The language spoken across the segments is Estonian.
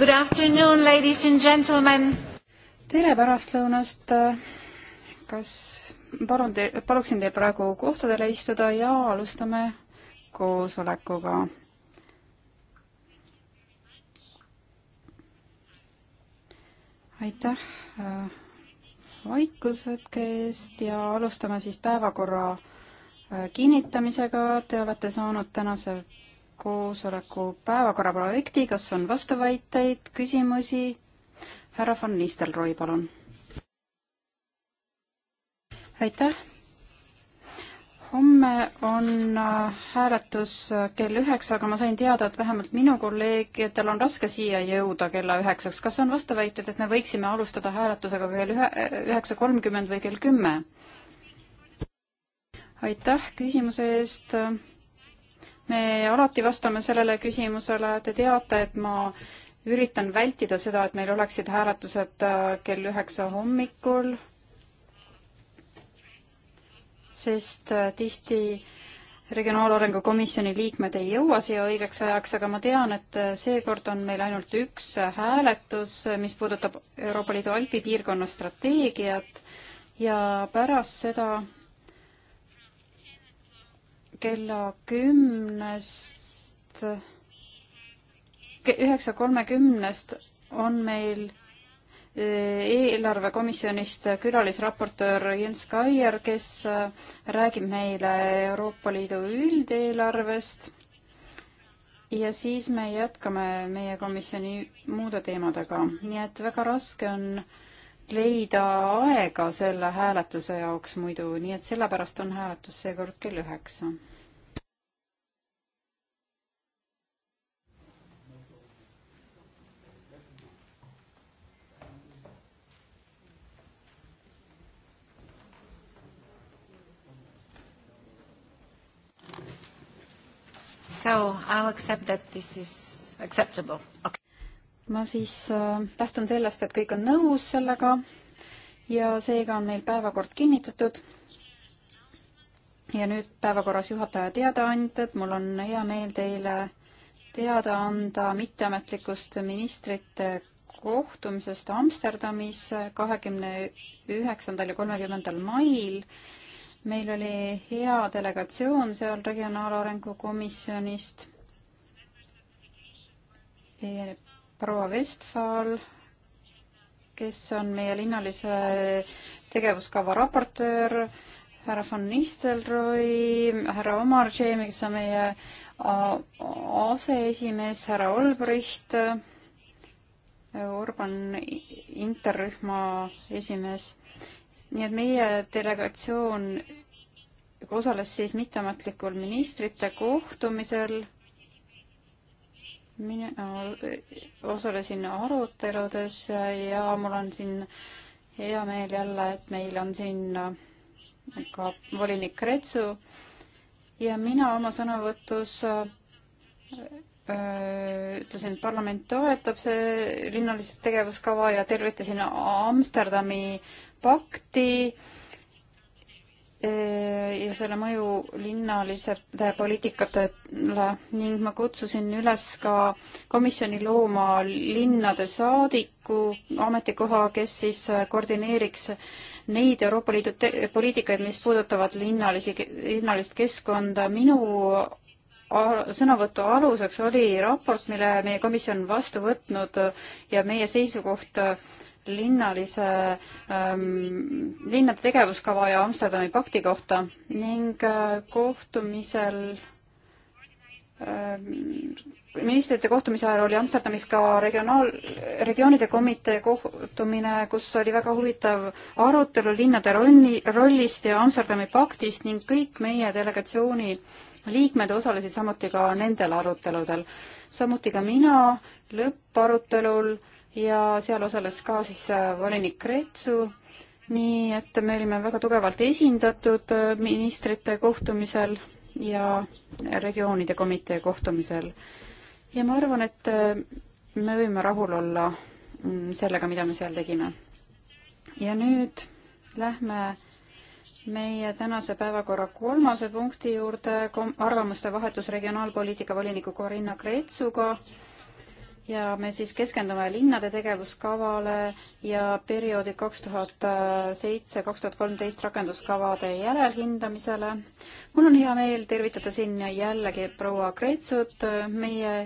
Good afternoon, ladies and gentlemen. tere pärastlõunast. kas palun te, paluksin teil praegu kohtadele istuda ja alustame koosolekuga. aitäh äh, vaikushetke eest ja alustame siis päevakorra äh, kinnitamisega. Te olete saanud tänase koosoleku päevakorra projekti, kas on vastuväiteid, küsimusi? härra von Nistelrooy, palun. aitäh. homme on äh, hääletus äh, kell üheksa, aga ma sain teada, et vähemalt minu kolleegidel on raske siia jõuda kella üheksaks. kas on vastuväited, et me võiksime alustada hääletusega kell ühe, üheksa kolmkümmend või kell kümme? aitäh küsimuse eest me alati vastame sellele küsimusele, te teate, et ma üritan vältida seda, et meil oleksid hääletused äh, kell üheksa hommikul, sest äh, tihti regionaalarengu komisjoni liikmed ei jõua siia õigeks ajaks, aga ma tean, et äh, seekord on meil ainult üks hääletus, mis puudutab Euroopa Liidu alpipiirkonna strateegiat ja pärast seda kella kümnest, üheksa kolmekümnest on meil eh, eelarvekomisjonist külalisraportöör Jens Kaier, kes eh, räägib meile Euroopa Liidu üldeelarvest ja siis me jätkame meie komisjoni muude teemadega, nii et väga raske on äh, leida aega selle hääletuse jaoks muidu, nii et sellepärast on hääletus seekord kell üheksa. So I'll accept that this is acceptable okay ma siis äh, lähtun sellest, et kõik on nõus sellega ja seega on meil päevakord kinnitatud. ja nüüd päevakorras juhataja teadaanded, mul on hea meel teile teada anda mitteametlikust ministrite kohtumisest Amsterdamis kahekümne üheksandal ja kolmekümnendal mail. meil oli hea delegatsioon seal Regionaalarengu Komisjonist proua Vestfaal, kes on meie linnalise tegevuskava raportöör, härra von Nistelrooy, härra Omar Džeemi, kes on meie aseesimees, härra Olbricht, Urban interrühma esimees. nii et meie delegatsioon osales siis mitteametlikul ministrite kohtumisel mina äh, osalesin aruteludes ja mul on siin hea meel jälle, et meil on siin äh, ka volinik Kretsu ja mina oma sõnavõtus äh, ütlesin, et parlament toetab see linnalist tegevuskava ja tervitasin Amsterdami pakti äh, ja selle mõju linnalisele poliitikatele ning ma kutsusin üles ka komisjoni looma linnade saadiku ametikoha, kes siis äh, koordineeriks neid Euroopa Liidu poliitikaid, mis puudutavad linnalisi, linnalist keskkonda. minu sõnavõtu aluseks oli raport, mille meie komisjon vastu võtnud ja meie seisukoht linnalise ähm,, linnade tegevuskava ja Amsterdami pakti kohta ning äh, kohtumisel ähm, ministrite kohtumise ajal oli Amsterdamis ka regionaal, regioonide komitee kohtumine, kus oli väga huvitav arutelu linnade rolli, rollist ja Amsterdami paktist ning kõik meie delegatsiooni liikmed osalesid samuti ka nendel aruteludel. samuti ka mina lõpparutelul äh, ja seal osales ka siis äh, volinik Kretsu, nii et me olime väga tugevalt esindatud äh, ministrite kohtumisel ja regioonide komitee kohtumisel. ja ma arvan, et äh, me võime rahul olla mm, sellega, mida me seal tegime. ja nüüd lähme meie tänase päevakorra kolmase punkti juurde, arvamuste vahetus regionaalpoliitika voliniku Corinna Kretsuga ja me siis keskendume linnade tegevuskavale ja perioodi kaks tuhat seitse, kaks tuhat kolmteist rakenduskavade järelhindamisele. mul on hea meel tervitada siin jällegi proua Kretsut, meie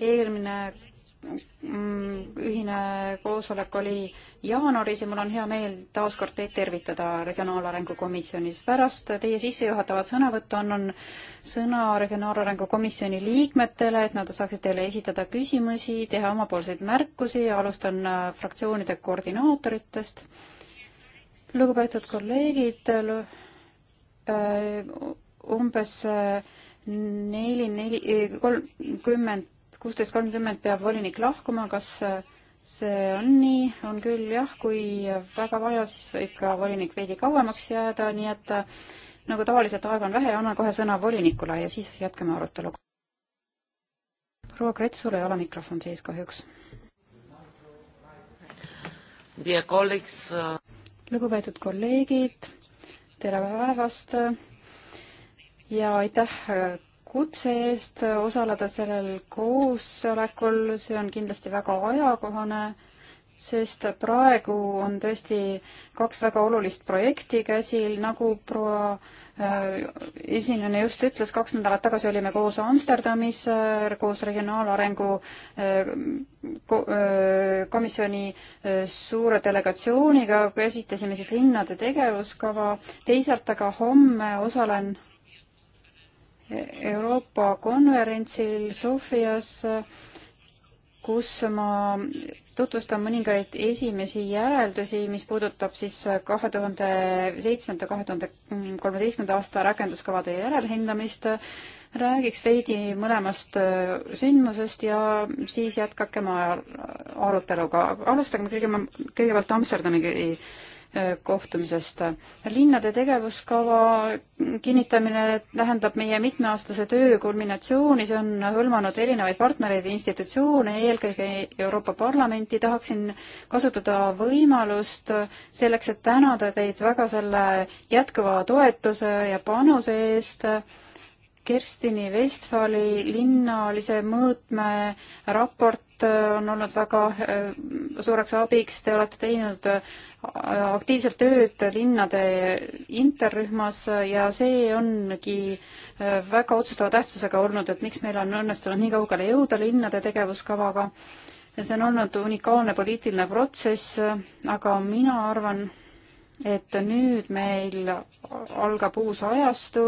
eelmine mm, ühine koosolek oli jaanuaris ja mul on hea meel taas kord teid tervitada Regionaalarengu Komisjonis. pärast teie sissejuhatavat sõnavõttu annan sõna Regionaalarengu Komisjoni liikmetele, et nad saaksid teile esitada küsimusi, teha omapoolseid märkusi ja alustan äh, fraktsioonide koordinaatoritest. lugupeetud kolleegid, äh, umbes äh, neli, neli, kolmkümmend, kuusteist kolmkümmend peab volinik lahkuma, kas see on nii, on küll jah, kui väga vaja, siis võib ka volinik veidi kauemaks jääda, nii et äh, nagu tavaliselt aega on vähe, annan kohe sõna volinikule ja siis jätkame aruteluga. proua Kretsul ei ole mikrofon sees kahjuks. Äh, lugupeetud kolleegid, tere päevast ja aitäh äh, kutse eest osaleda sellel koosolekul, see on kindlasti väga ajakohane, sest praegu on tõesti kaks väga olulist projekti käsil, nagu proua äh, esineja just ütles, kaks nädalat tagasi olime koos Amsterdamis äh, koos regionaalarengu äh, komisjoni suure delegatsiooniga, esitasime siis linnade tegevuskava, teisalt aga homme osalen Euroopa konverentsil Sofias, kus ma tutvustan mõningaid esimesi järeldusi, mis puudutab siis kahe tuhande seitsmenda, kahe tuhande kolmeteistkümnenda aasta rakenduskavade järelhindamist. räägiks veidi mõlemast sündmusest ja siis jätkake oma aruteluga. alustagem kõigepealt, kõigepealt Amsterdami kohtumisest. linnade tegevuskava kinnitamine tähendab meie mitmeaastase töö kulminatsiooni, see on hõlmanud erinevaid partnereid ja institutsioone, eelkõige Euroopa Parlamenti, tahaksin kasutada võimalust selleks, et tänada teid väga selle jätkuva toetuse ja panuse eest Kerstini Vestfali linnalise mõõtme raport Äh, on olnud väga äh, suureks abiks, te olete teinud äh, aktiivselt tööd linnade interrühmas ja see ongi väga otsustava tähtsusega olnud, et miks meil on õnnestunud nii kaugele jõuda linnade tegevuskavaga. ja see on olnud unikaalne poliitiline protsess, aga mina arvan, et nüüd meil algab uus ajastu.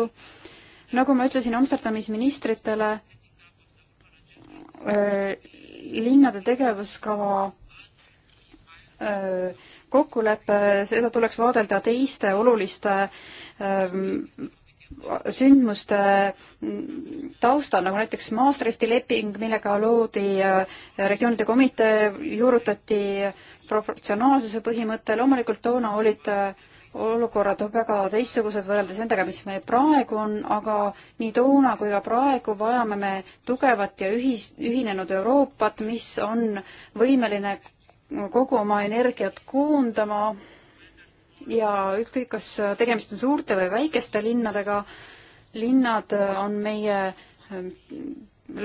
nagu ma ütlesin Amsterdamis ministritele, Äh, linnade tegevuskava äh, kokkulepe, seda tuleks vaadelda teiste oluliste äh, sündmuste mm, taustal, nagu näiteks Maastrichti leping, millega loodi regioonide komitee, juurutati proportsionaalsuse põhimõte, loomulikult toona olid äh, olukorrad on väga teistsugused võrreldes nendega, mis meil praegu on, aga nii toona kui ka praegu vajame me tugevat ja ühis, ühinenud Euroopat, mis on võimeline kogu oma energiat koondama ja ükskõik, kas tegemist on suurte või väikeste linnadega, linnad on meie ähm,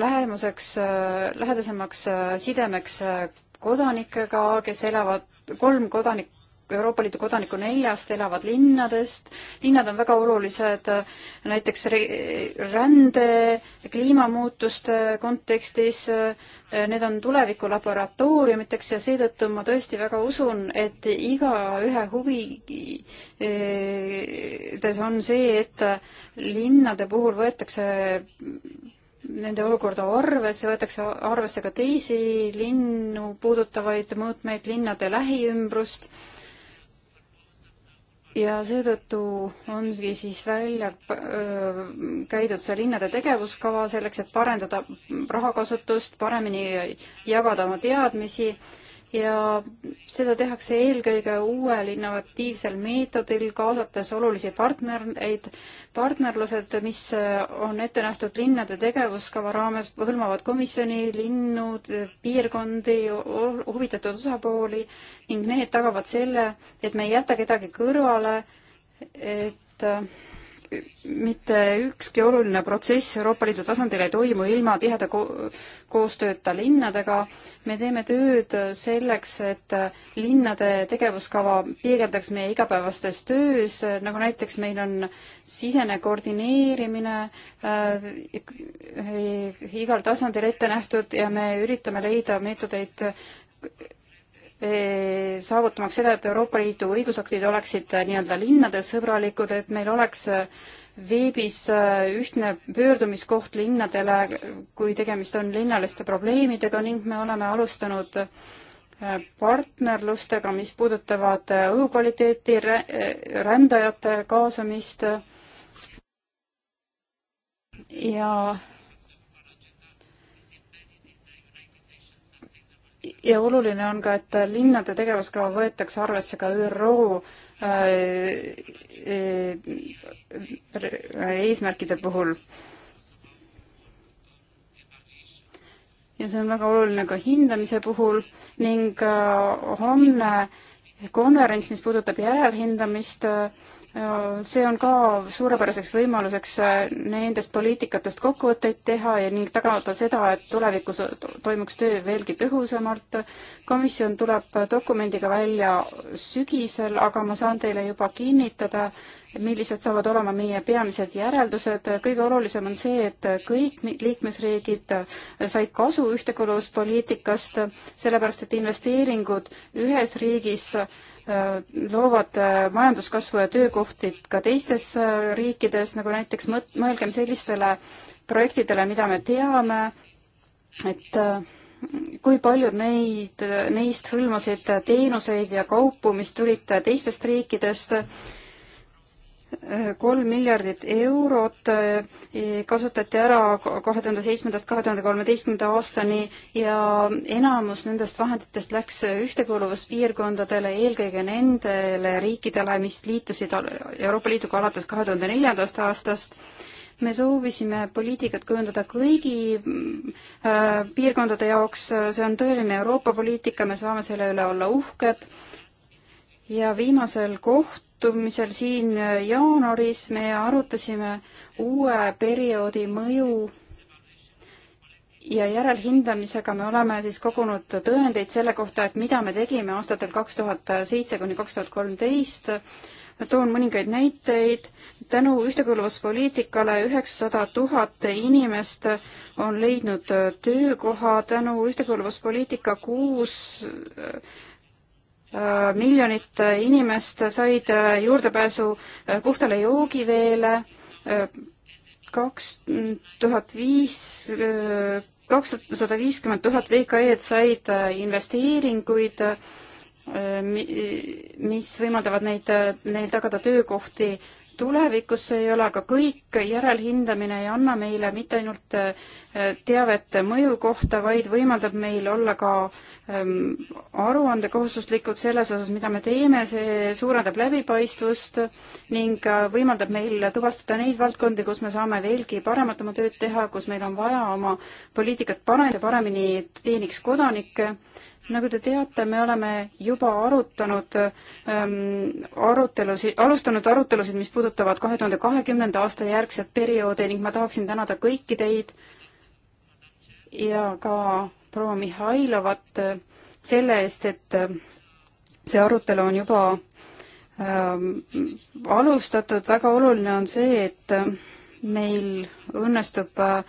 lähemuseks, äh, lähedasemaks äh, sidemeks äh, kodanikega, kes elavad, kolm kodanik-, Euroopa Liidu kodanikku neljast elavad linnadest. linnad on väga olulised äh, näiteks rände, kliimamuutuste kontekstis. Äh, need on tuleviku laboratooriumiteks ja seetõttu ma tõesti väga usun, et igaühe huvides äh, on see, et linnade puhul võetakse nende olukorda arvesse, võetakse arvesse ka teisi linnu puudutavaid mõõtmeid, linnade lähiümbrust ja seetõttu ongi siis välja öö, käidud see linnade tegevuskava selleks, et parendada rahakasutust, paremini jagada oma teadmisi äh, ja seda tehakse eelkõige uuel innovatiivsel meetodil, kaasates olulisi partnereid. partnerlused, mis on ette nähtud linnade tegevuskava raames, hõlmavad komisjoni, linnu, piirkondi, huvitatud osapooli ning need tagavad selle, et me ei jäta kedagi kõrvale, et mitte ükski oluline protsess Euroopa Liidu tasandil ei toimu ilma tiheda ko koostööta linnadega. me teeme tööd selleks, et linnade tegevuskava peegeldaks meie igapäevastes töös, nagu näiteks meil on sisene koordineerimine äh, igal tasandil ette nähtud ja me üritame leida meetodeid Eh, saavutamaks seda, et Euroopa Liidu õigusaktid oleksid eh, nii-öelda linnadesõbralikud, et meil oleks eh, veebis ühtne pöördumiskoht linnadele, kui tegemist on linnaliste probleemidega ning me oleme alustanud partnerlustega, mis puudutavad õhukvaliteeti, rändajate kaasamist ja ja oluline on ka, et linnade tegevuskava võetakse arvesse ka ÜRO äh, äh, eesmärkide puhul. ja see on väga oluline ka hindamise puhul ning äh, homne konverents, mis puudutab järelhindamist äh,, see on ka suurepäraseks võimaluseks äh, nendest poliitikatest kokkuvõtteid teha ja ning tagada seda, et tulevikus toimuks töö veelgi tõhusamalt. komisjon tuleb dokumendiga välja sügisel, aga ma saan teile juba kinnitada, millised saavad olema meie peamised järeldused. kõige olulisem on see, et kõik liikmesriigid said kasu ühtekuuluvuspoliitikast, sellepärast et investeeringud ühes riigis Äh, loovad äh, majanduskasvu ja töökohti ka teistes äh, riikides, nagu näiteks mõt-, mõelgem sellistele projektidele, mida me teame, et kui paljud neid, neist hõlmasid teenuseid ja kaupu, mis tulid teistest riikidest kolm miljardit eurot eh, kasutati ära kahe tuhande seitsmendast kahe tuhande kolmeteistkümnenda aastani ja enamus nendest vahenditest läks ühtekuuluvuspiirkondadele, eelkõige nendele riikidele, mis liitusid Euroopa Liiduga alates kahe tuhande neljandast aastast. me soovisime poliitikat kujundada kõigi äh, piirkondade jaoks, see on tõeline Euroopa poliitika, me saame selle üle olla uhked ja viimasel koht-, kohtumisel siin jaanuaris me arutasime uue perioodi mõju ja järelhindamisega me oleme siis kogunud tõendeid selle kohta, et mida me tegime aastatel kaks tuhat seitse kuni kaks tuhat kolmteist. toon mõningaid näiteid. tänu ühtekuuluvuspoliitikale üheksasada tuhat inimest on leidnud töökoha, tänu ühtekuuluvuspoliitika kuus 6 Äh, miljonit äh, inimest said äh, juurdepääsu puhtale joogiveele, kaks tuhat viis, kakssada viiskümmend tuhat VKE-d said investeeringuid, mis võimaldavad neid, neil tagada töökohti tulevikus see ei ole aga kõik, järelhindamine ei anna meile mitte ainult äh, teavet mõju kohta, vaid võimaldab meil olla ka ähm, aruandekohustuslikud selles osas, mida me teeme, see suurendab läbipaistvust ning äh, võimaldab meil tuvastada neid valdkondi, kus me saame veelgi paremat oma tööd teha, kus meil on vaja oma poliitikat parem, paremini teeniks kodanikke nagu te teate, me oleme juba arutanud ähm, arutelusid, alustanud arutelusid, mis puudutavad kahe tuhande kahekümnenda aasta järgset perioodi ning ma tahaksin tänada kõiki teid ja ka proua Mihhailovat äh, selle eest, et äh, see arutelu on juba ähm, alustatud, väga oluline on see, et äh, meil õnnestub äh,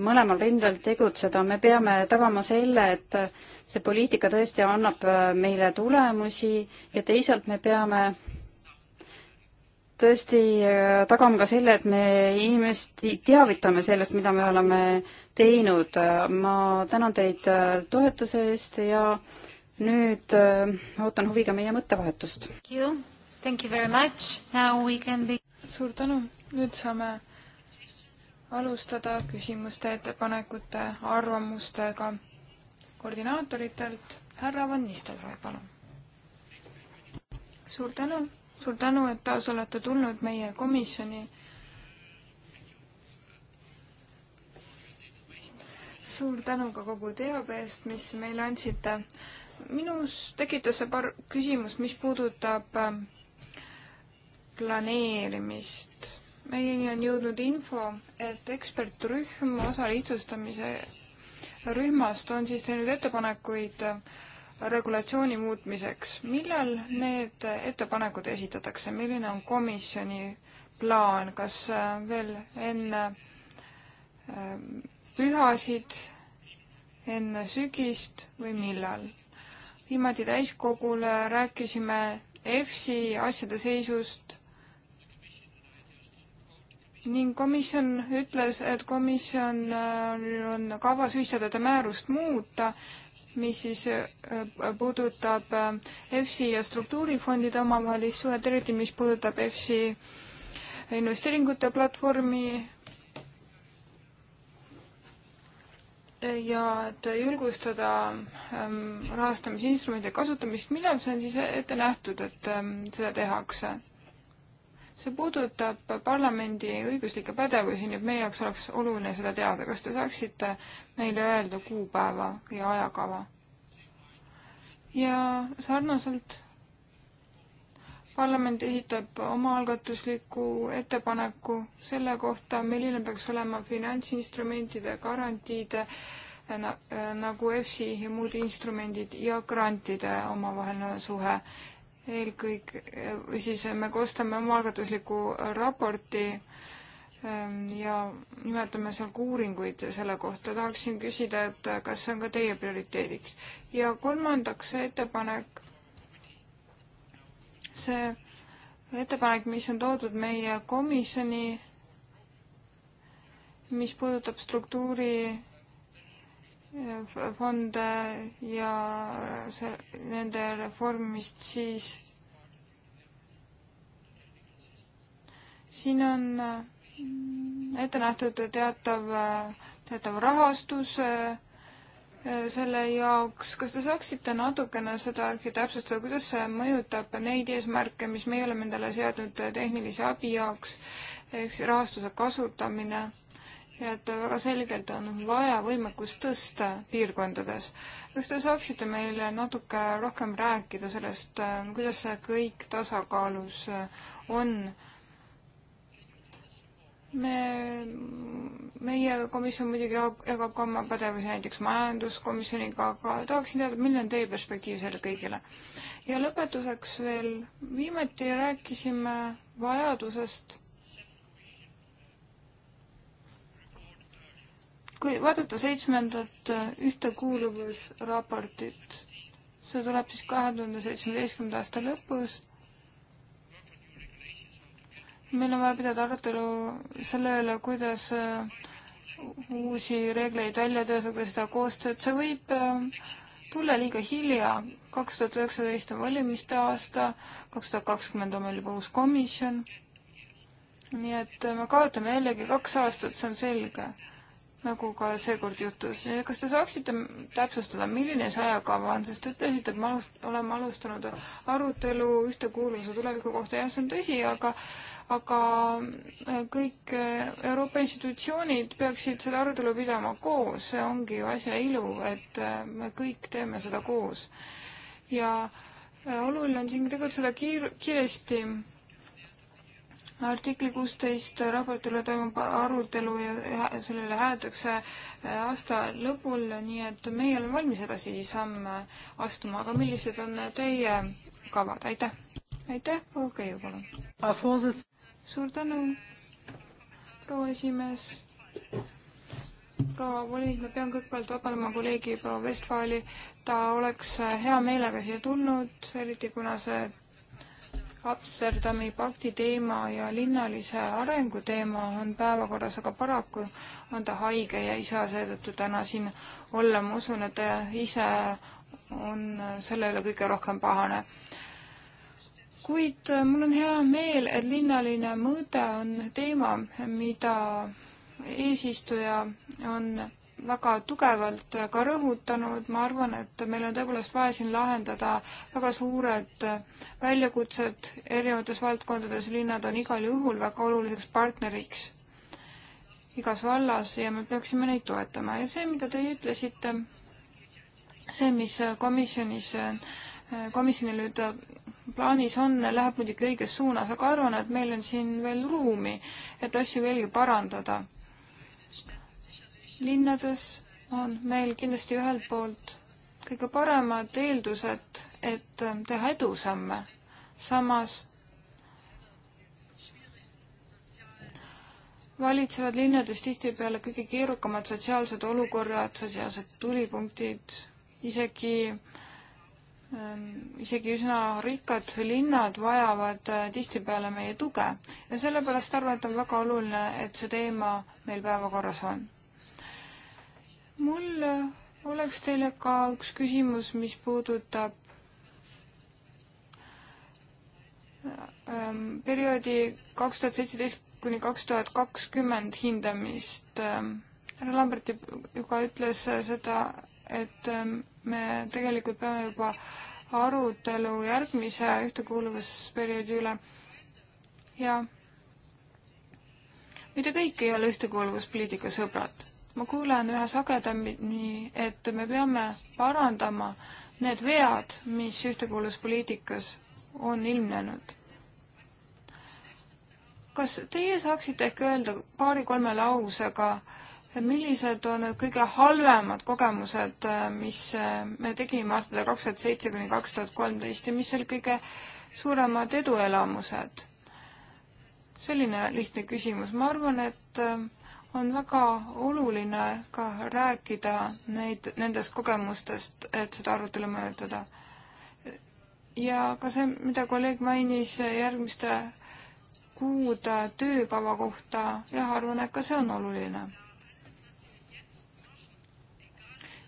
mõlemal rindel tegutseda, me peame tagama selle, et see poliitika tõesti annab äh, meile tulemusi ja teisalt me peame tõesti äh, tagama ka selle, et me inimest teavitame sellest, mida me oleme teinud. ma tänan teid äh, toetuse eest ja nüüd ootan huviga meie mõttevahetust. Be... suur tänu, nüüd saame alustada küsimuste, ettepanekute, arvamustega koordinaatoritelt. härra Van Nistelrooy, palun. suur tänu, suur tänu, et taas olete tulnud meie komisjoni. suur tänu ka kogu teabe eest, mis meile andsite. minus tekitas see paar küsimust, mis puudutab ähm, planeerimist meieni on jõudnud info, et ekspertrühm osa lihtsustamise rühmast on siis teinud ettepanekuid regulatsiooni muutmiseks. millal need ettepanekud esitatakse, milline on komisjoni plaan, kas äh, veel enne äh, pühasid, enne sügist või millal? viimati täiskogule rääkisime EFSI asjade seisust ning komisjon ütles, et komisjon äh, on kavas ühisõdade määrust muuta, mis siis äh, puudutab äh, EFSI ja struktuurifondide omavahelist suhet, eriti mis puudutab EFSI investeeringute platvormi ja et julgustada ähm, rahastamisinstrumendi kasutamist, millal see on siis ette nähtud, et ähm, seda tehakse? see puudutab parlamendi õiguslikke pädevusi, nii et meie jaoks oleks oluline seda teada. kas te saaksite meile öelda kuupäeva ja ajakava? ja sarnaselt parlament esitab omaalgatusliku ettepaneku selle kohta, milline peaks olema finantsinstrumentide garantiide na, nagu EFSI ja muud instrumendid ja grantide omavaheline suhe eelkõige, siis me koostame omaalgatusliku raporti ähm, ja nimetame seal ka uuringuid selle kohta. tahaksin küsida, et kas see on ka teie prioriteediks. ja kolmandaks see ettepanek, see ettepanek, mis on toodud meie komisjoni, mis puudutab struktuuri fonde ja nende reformimist, siis siin on mm, ette nähtud teatav, teatav rahastus äh, selle jaoks, kas te saaksite natukene seda täpsustada, kuidas see mõjutab neid eesmärke, mis meie oleme endale seadnud tehnilise abi jaoks, ehk siis rahastuse kasutamine ja et väga selgelt on vaja võimekust tõsta piirkondades. kas te saaksite meile natuke rohkem rääkida sellest, äh, kuidas see kõik tasakaalus äh, on? me, meie komisjon muidugi jagab, jagab ka oma pädevusi näiteks majanduskomisjoniga, aga tahaksin teada, milline on teie perspektiiv sellele kõigile? ja lõpetuseks veel, viimati rääkisime vajadusest kui vaadata seitsmendat äh, ühtekuuluvusraportit, see tuleb siis kahe tuhande seitsmeteistkümnenda aasta lõpus, meil on vaja pidada arutelu selle üle, kuidas äh, uusi reegleid välja töötada, kuidas teha koostööd, see võib äh, tulla liiga hilja, kaks tuhat üheksateist on valimiste aasta, kaks tuhat kakskümmend on meil juba uus komisjon, nii et me kaotame jällegi kaks aastat, see on selge nagu ka seekord juhtus. kas te saaksite täpsustada, milline see ajakava on, sest ütlesite, et me alust-, oleme alustanud arutelu ühtekuuluvuse tuleviku kohta, jah, see on tõsi, aga aga äh, kõik äh, Euroopa institutsioonid peaksid seda arutelu pidama koos, see ongi ju asja ilu, et äh, me kõik teeme seda koos. ja oluline on siin tegutseda kiir-, kiiresti artikli kuusteist raporti üle toimub arutelu ja sellele hääletakse äh, aasta lõpul, nii et meie oleme valmis edasi samme astuma, aga millised on teie kavad, aitäh! aitäh, proua Kreiu, palun! suur tänu, proua esimees, proua volinik, ma pean kõigepealt vabandama kolleegi proua Vestfaali, ta oleks hea meelega siia tulnud, eriti kuna see Amsterdami pakti teema ja linnalise arengu teema on päevakorras, aga paraku on ta haige ja ei saa seetõttu täna siin olla. ma usun, et ta ise on selle üle kõige rohkem pahane. kuid mul on hea meel, et linnaline mõõde on teema, mida eesistuja on väga tugevalt ka rõhutanud, ma arvan, et meil on tõepoolest vaja siin lahendada väga suured väljakutsed erinevates valdkondades, linnad on igal juhul väga oluliseks partneriks igas vallas ja me peaksime neid toetama ja see, mida teie ütlesite, see, mis komisjonis, komisjonil nüüd plaanis on, läheb muidugi õiges suunas, aga arvan, et meil on siin veel ruumi, et asju veelgi parandada linnades on meil kindlasti ühelt poolt kõige paremad eeldused, et ähm, teha edusamme. samas valitsevad linnades tihtipeale kõige keerukamad sotsiaalsed olukorrad, sotsiaalsed tulipunktid, isegi ähm, isegi üsna rikkad linnad vajavad äh, tihtipeale meie tuge ja sellepärast arvan, et on väga oluline, et see teema meil päevakorras on mul oleks teile ka üks küsimus, mis puudutab ähm, perioodi kaks tuhat seitseteist kuni kaks tuhat kakskümmend hindamist. Ähm, härra Lambert juba ütles seda, et ähm, me tegelikult peame juba arutelu järgmise ühtekuuluvusperioodi üle ja mitte kõik ei ole ühtekuuluvuspoliitika sõbrad ma kuulen üha sagedamini, et me peame parandama need vead, mis ühtekuuluvuspoliitikas on ilmnenud. kas teie saaksite ehk öelda paari-kolme lausega, millised on need kõige halvemad kogemused, mis me tegime aastatel kaks tuhat seitse kuni kaks tuhat kolmteist ja mis olid kõige suuremad eduelamused? selline lihtne küsimus, ma arvan, et on väga oluline ka rääkida neid, nendest kogemustest, et seda arutelu mõjutada. ja ka see, mida kolleeg mainis järgmiste kuude töökava kohta, jah, arvan, et ka see on oluline.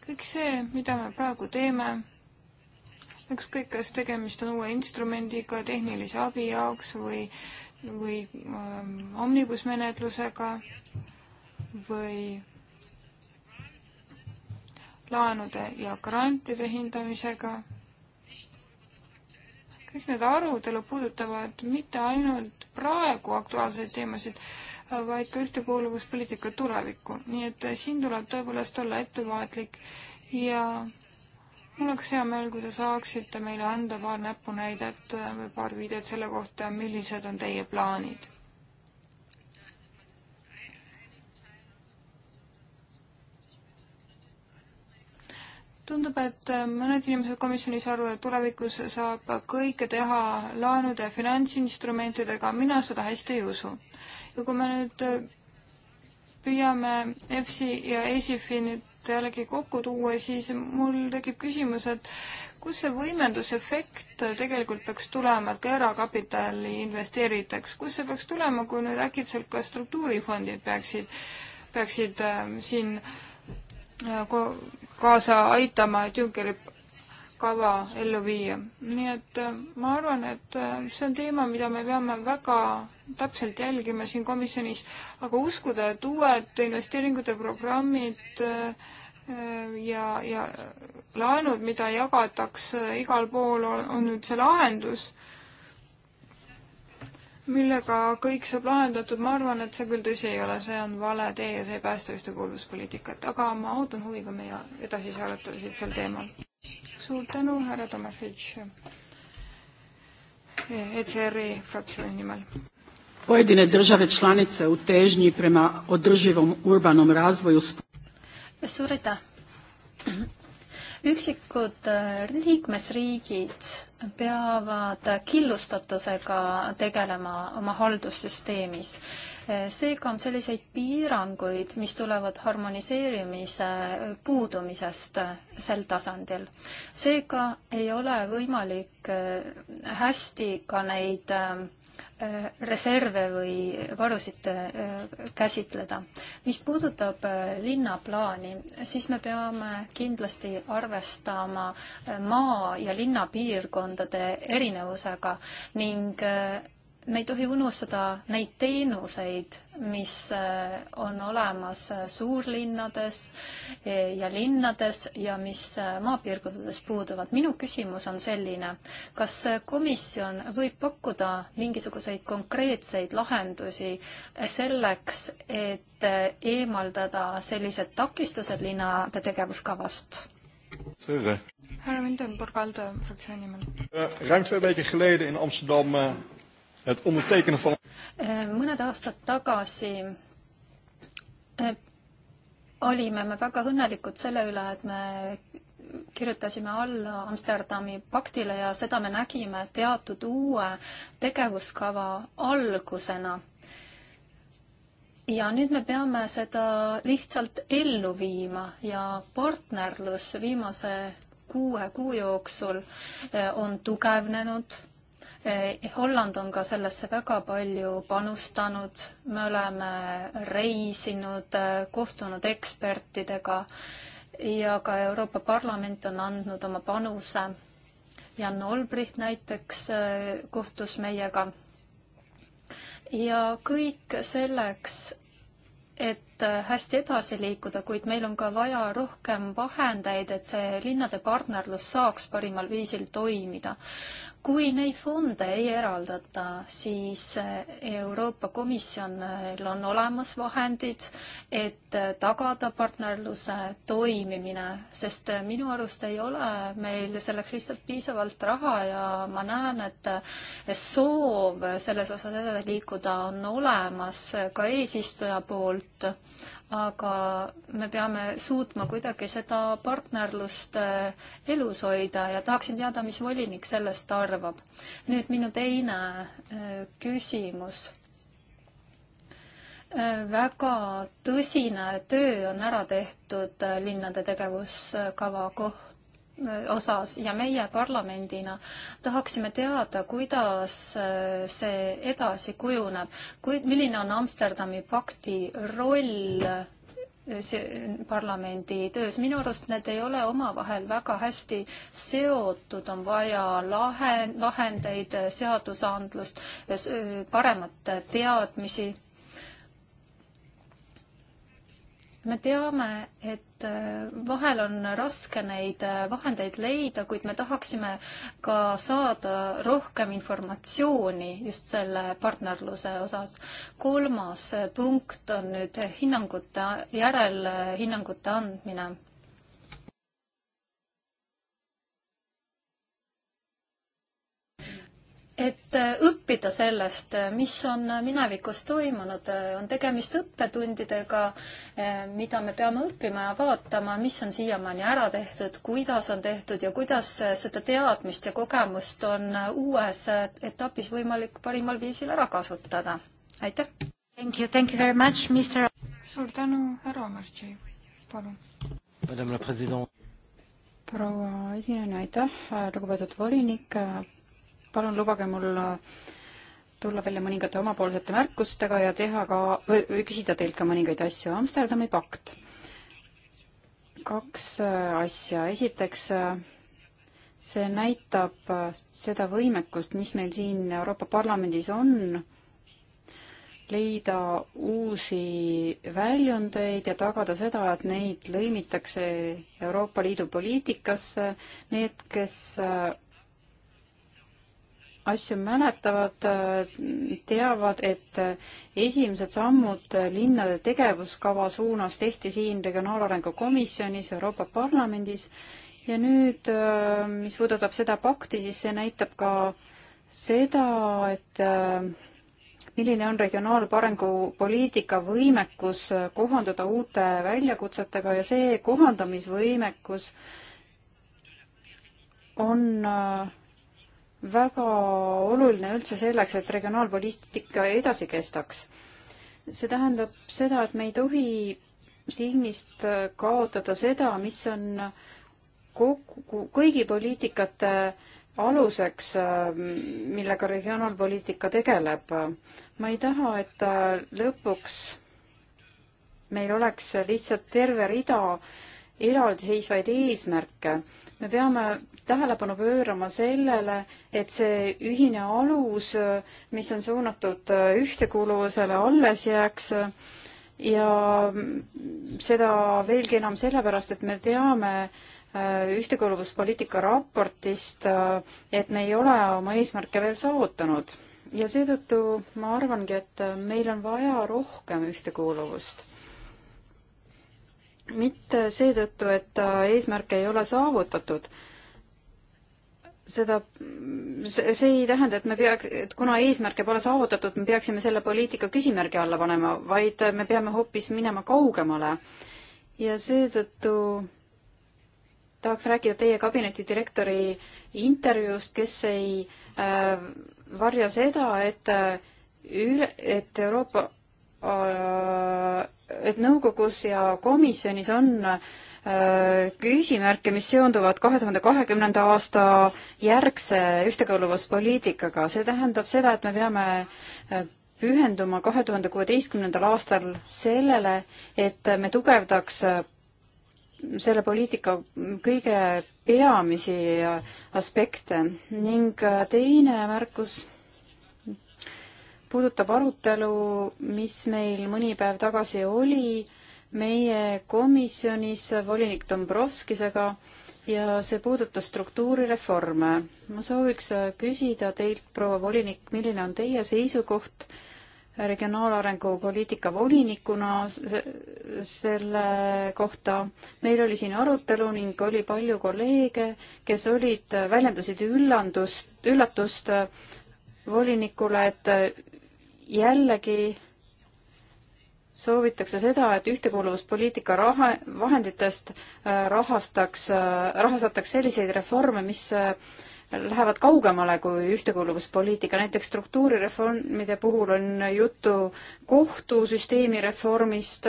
kõik see, mida me praegu teeme, ükskõik, kas tegemist on uue instrumendiga tehnilise abi jaoks või, või äh, omnibusmenetlusega, või laenude ja grantide hindamisega. kõik need arutelu puudutavad mitte ainult praegu aktuaalseid teemasid, vaid ka ühtekuuluvuspoliitika tulevikku, nii et siin tuleb tõepoolest olla ettevaatlik ja mul oleks hea meel, kui te saaksite meile anda paar näpunäidet või paar viidet selle kohta, millised on teie plaanid. tundub, et äh, mõned inimesed komisjonis arvavad, et tulevikus saab kõike teha laenude ja finantsinstrumentidega, mina seda hästi ei usu. ja kui me nüüd äh, püüame EFSI ja ESIFi nüüd jällegi kokku tuua, siis mul tekib küsimus, et kus see võimendusefekt tegelikult peaks tulema, et ka erakapitali investeeritakse, kus see peaks tulema, kui nüüd äkitselt ka struktuurifondid peaksid, peaksid äh, siin äh, kaasa aitama, et Junckeri kava ellu viia. nii et äh, ma arvan, et äh, see on teema, mida me peame väga täpselt jälgima siin komisjonis, aga uskuda, et uued investeeringute programmid äh, ja, ja laenud, mida jagatakse igal pool, on nüüd see lahendus millega kõik saab lahendatud, ma arvan, et see küll tõsi ei ole, see on vale tee ja see ei päästa ühtekuuluvuspoliitikat, aga ma ootan huviga meie edasisi arutelusid sel teemal. suur tänu, härra Tomašitš, ECR-i fraktsiooni nimel. Pojedine države članice u težnji prema održivom urbanom razvoju suur aitäh! üksikud äh, liikmesriigid peavad killustatusega tegelema oma haldussüsteemis. seega on selliseid piiranguid, mis tulevad harmoniseerimise puudumisest sel tasandil. seega ei ole võimalik hästi ka neid ähm, Äh, reserve või varusid äh, käsitleda. mis puudutab äh, linnaplaani, siis me peame kindlasti arvestama maa- ja linnapiirkondade erinevusega ning me ei tohi unustada neid teenuseid, mis äh, on olemas äh, suurlinnades äh, ja linnades ja mis maapiirkondades puuduvad. minu küsimus on selline, kas komisjon võib pakkuda mingisuguseid konkreetseid lahendusi selleks, et eemaldada sellised takistused linnade tegevuskavast? Herr Winton, Borvaldo fraktsiooni nimel. Eh, ruim twee weken geleden in Amsterdam eh, et ondertekenen van... Eh, mõned aastad tagasi eh, olime me väga õnnelikud selle üle, et me kirjutasime alla Amsterdami paktile ja seda me nägime teatud uue tegevuskava algusena. ja nüüd me peame seda lihtsalt ellu viima ja partnerlus viimase kuue kuu jooksul eh, on tugevnenud Eh, Holland on ka sellesse väga palju panustanud, me oleme reisinud, eh, kohtunud ekspertidega ja ka Euroopa Parlament on andnud oma panuse. Jan Olbricht näiteks eh, kohtus meiega. ja kõik selleks, et Äh, hästi edasi liikuda, kuid meil on ka vaja rohkem vahendeid, et see linnade partnerlus saaks parimal viisil toimida. kui neid fonde ei eraldata, siis äh, Euroopa Komisjonil on olemas vahendid, et äh, tagada partnerluse toimimine, sest minu arust ei ole meil selleks lihtsalt piisavalt raha ja ma näen, et soov selles osas edasi liikuda on olemas ka eesistuja poolt aga me peame suutma kuidagi seda partnerlust eh, elus hoida ja tahaksin teada, mis volinik sellest arvab. nüüd minu teine eh, küsimus. Eh, väga tõsine töö on ära tehtud linnade tegevuskava kohta osas ja meie parlamendina tahaksime teada, kuidas äh, see edasi kujuneb, kui, milline on Amsterdami pakti roll äh, parlamendi töös. minu arust need ei ole omavahel väga hästi seotud, on vaja lahe, vahendeid, seadusandlust, äh, paremat teadmisi me teame, et äh, vahel on raske neid äh, vahendeid leida, kuid me tahaksime ka saada rohkem informatsiooni just selle partnerluse osas. kolmas äh, punkt on nüüd hinnangute, järelhinnangute andmine et äh, õppida sellest, äh, mis on äh, minevikus toimunud, on tegemist õppetundidega, mida me peame õppima ja vaatama, mis on siiamaani ära tehtud, kuidas on tehtud ja kuidas seda teadmist ja kogemust on uues etapis võimalik parimal viisil ära kasutada. aitäh! Thank you, thank you very much, Mr. suur tänu, härra Omartšev, palun. proua esinejana, aitäh, lugupeetud volinik palun lubage mul äh, tulla välja mõningate omapoolsete märkustega ja teha ka, või küsida teilt ka mõningaid asju. Amsterdami pakt. kaks äh, asja. esiteks, äh, see näitab seda võimekust, mis meil siin Euroopa Parlamendis on, leida uusi väljundeid ja tagada seda, et neid lõimitakse Euroopa Liidu poliitikasse. Need, kes asju mäletavad, äh, teavad, et äh, esimesed sammud äh, linnade tegevuskava suunas tehti siin Regionaalarengu Komisjonis, Euroopa Parlamendis ja nüüd, mis puudutab seda pakti, siis see näitab ka seda, et milline on regionaalarengu poliitika võimekus kohanduda uute väljakutsetega ja see kohandamisvõimekus on äh, väga oluline üldse selleks, et regionaalpoliitika edasi kestaks. see tähendab seda, et me ei tohi silmist kaotada seda, mis on kogu, kõigi poliitikate aluseks, millega regionaalpoliitika tegeleb. ma ei taha, et lõpuks meil oleks lihtsalt terve rida eraldiseisvaid eesmärke. me peame tähelepanu pöörama sellele, et see ühine alus, mis on suunatud äh, ühtekuuluvusele, alles jääks ja seda veelgi enam sellepärast, et me teame äh, ühtekuuluvuspoliitika raportist, äh, et me ei ole oma eesmärke veel saavutanud ja seetõttu ma arvangi, et meil on vaja rohkem ühtekuuluvust. mitte seetõttu, et eesmärke ei ole saavutatud, seda, see ei tähenda, et me peaks, et kuna eesmärke pole saavutatud, me peaksime selle poliitika küsimärgi alla panema, vaid me peame hoopis minema kaugemale. ja seetõttu tahaks rääkida teie kabineti direktori intervjuust, kes ei äh, varja seda, et äh, üle, et Euroopa äh,, et nõukogus ja komisjonis on äh, küsimärke, mis seonduvad kahe tuhande kahekümnenda aasta järgse ühtekuuluvuspoliitikaga. see tähendab seda, et me peame äh, pühenduma kahe tuhande kuueteistkümnendal aastal sellele, et me tugevdaks äh, selle poliitika kõige peamisi äh, aspekte ning teine märkus puudutab arutelu, mis meil mõni päev tagasi oli meie komisjonis volinik Dombrovskisega ja see puudutas struktuurireforme. ma sooviks küsida teilt, proua volinik, milline on teie seisukoht regionaalarengu poliitika volinikuna selle kohta. meil oli siin arutelu ning oli palju kolleege, kes olid, väljendasid üllandust, üllatust volinikule, et jällegi soovitakse seda, et ühtekuuluvuspoliitika raha, vahenditest äh, rahastaks, äh, rahastataks selliseid reforme, mis äh, lähevad kaugemale kui ühtekuuluvuspoliitika, näiteks struktuurireformide puhul on juttu kohtusüsteemi reformist,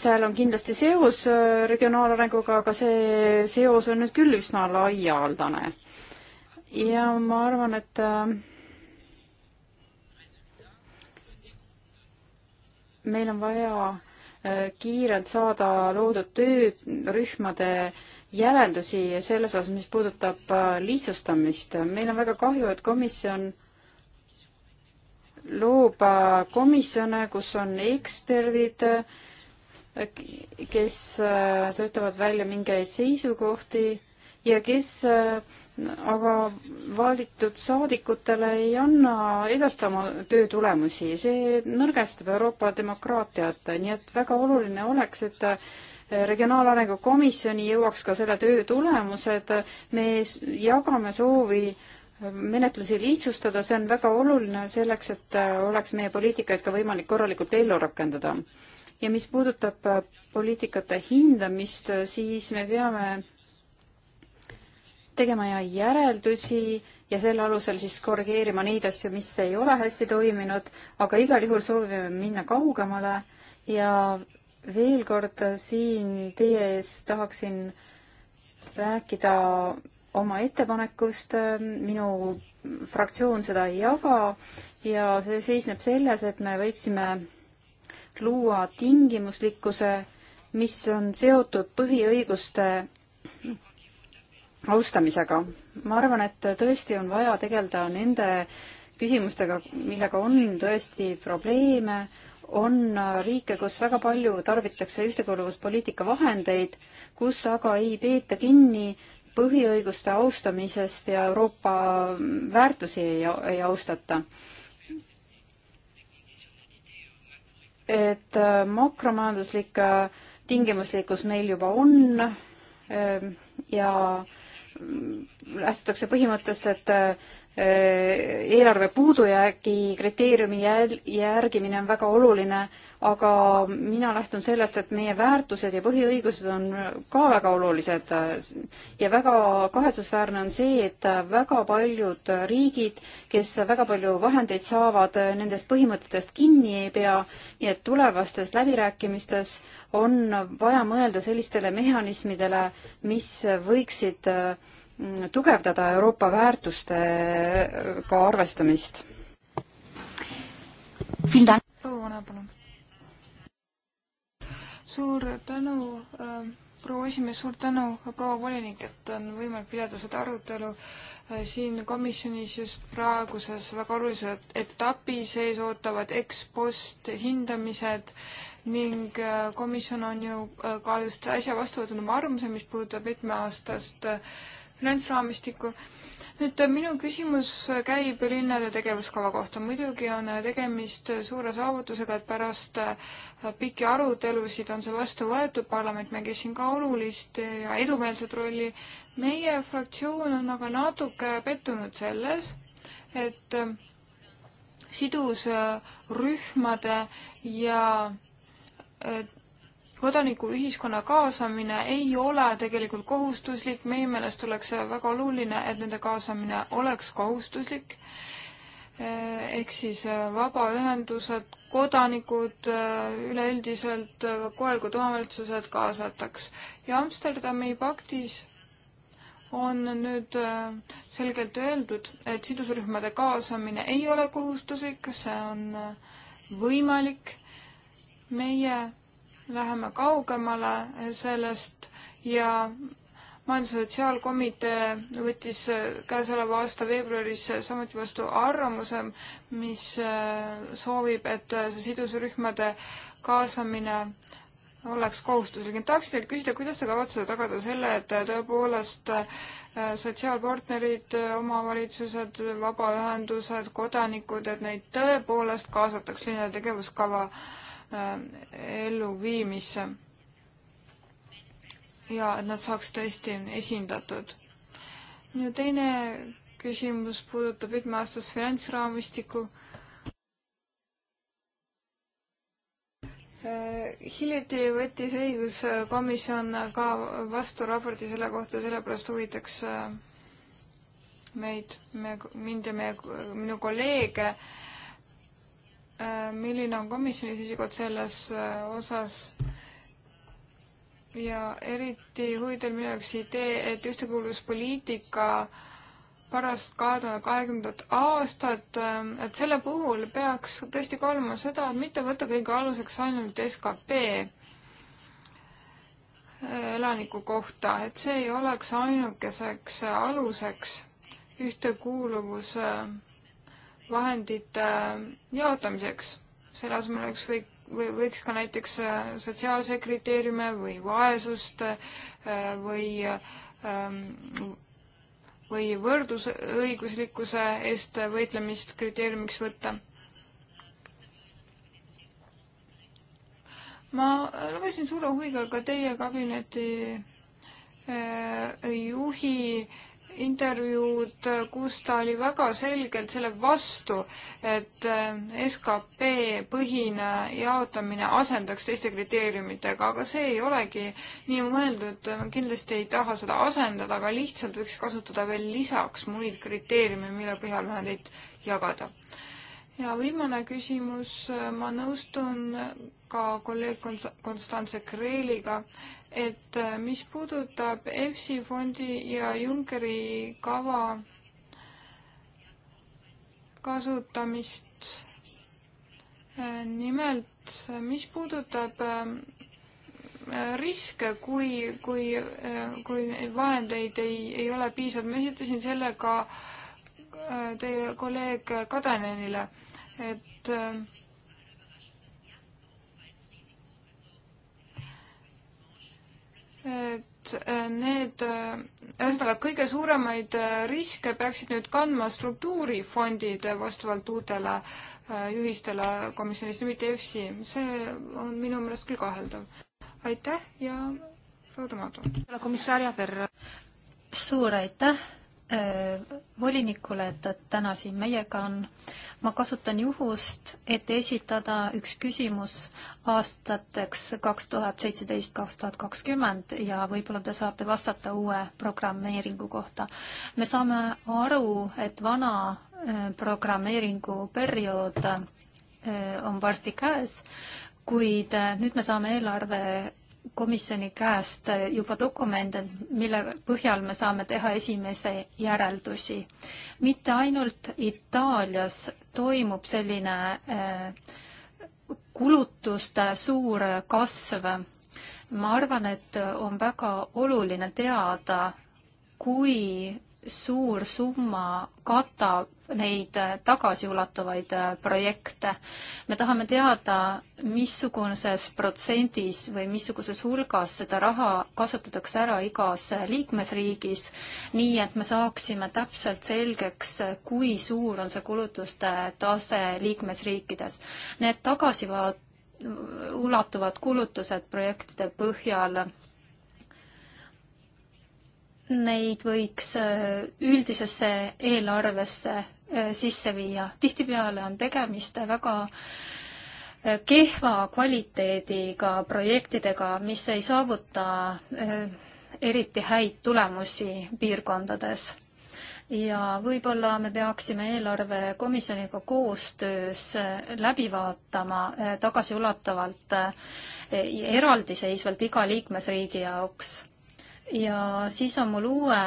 seal on kindlasti seos regionaalarenguga, aga see seos on nüüd küll üsna laialdane. ja ma arvan, et äh, meil on vaja äh, kiirelt saada loodud töörühmade järeldusi selles osas, mis puudutab äh, lihtsustamist. meil on väga kahju, et komisjon loob äh, komisjone, kus on eksperdid, kes töötavad välja mingeid seisukohti ja kes äh, aga valitud saadikutele ei anna edastama töö tulemusi, see nõrgestab Euroopa demokraatiat, nii et väga oluline oleks, et äh, regionaalarengu komisjoni jõuaks ka selle töö tulemused, me jagame soovi äh, menetlusi lihtsustada, see on väga oluline selleks, et oleks meie poliitikaid ka võimalik korralikult ellu rakendada. ja mis puudutab poliitikate hindamist, siis me peame tegema ja järeldusi ja selle alusel siis korrigeerima neid asju, mis ei ole hästi toiminud, aga igal juhul soovime minna kaugemale ja veel kord siin teie ees tahaksin rääkida oma ettepanekust, minu fraktsioon seda ei jaga ja see seisneb selles, et me võiksime luua tingimuslikkuse, mis on seotud põhiõiguste austamisega. ma arvan, et tõesti on vaja tegeleda nende küsimustega, millega on tõesti probleeme, on riike, kus väga palju tarbitakse ühtekuuluvuspoliitika vahendeid, kus aga ei peeta kinni põhiõiguste austamisest ja Euroopa väärtusi ei, ei austata. et äh, makromajanduslik äh, tingimuslikkus meil juba on äh, ja lähtutakse põhimõttest, et äh, eelarve puudujäägi kriteeriumi järgimine on väga oluline aga mina lähtun sellest, et meie väärtused ja põhiõigused on ka väga olulised ja väga kahetsusväärne on see, et väga paljud riigid, kes väga palju vahendeid saavad, nendest põhimõtetest kinni ei pea, nii et tulevastes läbirääkimistes on vaja mõelda sellistele mehhanismidele, mis võiksid mm, tugevdada Euroopa väärtustega arvestamist. proua Vana, palun suur tänu äh,, proua esimees, suur tänu, proua volinik, et on võimalik pidada seda arutelu äh, siin komisjonis just praeguses väga olulises etapis ees ootavad ekspost hindamised ning äh, komisjon on ju äh, ka just äsja vastu võtnud oma arvamuse, mis puudutab mitmeaastast äh, finantsraamistikku äh, nüüd minu küsimus käib linnade tegevuskava kohta. muidugi on tegemist suure saavutusega, et pärast äh, pikki arutelusid on see vastu võetud, parlament mängis siin ka olulist ja edumeelset rolli. meie fraktsioon on aga natuke pettunud selles, et äh, sidusrühmade ja et äh, kodanikuühiskonna kaasamine ei ole tegelikult kohustuslik, meie meelest oleks väga oluline, et nende kaasamine oleks kohustuslik, ehk siis vabaühendused, kodanikud üleüldiselt, kohalikud omavalitsused kaasataks. ja Amsterdami paktis on nüüd äh, selgelt öeldud, et sidusrühmade kaasamine ei ole kohustuslik, see on äh, võimalik. meie läheme kaugemale sellest ja majandus- ja sotsiaalkomitee võttis äh, käesoleva aasta veebruaris äh, samuti vastu arvamuse, mis äh, soovib, et see sidusrühmade kaasamine oleks kohustuslik. et tahaks teilt küsida, kuidas te kavatsete tagada selle, et tõepoolest sotsiaalpartnerid, omavalitsused, vabaühendused, kodanikud, et neid tõepoolest kaasataks linna tegevuskava äh, Äh, elluviimisse. ja et nad saaks tõesti esindatud. no teine küsimus puudutab mitmeaastast finantsraamistikku. Äh, hiljuti võttis õiguskomisjon ka vastu raporti selle kohta, sellepärast huvitaks äh, meid, me, mind ja meie, minu kolleege äh, Äh, milline on komisjoni seisukoht selles äh, osas ja eriti huvitav minu jaoks idee, et ühtekuuluvuspoliitika pärast kahe tuhande kahekümnendat aastat, äh, et selle puhul peaks tõesti kaaluma seda, et mitte võtta kõige aluseks ainult skp elaniku kohta, et see ei oleks ainukeseks aluseks ühtekuuluvuse äh, vahendite äh, jaotamiseks. selle asemel oleks või, või võiks ka näiteks äh, sotsiaalseid kriteeriume või vaesust äh, või ähm, või võrdusõiguslikkuse eest võitlemist kriteeriumiks võtta. ma lugesin suure huviga ka teie kabineti juhi äh, intervjuud, kus ta oli väga selgelt selle vastu, et äh, skp põhine jaotamine asendaks teiste kriteeriumitega, aga see ei olegi nii mõeldud, ma kindlasti ei taha seda asendada, aga lihtsalt võiks kasutada veel lisaks muid kriteeriume, mille põhjal vahendeid jagada. ja viimane küsimus, ma nõustun ka kolleeg Konstantse Kreeliga, et äh, mis puudutab EFSI fondi ja Junckeri kava kasutamist, äh, nimelt äh, mis puudutab riske, kui, kui, kui vahendeid ei, ei ole piisavalt, ma esitasin selle ka teie kolleeg Kadanenile, et äh, et äh, need, äh, ühesõnaga, kõige suuremaid äh, riske peaksid nüüd kandma struktuurifondid vastavalt uutele juhistele komisjonist, mitte EFSI. see on minu meelest küll kaheldav. aitäh ja rõõmu! suur aitäh! Äh, volinikule, et ta täna siin meiega on. ma kasutan juhust, et esitada üks küsimus aastateks kaks tuhat seitseteist, kaks tuhat kakskümmend ja võib-olla te saate vastata uue programmeeringu kohta. me saame aru, et vana äh, programmeeringu periood äh, on varsti käes, kuid nüüd me saame eelarve komisjoni käest juba dokumente, mille põhjal me saame teha esimese järeldusi. mitte ainult Itaalias toimub selline eh, kulutuste suur kasv. ma arvan, et on väga oluline teada, kui suur summa katab neid äh, tagasiulatuvaid äh, projekte. me tahame teada, missuguses protsendis või missuguses hulgas seda raha kasutatakse ära igas äh, liikmesriigis, nii et me saaksime täpselt selgeks, kui suur on see kulutuste tase liikmesriikides. Need tagasivaat-, ulatuvad kulutused projektide põhjal neid võiks üldisesse eelarvesse Äh, sisse viia. tihtipeale on tegemist väga äh, kehva kvaliteediga projektidega, mis ei saavuta äh, eriti häid tulemusi piirkondades. ja võib-olla me peaksime eelarvekomisjoniga koostöös läbi vaatama tagasiulatavalt eraldiseisvalt iga liikmesriigi jaoks ja siis on mul uue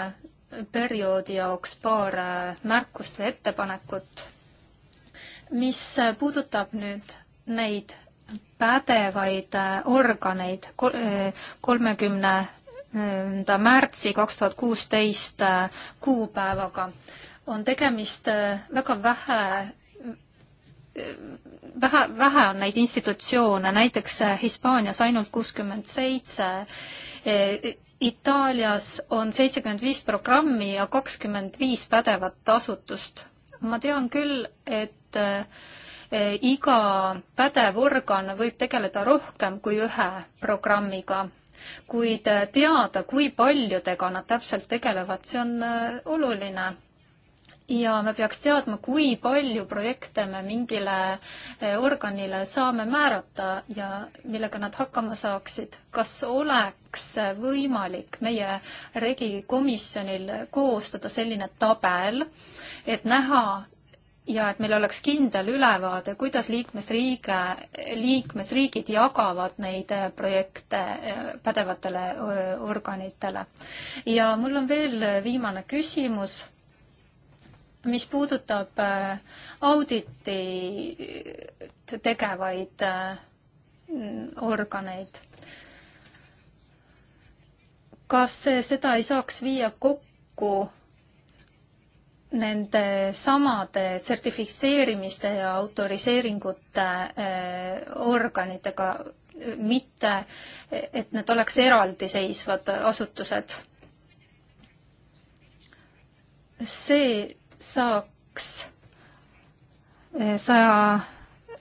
perioodi jaoks paar äh, märkust või ettepanekut. mis puudutab nüüd neid pädevaid äh, organeid äh, kolmekümnenda märtsi kaks tuhat kuusteist kuupäevaga, on tegemist väga vähe vähe, vähe on neid institutsioone, näiteks Hispaanias ainult kuuskümmend seitse Itaalias on seitsekümmend viis programmi ja kakskümmend viis pädevat asutust. ma tean küll, et eh, iga pädev organ võib tegeleda rohkem kui ühe programmiga, kuid eh, teada, kui paljudega nad täpselt tegelevad, see on eh, oluline ja me peaks teadma, kui palju projekte me mingile eh, organile saame määrata ja millega nad hakkama saaksid. kas oleks võimalik meie regikomisjonil koostada selline tabel, et näha ja et meil oleks kindel ülevaade, kuidas liikmesriige, liikmesriigid jagavad neid eh, projekte eh, pädevatele organitele. ja mul on veel viimane küsimus mis puudutab äh, auditit äh, tegevaid äh, organeid, kas seda ei saaks viia kokku nende samade sertifitseerimiste ja autoriseeringute organitega, mitte et need oleks eraldiseisvad asutused? see saaks eh, saja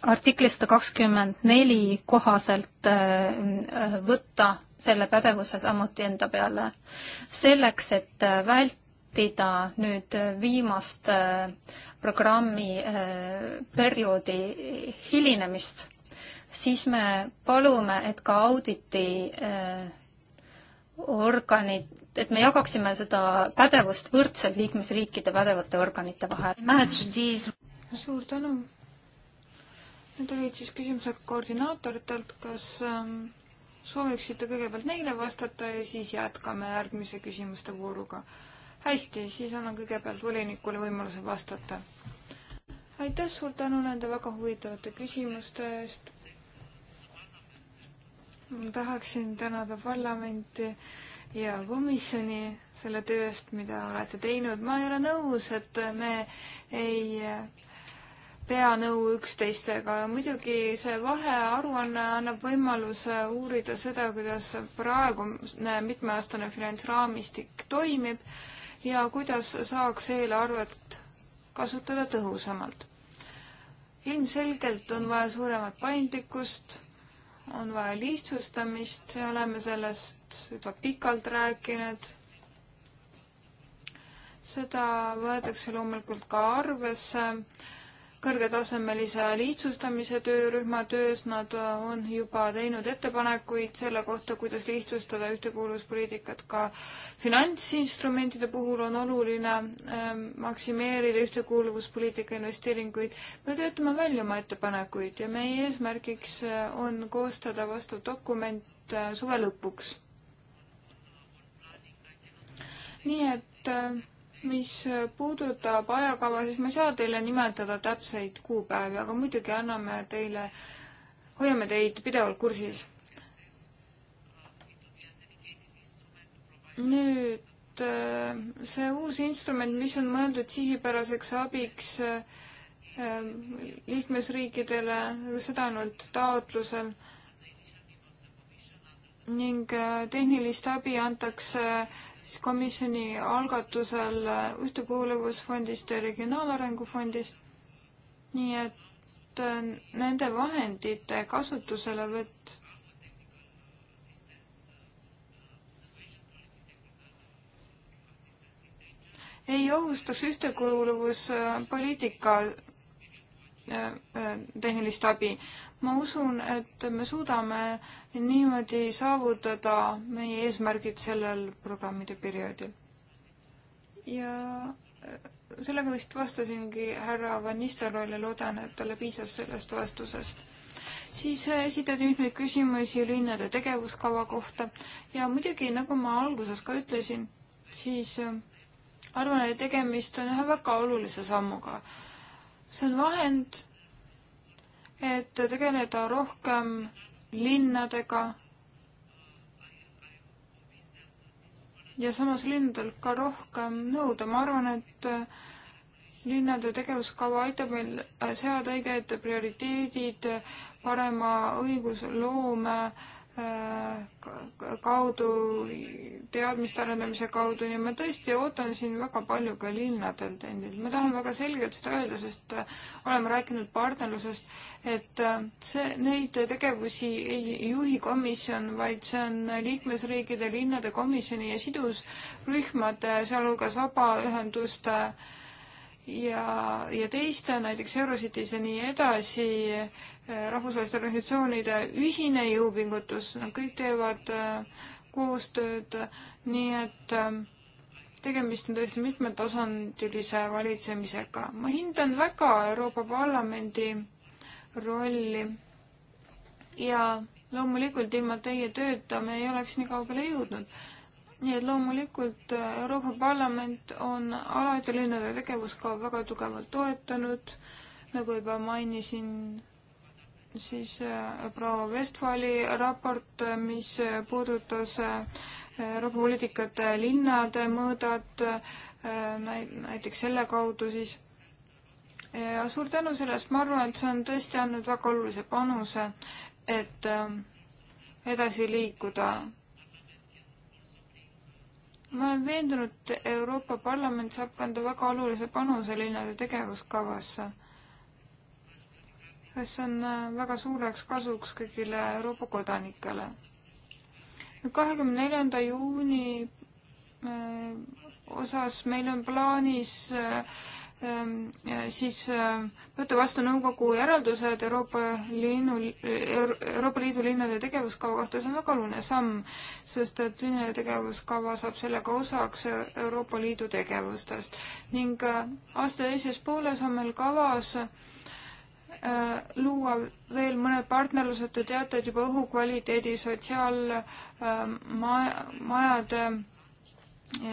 artikli sada kakskümmend neli kohaselt eh, eh, võtta selle pädevuse samuti enda peale. selleks, et vältida nüüd viimast programmi perioodi hilinemist, siis me palume, et ka auditi organid et me jagaksime seda pädevust võrdselt liikmesriikide pädevate organite vahel. suur tänu. Need olid siis küsimused koordinaatoritelt, kas ähm, sooviksite kõigepealt neile vastata ja siis jätkame järgmise küsimuste vooruga. hästi, siis annan kõigepealt volinikule võimaluse vastata. aitäh, suur tänu nende väga huvitavate küsimuste eest. ma tahaksin tänada parlamenti äh, ja komisjoni selle töö eest, mida olete teinud. ma ei ole nõus, et me ei pea nõu üksteistega. muidugi see vahearuanne annab võimaluse uurida seda, kuidas praegune mitmeaastane finantsraamistik toimib ja kuidas saaks eelarvet kasutada tõhusamalt. ilmselgelt on vaja suuremat paindlikkust on vaja lihtsustamist, oleme sellest juba pikalt rääkinud. seda võetakse loomulikult ka arvesse kõrgetasemelise lihtsustamise töörühma töös, nad äh, on juba teinud ettepanekuid selle kohta, kuidas lihtsustada ühtekuuluvuspoliitikat ka finantsinstrumentide puhul on oluline ähm, maksimeerida ühtekuuluvuspoliitika investeeringuid. me töötame välja oma ettepanekuid ja meie eesmärgiks äh, on koostada vastav dokument äh, suve lõpuks. nii et äh, mis puudutab ajakava, siis ma ei saa teile nimetada täpseid kuupäevi, aga muidugi anname teile, hoiame teid pidevalt kursis. nüüd äh, see uus instrument, mis on mõeldud sihipäraseks abiks äh, liikmesriikidele, seda ainult taotlusel ning äh, tehnilist abi antakse äh, siis komisjoni algatusel Ühtekuuluvusfondist ja Regionaalarengu fondist. nii et äh, nende vahendite kasutuselevõtt ei ohustaks ühtekuuluvuspoliitika Äh, äh, tehnilist abi. ma usun, et me suudame niimoodi saavutada meie eesmärgid sellel programmide perioodil. ja äh, sellega vist vastasingi härra Van Nistelrooile, loodan, et talle piisas sellest vastusest. siis esitati mitmeid küsimusi linnade tegevuskava kohta ja muidugi, nagu ma alguses ka ütlesin, siis arvan, et tegemist on ühe väga olulise sammuga see on vahend, et tegeleda rohkem linnadega ja samas linnadelt ka rohkem nõuda. ma arvan, et linnade tegevuskava aitab meil seada õiged prioriteedid, parema õigusloome äh, Äh, kaudu, teadmiste arendamise kaudu ja ma tõesti ootan siin väga palju ka linnadelt endilt. ma tahan väga selgelt seda öelda, sest äh, oleme rääkinud partnerlusest, et äh, see, neid tegevusi ei juhi komisjon, vaid see on liikmesriikide linnade komisjoni ja sidusrühmade, sealhulgas vabaühenduste äh, ja, ja teiste, näiteks Eurocities ja nii edasi, eh, rahvusvaheliste organisatsioonide ühine jõupingutus, nad kõik teevad eh, koostööd, nii et eh, tegemist on tõesti mitmetasandilise valitsemisega. ma hindan väga Euroopa Parlamendi rolli ja loomulikult ilma teie tööta me ei oleks nii kaugele jõudnud nii et loomulikult äh, Euroopa Parlament on alati linnade tegevuskava väga tugevalt toetanud, nagu juba mainisin, siis äh, proua Westfali raport, äh, mis puudutas Euroopa poliitikate linnade mõõdad, näiteks selle kaudu siis. ja suur tänu selle eest, ma arvan, et see on tõesti andnud väga olulise panuse, et edasi liikuda ma olen veendunud, et Euroopa Parlament saab kanda väga olulise panuse linnade tegevuskavasse, sest see on äh, väga suureks kasuks kõigile Euroopa kodanikele. kahekümne neljanda juuni äh, osas meil on plaanis äh, Ehm, siis ehm, võtta vastu nõukogu järeldused Euroopa Liidu, Euroopa Liidu linnade tegevuskava kohta, see on väga oluline samm, sest et linnade tegevuskava saab sellega osaks Euroopa Liidu tegevustest. ning äh, aasta teises pooles on meil kavas äh, luua veel mõned partnerlused, te teate, et juba õhukvaliteedi sotsiaalmajade äh, ma,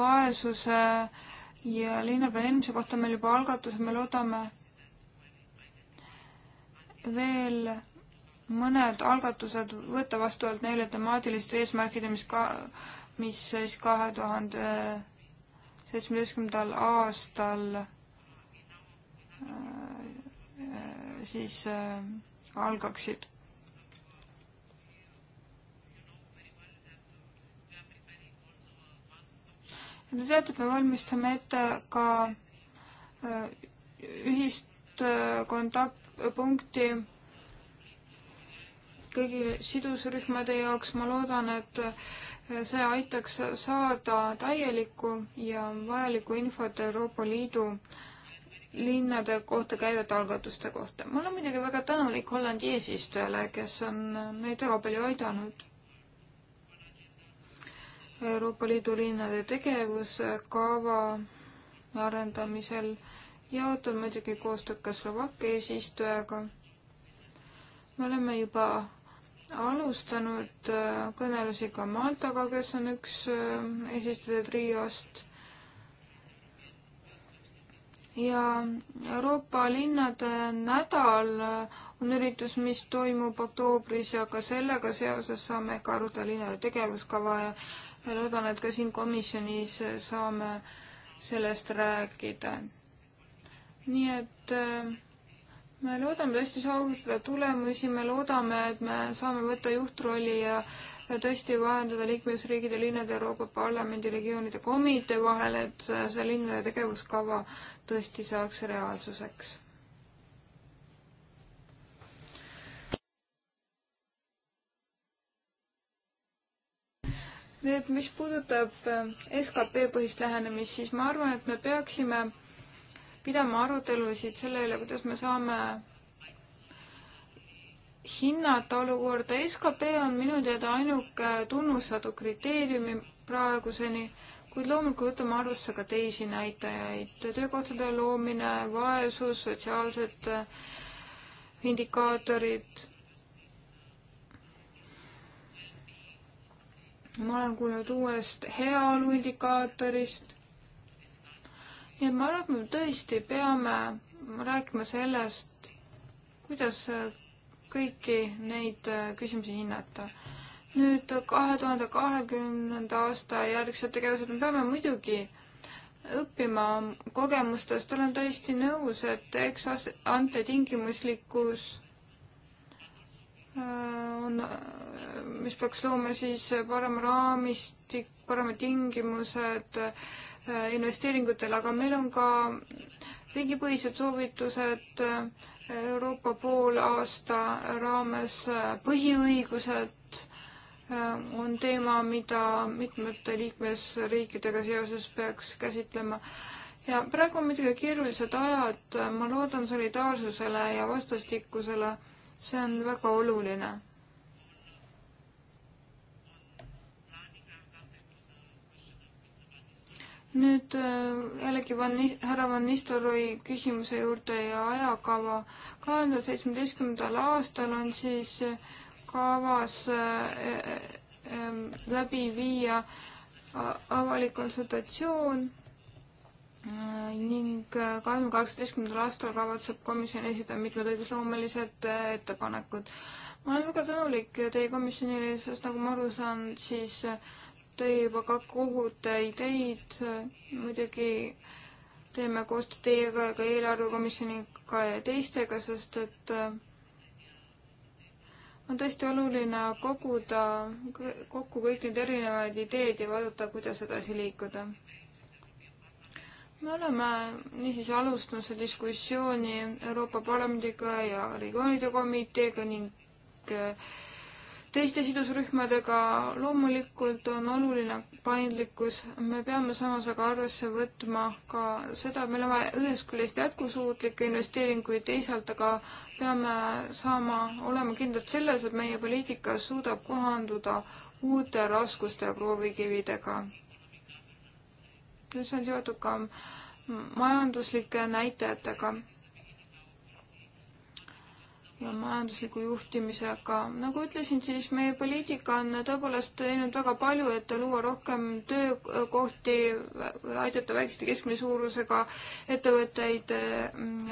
vaesuse äh, ja linnaplaneerimise kohta meil juba algatus, me loodame veel mõned algatused võtta vastavalt neile temaatilistele eesmärkidele, mis ka, mis siis kahe tuhande seitsmeteistkümnendal aastal äh, äh, siis äh, algaksid ja te teate, me valmistame ette ka äh, ühist äh, kontaktpunkti kõigi sidusrühmade jaoks. ma loodan, et äh, see aitaks saada täielikku ja vajalikku infot Euroopa Liidu linnade kohta käivate algatuste kohta. ma olen muidugi väga tänulik Hollandi eesistujale, kes on meid väga palju aidanud Euroopa Liidu linnade tegevuskava arendamisel ja ootan muidugi koostööd ka Slovakkia eesistujaga. me oleme juba alustanud äh, kõnelusi ka Maltaga, kes on üks äh, eesistuja triost. ja Euroopa linnade nädal äh, on üritus, mis toimub oktoobris ja ka sellega seoses saame ka arutada linnade tegevuskava ja ja loodan, et ka siin komisjonis saame sellest rääkida. nii et äh, me loodame tõesti saavutada tulemusi, me loodame, et me saame võtta juhtrolli ja ja tõesti vahendada liikmesriigide linnade Euroopa Parlamendi regioonide komitee vahel, et see linnade tegevuskava tõesti saaks reaalsuseks. nüüd, mis puudutab äh, skp põhist lähenemist, siis ma arvan, et me peaksime pidama arutelusid selle üle, kuidas me saame hinnata olukorda. skp on minu teada ainuke tunnustatud kriteeriumi praeguseni, kuid loomulikult võtame arvesse ka teisi näitajaid. töökohtade loomine, vaesus, sotsiaalsed äh, indikaatorid ma olen kuulnud uuest heaolu indikaatorist. nii et ma arvan, et me tõesti peame rääkima sellest, kuidas kõiki neid küsimusi hinnata. nüüd kahe tuhande kahekümnenda aasta järgsed tegevused, me peame muidugi õppima kogemustest, olen täiesti nõus, et eks antetingimuslikkus äh, on mis peaks looma siis parema raamistik, paremad tingimused äh, investeeringutele, aga meil on ka riigipõhised soovitused äh, Euroopa poolaasta raames, äh, põhiõigused on teema, mida mitmete liikmesriikidega seoses peaks käsitlema ja praegu on muidugi keerulised ajad, ma loodan solidaarsusele ja vastastikusele, see on väga oluline. nüüd äh, jällegi Van, härra Van Nistelrooy küsimuse juurde ja ajakava. kahe tuhande seitsmeteistkümnendal aastal on siis äh, kavas äh, ähm, läbi viia avalik konsultatsioon ning kahe tuhande kaheksateistkümnendal aastal kavatseb komisjon esitada mitmed õigusloomelised ettepanekud. ma olen väga tänulik teie komisjonile, sest nagu ma aru saan, siis äh, tõi juba kaks uut ideid. muidugi teeme koostööd teiega ja ka eelarvekomisjoniga ja teistega, sest et äh, on tõesti oluline koguda kokku kõik need erinevaid ideed ja vaadata, kuidas edasi liikuda. me oleme niisiis alustanud seda diskussiooni Euroopa Parlamendiga ja regioonide komiteega ning äh, teiste sidusrühmadega. loomulikult on oluline paindlikkus, me peame samas aga arvesse võtma ka seda, et meil on vaja ühest küljest jätkusuutlikke investeeringuid, teisalt aga peame saama, olema kindlad selles, et meie poliitika suudab kohanduda uute raskuste ja proovikividega. see on seotud ka majanduslike näitajatega ja majandusliku juhtimisega. nagu ütlesin, siis meie poliitika on tõepoolest teinud väga palju, et luua rohkem töökohti, aidata väikeste keskmise suurusega ettevõtteid,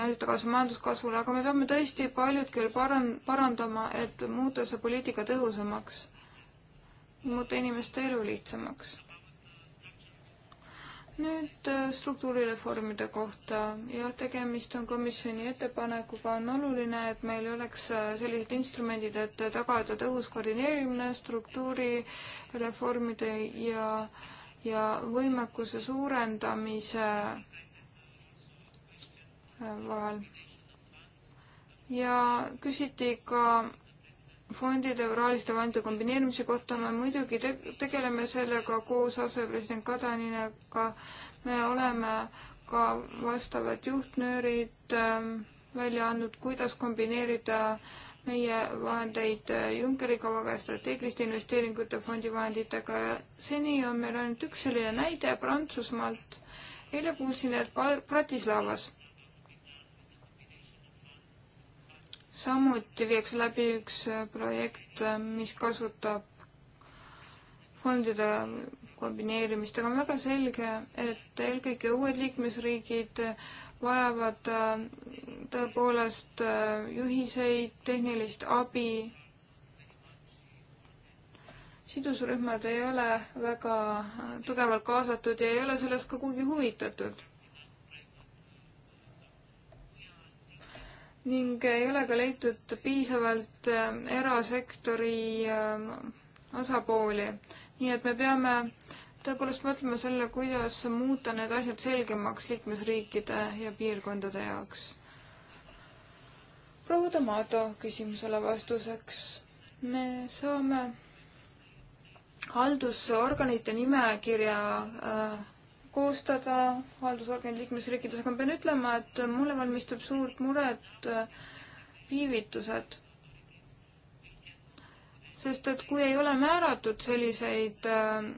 aidata kaasa majanduskasvule, aga me peame tõesti paljud küll paran-, parandama, et muuta see poliitika tõhusamaks, muuta inimeste elu lihtsamaks nüüd äh, struktuurireformide kohta. jah, tegemist on komisjoni ettepanekuga, on oluline, et meil oleks äh, sellised instrumendid, et tagada tõhus koordineerimine struktuurireformide ja, ja võimekuse suurendamise äh, vahel. ja küsiti ka fondide rahaliste vahendite kombineerimise kohta me muidugi te tegeleme sellega koos asepresident Kadaninega. me oleme ka vastavad juhtnöörid ähm, välja andnud, kuidas kombineerida meie vahendeid äh, Junckeri kavaga ja strateegiliste investeeringute fondi vahenditega ja seni on meil ainult üks selline näide Prantsusmaalt. eile kuulsin, et Bratislavas samuti viiakse läbi üks äh, projekt, äh, mis kasutab fondide kombineerimist, aga on väga selge, et eelkõige uued liikmesriigid äh, vajavad tõepoolest juhiseid, tehnilist abi. sidusrühmad ei ole väga tugevalt kaasatud ja ei ole sellest ka kuigi huvitatud ning ei ole ka leitud piisavalt äh, erasektori äh, osapooli. nii et me peame tõepoolest mõtlema selle, kuidas muuta need asjad selgemaks liikmesriikide ja piirkondade jaoks. proua Tomato küsimusele vastuseks. me saame haldusorganite nimekirja äh, koostada haldusorgani liikmesriikides, aga ma pean ütlema, et mulle valmistub suurt muret äh, viivitused. sest et kui ei ole määratud selliseid äh,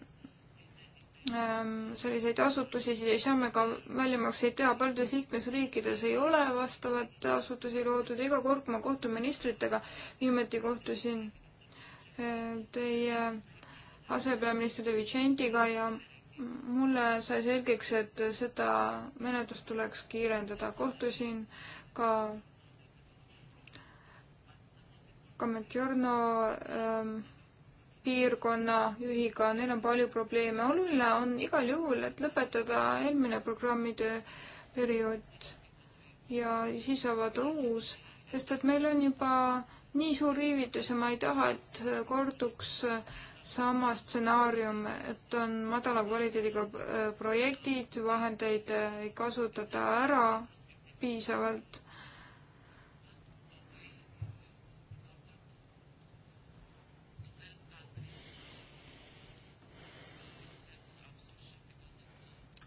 ähm, selliseid asutusi, siis ei saa me ka väljamakseid teha. paljudes liikmesriikides ei ole vastavaid asutusi loodud. iga kord, kui ma kohtun ministritega, viimati kohtusin äh, teie asepeaministri De Vicentiga ja mulle sai selgeks, et seda menetlust tuleks kiirendada. kohtusin ka Kametjorno ähm, piirkonna juhiga, neil on palju probleeme. oluline on igal juhul, et lõpetada eelmine programmide periood ja siis avada uus, sest et meil on juba nii suur viivitus ja ma ei taha, et korduks äh, sama stsenaarium, et on madala kvaliteediga äh, projektid, vahendeid äh, ei kasutata ära piisavalt.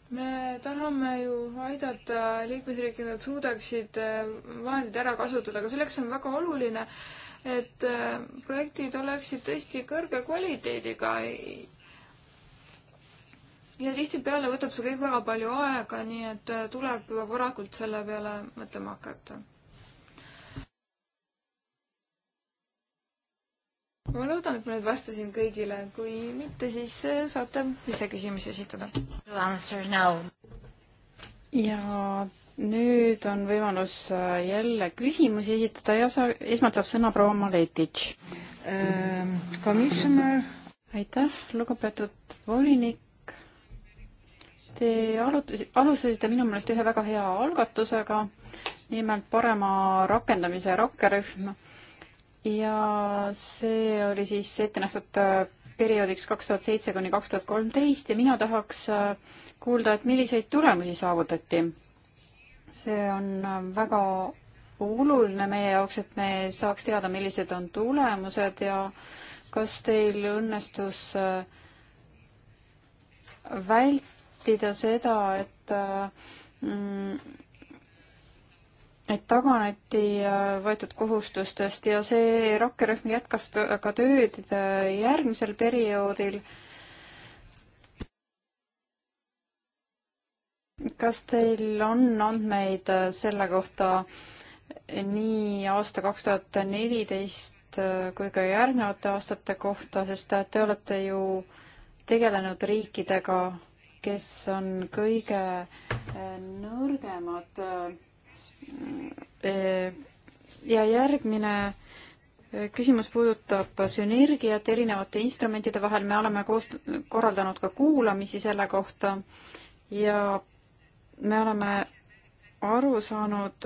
me tahame ju aidata liikmesriike, nad suudaksid äh, vahendid ära kasutada, aga selleks on väga oluline äh, et äh, projektid oleksid tõesti kõrge kvaliteediga. ja tihtipeale võtab see kõik väga palju aega, nii et äh, tuleb juba varakult selle peale mõtlema hakata. ma loodan, et ma nüüd vastasin kõigile, kui mitte, siis äh, saate ise küsimusi esitada. ja nüüd on võimalus äh, jälle küsimusi esitada ja sa, esmalt saab sõna proua Maletitš ähm,. Commissioner. aitäh, lugupeetud volinik. Te alutasite, alustasite minu meelest ühe väga hea algatusega, nimelt parema rakendamise rakkerühm. ja see oli siis ette nähtud äh, perioodiks kaks tuhat seitse kuni kaks tuhat kolmteist ja mina tahaks äh, kuulda, et milliseid tulemusi saavutati see on väga oluline meie jaoks, et me saaks teada, millised on tulemused ja kas teil õnnestus äh, vältida seda, et äh, mm, et taganeti äh, võetud kohustustest ja see rakkerühm jätkas ka tööd järgmisel perioodil kas teil on andmeid äh, selle kohta nii aasta kaks tuhat neliteist äh, kui ka järgnevate aastate kohta, sest äh, te olete ju tegelenud riikidega, kes on kõige nõrgemad. ja järgmine küsimus puudutab sünergiat erinevate instrumentide vahel, me oleme koos, korraldanud ka kuulamisi selle kohta ja me oleme aru saanud,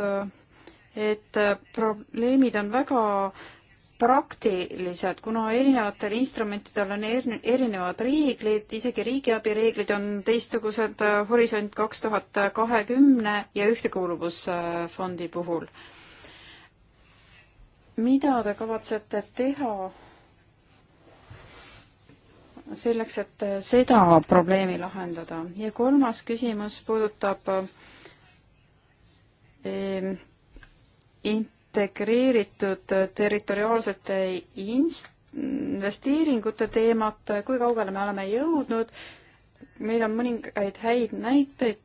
et probleemid on väga praktilised, kuna erinevatel instrumentidel on erinevad reeglid, isegi riigiabi reeglid on teistsugused äh, Horisont kaks tuhat kahekümne ja Ühtekuuluvusfondi puhul. mida te kavatsete teha selleks, et äh, seda probleemi lahendada. ja kolmas küsimus puudutab äh, integreeritud territoriaalsete investeeringute teemat, kui kaugele me oleme jõudnud, meil on mõningaid häid näiteid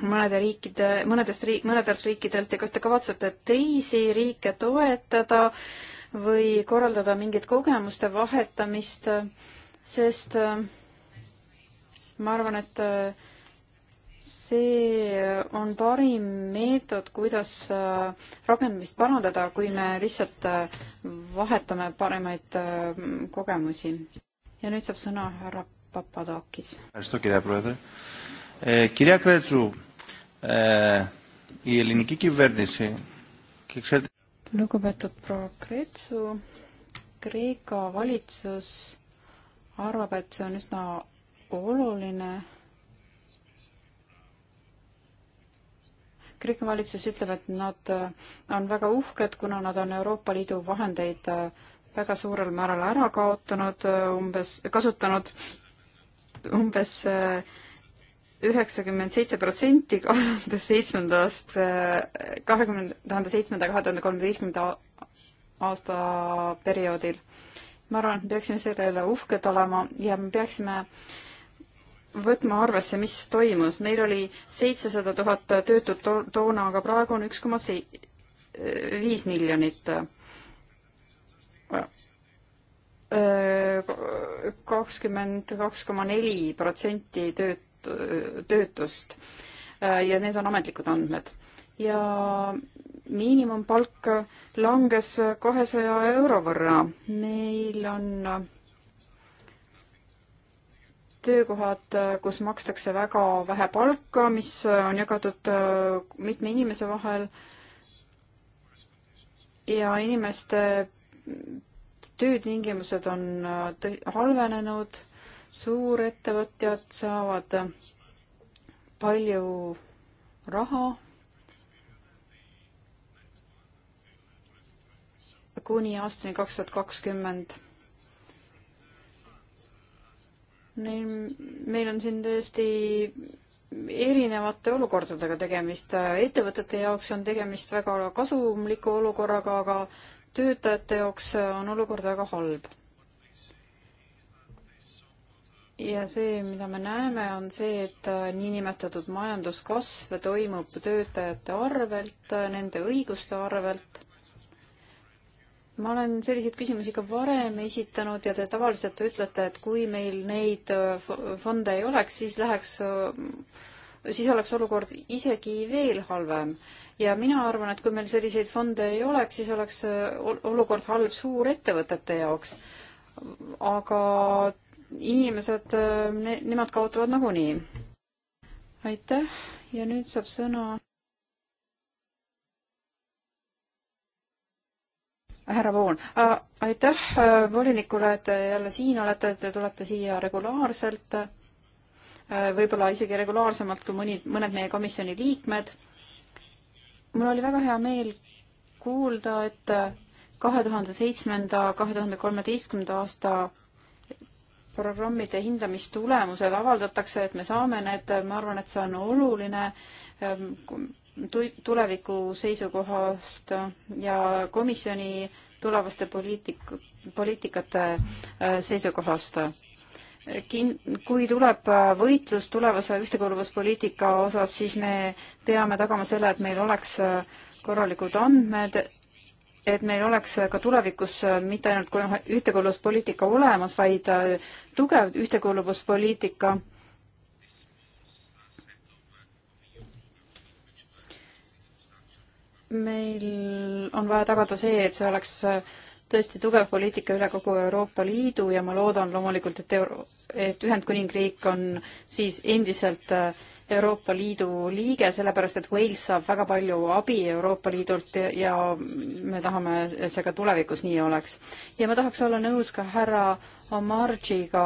mõnede riikide, mõnedest riik, mõnedelt riikidelt ja kas te kavatsete teisi riike toetada äh, või korraldada mingit kogemuste vahetamist, sest äh, ma arvan, et äh, see on parim meetod, kuidas äh, rakendamist parandada, kui me lihtsalt vahetame paremaid kogemusi. ja nüüd saab sõna härra Papadakis. Κυρία Κρέτσου, η ελληνική κυβέρνηση και ξέρετε lugupeetud proua Kreetsu, Kreeka valitsus arvab, et see on üsna oluline. Kreeka valitsus ütleb, et nad on väga uhked, kuna nad on Euroopa Liidu vahendeid väga suurel määral ära kaotanud, umbes, kasutanud umbes üheksakümmend seitse protsenti kahe tuhande seitsmendast, kahekümne, tuhande seitsmenda, kahe tuhande kolmeteistkümnenda aasta perioodil. ma arvan, et me peaksime selle üle uhked olema ja me peaksime võtma arvesse, mis toimus. meil oli seitsesada tuhat töötut to toona, aga praegu on üks koma viis miljonit. kakskümmend kaks koma neli protsenti tööt-, töötust. Äh, ja need on ametlikud andmed. ja miinimumpalk langes kahesaja euro võrra. meil on töökohad, kus makstakse väga vähe palka, mis on jagatud äh, mitme inimese vahel ja inimeste töötingimused on äh, halvenenud suurettevõtjad saavad palju raha kuni aastani kaks tuhat kakskümmend. Neil, meil on siin tõesti erinevate olukordadega tegemist. ettevõtete jaoks on tegemist väga kasumliku olukorraga, aga töötajate jaoks on olukord väga halb ja see, mida me näeme, on see, et äh, niinimetatud majanduskasv toimub töötajate arvelt, äh, nende õiguste arvelt. ma olen selliseid küsimusi ka varem esitanud ja te tavaliselt ütlete, et kui meil neid äh, fonde ei oleks, siis läheks, siis oleks olukord isegi veel halvem. ja mina arvan, et kui meil selliseid fonde ei oleks, siis oleks olukord halb suurettevõtete jaoks. aga inimesed äh, ne,, nemad kaotavad nagunii. aitäh ja nüüd saab sõna härra Vool, aitäh äh, volinikule, et te jälle siin olete, et te tulete siia regulaarselt, äh, võib-olla isegi regulaarsemalt kui mõni, mõned meie komisjoni liikmed. mul oli väga hea meel kuulda, et kahe tuhande seitsmenda, kahe tuhande kolmeteistkümnenda aasta programmide hindamistulemused avaldatakse, et me saame need, ma arvan, et see on oluline ehm, tuleviku seisukohast ja komisjoni tulevaste poliitik-, poliitikate äh, seisukohast kin-, kui tuleb äh, võitlus tulevase ühtekuuluvuspoliitika osas, siis me peame tagama selle, et meil oleks äh, korralikud andmed, et meil oleks ka tulevikus äh, mitte ainult ühtekuuluvuspoliitika olemas, vaid äh, tugev ühtekuuluvuspoliitika meil on vaja tagada see, et see oleks äh, tõesti tugev poliitika üle kogu Euroopa Liidu ja ma loodan loomulikult, et Euro-, et Ühendkuningriik on siis endiselt Euroopa Liidu liige, sellepärast et Wales saab väga palju abi Euroopa Liidult ja me tahame, et see ka tulevikus nii oleks. ja ma tahaks olla nõus ka härra Omarjiga,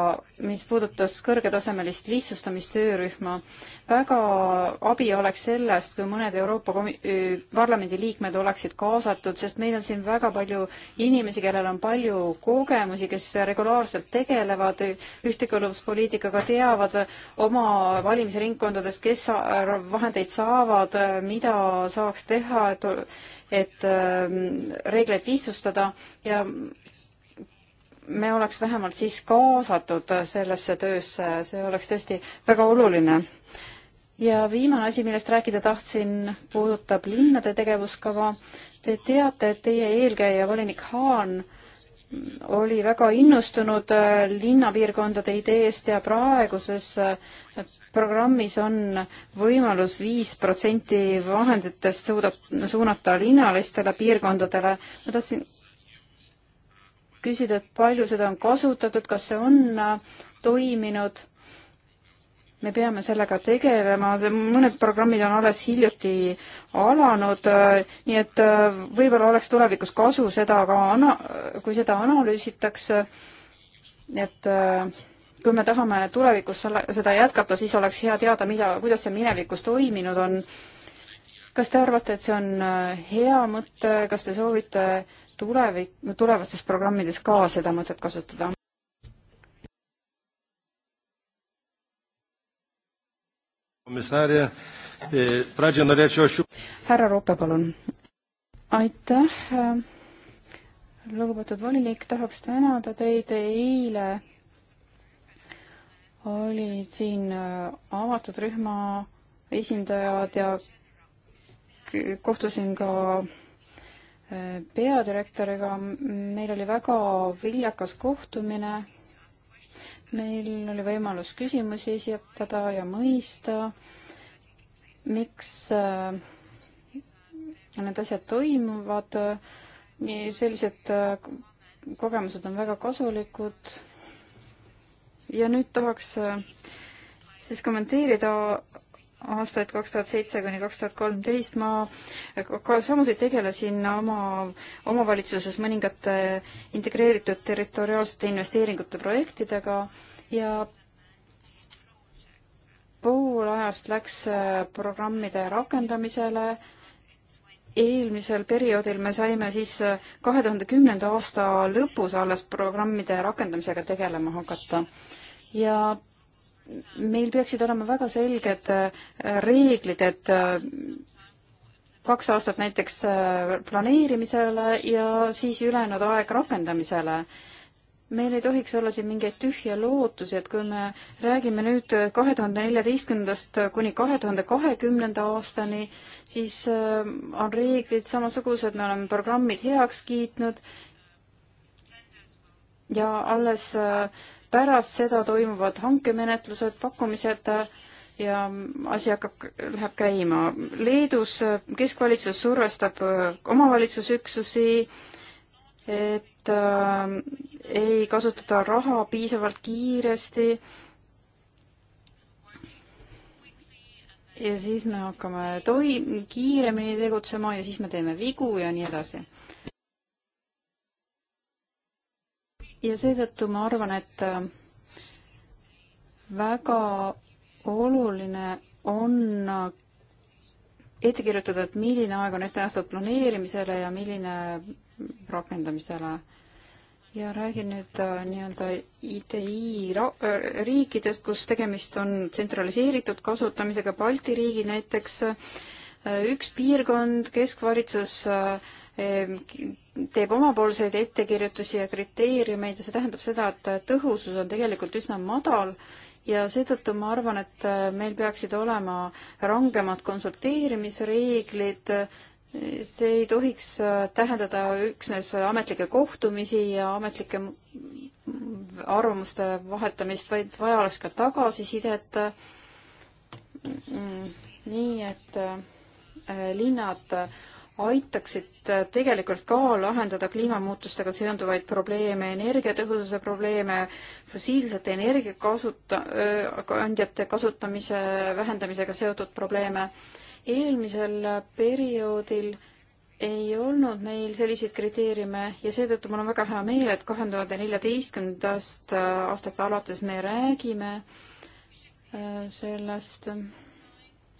mis puudutas kõrgetasemelist lihtsustamistöörühma. väga abi oleks sellest, kui mõned Euroopa komi-, Parlamendi liikmed oleksid kaasatud, sest meil on siin väga palju inimesi, kellel on palju kogemusi, kes regulaarselt tegelevad ühtekõlbuspoliitikaga, teavad oma valimisringkondades selles, kes vahendeid saavad, mida saaks teha, et, et ähm, reegleid lihtsustada ja me oleks vähemalt siis kaasatud sellesse töösse, see oleks tõesti väga oluline. ja viimane asi, millest rääkida tahtsin, puudutab linnade tegevuskava. Te teate, et teie eelkäija, volinik Haan äh, oli väga innustunud äh, linnapiirkondade ideest ja praeguses äh, programmis on võimalus viis protsenti vahenditest suudab suunata linnalistele piirkondadele. ma tahtsin küsida, et palju seda on kasutatud, kas see on äh, toiminud me peame sellega tegelema, mõned programmid on alles hiljuti alanud, äh, nii et äh, võib-olla oleks tulevikus kasu seda ka ana-, kui seda analüüsitakse, et äh, kui me tahame tulevikus selle, seda jätkata, siis oleks hea teada, mida, kuidas see minevikus toiminud on. kas te arvate, et see on hea mõte, kas te soovite tulevik, tulevastes programmides ka seda mõtet kasutada? E, härra Roope, palun. aitäh, äh, lugupeetud volinik, tahaks tänada teid eile olid siin äh, avatud rühma esindajad ja kohtusin ka äh, peadirektoriga, meil oli väga viljakas kohtumine meil oli võimalus küsimusi esitada ja mõista, miks äh, need asjad toimuvad. sellised äh, kogemused on väga kasulikud. ja nüüd tahaks äh, siis kommenteerida aastaid kaks tuhat seitse kuni kaks tuhat kolmteist ma ka samuti tegelesin oma omavalitsuses mõningate integreeritud territoriaalsete investeeringute projektidega ja pool ajast läks äh, programmide rakendamisele. eelmisel perioodil me saime siis äh, kahe tuhande kümnenda aasta lõpus alles programmide rakendamisega tegelema hakata ja meil peaksid olema väga selged äh, reeglid, et äh, kaks aastat näiteks äh, planeerimisele ja siis ülejäänud aeg rakendamisele. meil ei tohiks olla siin mingeid tühje lootusi, et kui me räägime nüüd kahe tuhande neljateistkümnendast kuni kahe tuhande kahekümnenda aastani, siis on reeglid samasugused, me oleme programmid heaks kiitnud ja alles äh, pärast seda toimuvad hankemenetlused, pakkumised ja asi hakkab, läheb käima. Leedus keskvalitsus survestab omavalitsusüksusi, et äh, ei kasutata raha piisavalt kiiresti. ja siis me hakkame toi-, kiiremini tegutsema ja siis me teeme vigu ja nii edasi ja seetõttu ma arvan, et äh, väga oluline on äh, ette kirjutada, et milline aeg on ette nähtud planeerimisele ja milline rakendamisele. ja räägin nüüd äh, nii-öelda ITI riikidest, kus tegemist on tsentraliseeritud kasutamisega, Balti riigid näiteks, üks piirkond, keskvalitsus äh, teeb omapoolseid ettekirjutusi ja kriteeriumeid ja see tähendab seda, et tõhusus on tegelikult üsna madal ja seetõttu ma arvan, et äh, meil peaksid olema rangemad konsulteerimisreeglid, see ei tohiks äh, tähendada üksnes ametlikke kohtumisi ja ametlike arvamuste vahetamist, vaid vaja oleks ka tagasisidet. Mm, nii et äh, linnad aitaksid tegelikult ka lahendada kliimamuutustega seonduvaid probleeme, energiatõhususe probleeme, fossiilsete energiakasuta-, kandjate kasutamise vähendamisega seotud probleeme. eelmisel perioodil ei olnud meil selliseid kriteeriume ja seetõttu mul on väga hea meel, et kahe tuhande neljateistkümnendast aastast alates me räägime äh, sellest.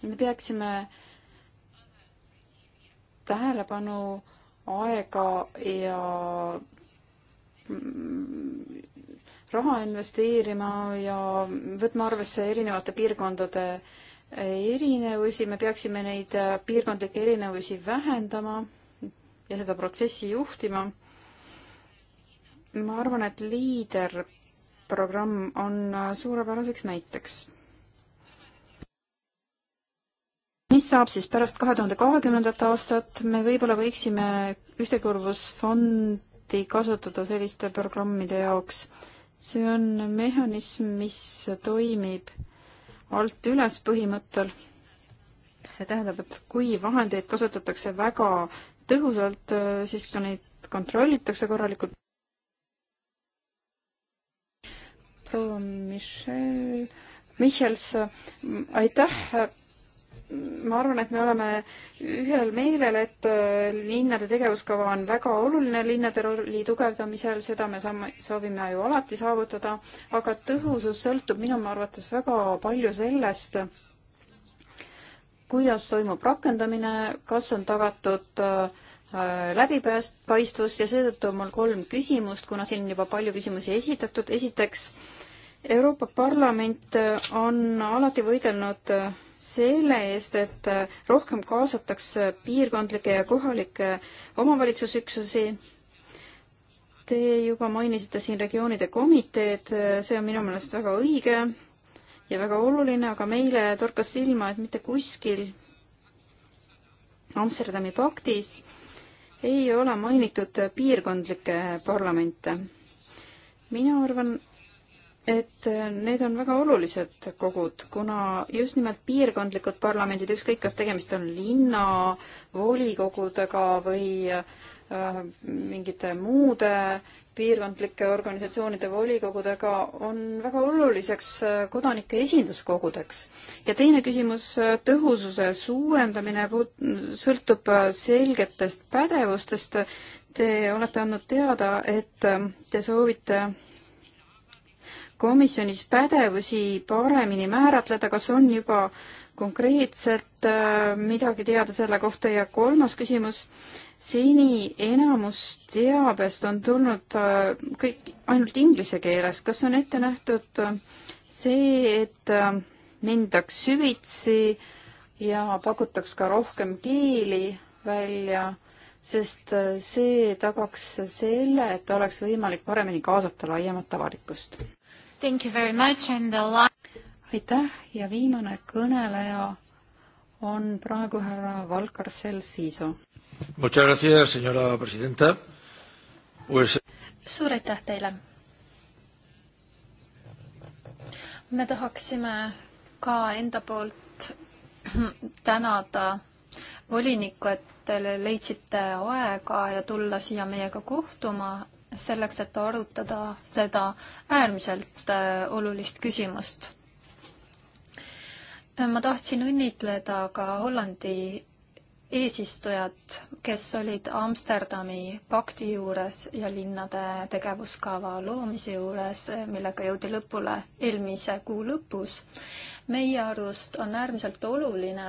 me peaksime äh, tähelepanu, aega ja raha investeerima ja võtma arvesse erinevate piirkondade erinevusi, me peaksime neid piirkondlikke erinevusi vähendama ja seda protsessi juhtima. ma arvan, et Leader programm on suurepäraseks näiteks mis saab siis pärast kahe tuhande kahekümnendat aastat, me võib-olla võiksime ühtekuuluvusfondi kasutada selliste programmide jaoks. see on mehhanism, mis toimib alt üles põhimõttel. see tähendab, et kui vahendeid kasutatakse väga tõhusalt, siis ka neid kontrollitakse korralikult. proua Michel, Michels, aitäh ma arvan, et me oleme ühel meelel, et äh, linnade tegevuskava on väga oluline linnade rolli tugevdamisel, seda me saame, soovime ju alati saavutada, aga tõhusus sõltub minu arvates väga palju sellest, kuidas toimub rakendamine, kas on tagatud äh, läbipaistvus ja seetõttu on mul kolm küsimust, kuna siin juba palju küsimusi esitatud. esiteks, Euroopa Parlament on alati võidelnud äh, selle eest, et äh, rohkem kaasataks piirkondlikke ja kohalikke omavalitsusüksusi. Te juba mainisite siin regioonide komiteed, äh, see on minu meelest väga õige ja väga oluline, aga meile torkas silma, et mitte kuskil Amsterdami paktis ei ole mainitud piirkondlikke parlamente. mina arvan, et äh, need on väga olulised kogud, kuna just nimelt piirkondlikud parlamendid, ükskõik kas tegemist on linna volikogudega või äh, mingite muude piirkondlike organisatsioonide volikogudega, on väga oluliseks äh, kodanike esinduskogudeks. ja teine küsimus, äh, tõhususe suurendamine sõltub selgetest pädevustest. Te olete andnud teada, et te soovite komisjonis pädevusi paremini määratleda, kas on juba konkreetselt äh, midagi teada selle kohta ja kolmas küsimus, seni enamus teabest on tulnud äh, kõik ainult inglise keeles, kas on ette nähtud äh, see, et mindaks süvitsi ja pakutaks ka rohkem keeli välja, sest see tagaks selle, et oleks võimalik paremini kaasata laiemat avalikkust aitäh ja viimane kõneleja on praegu härra Valkarsel Siisu. Pues... suur aitäh teile! me tahaksime ka enda poolt tänada volinikku, et te leidsite aega ja tulla siia meiega kohtuma selleks, et arutada seda äärmiselt äh, olulist küsimust. ma tahtsin õnnitleda ka Hollandi eesistujad, kes olid Amsterdami pakti juures ja linnade tegevuskava loomise juures, millega jõudi lõpule eelmise kuu lõpus. meie arust on äärmiselt oluline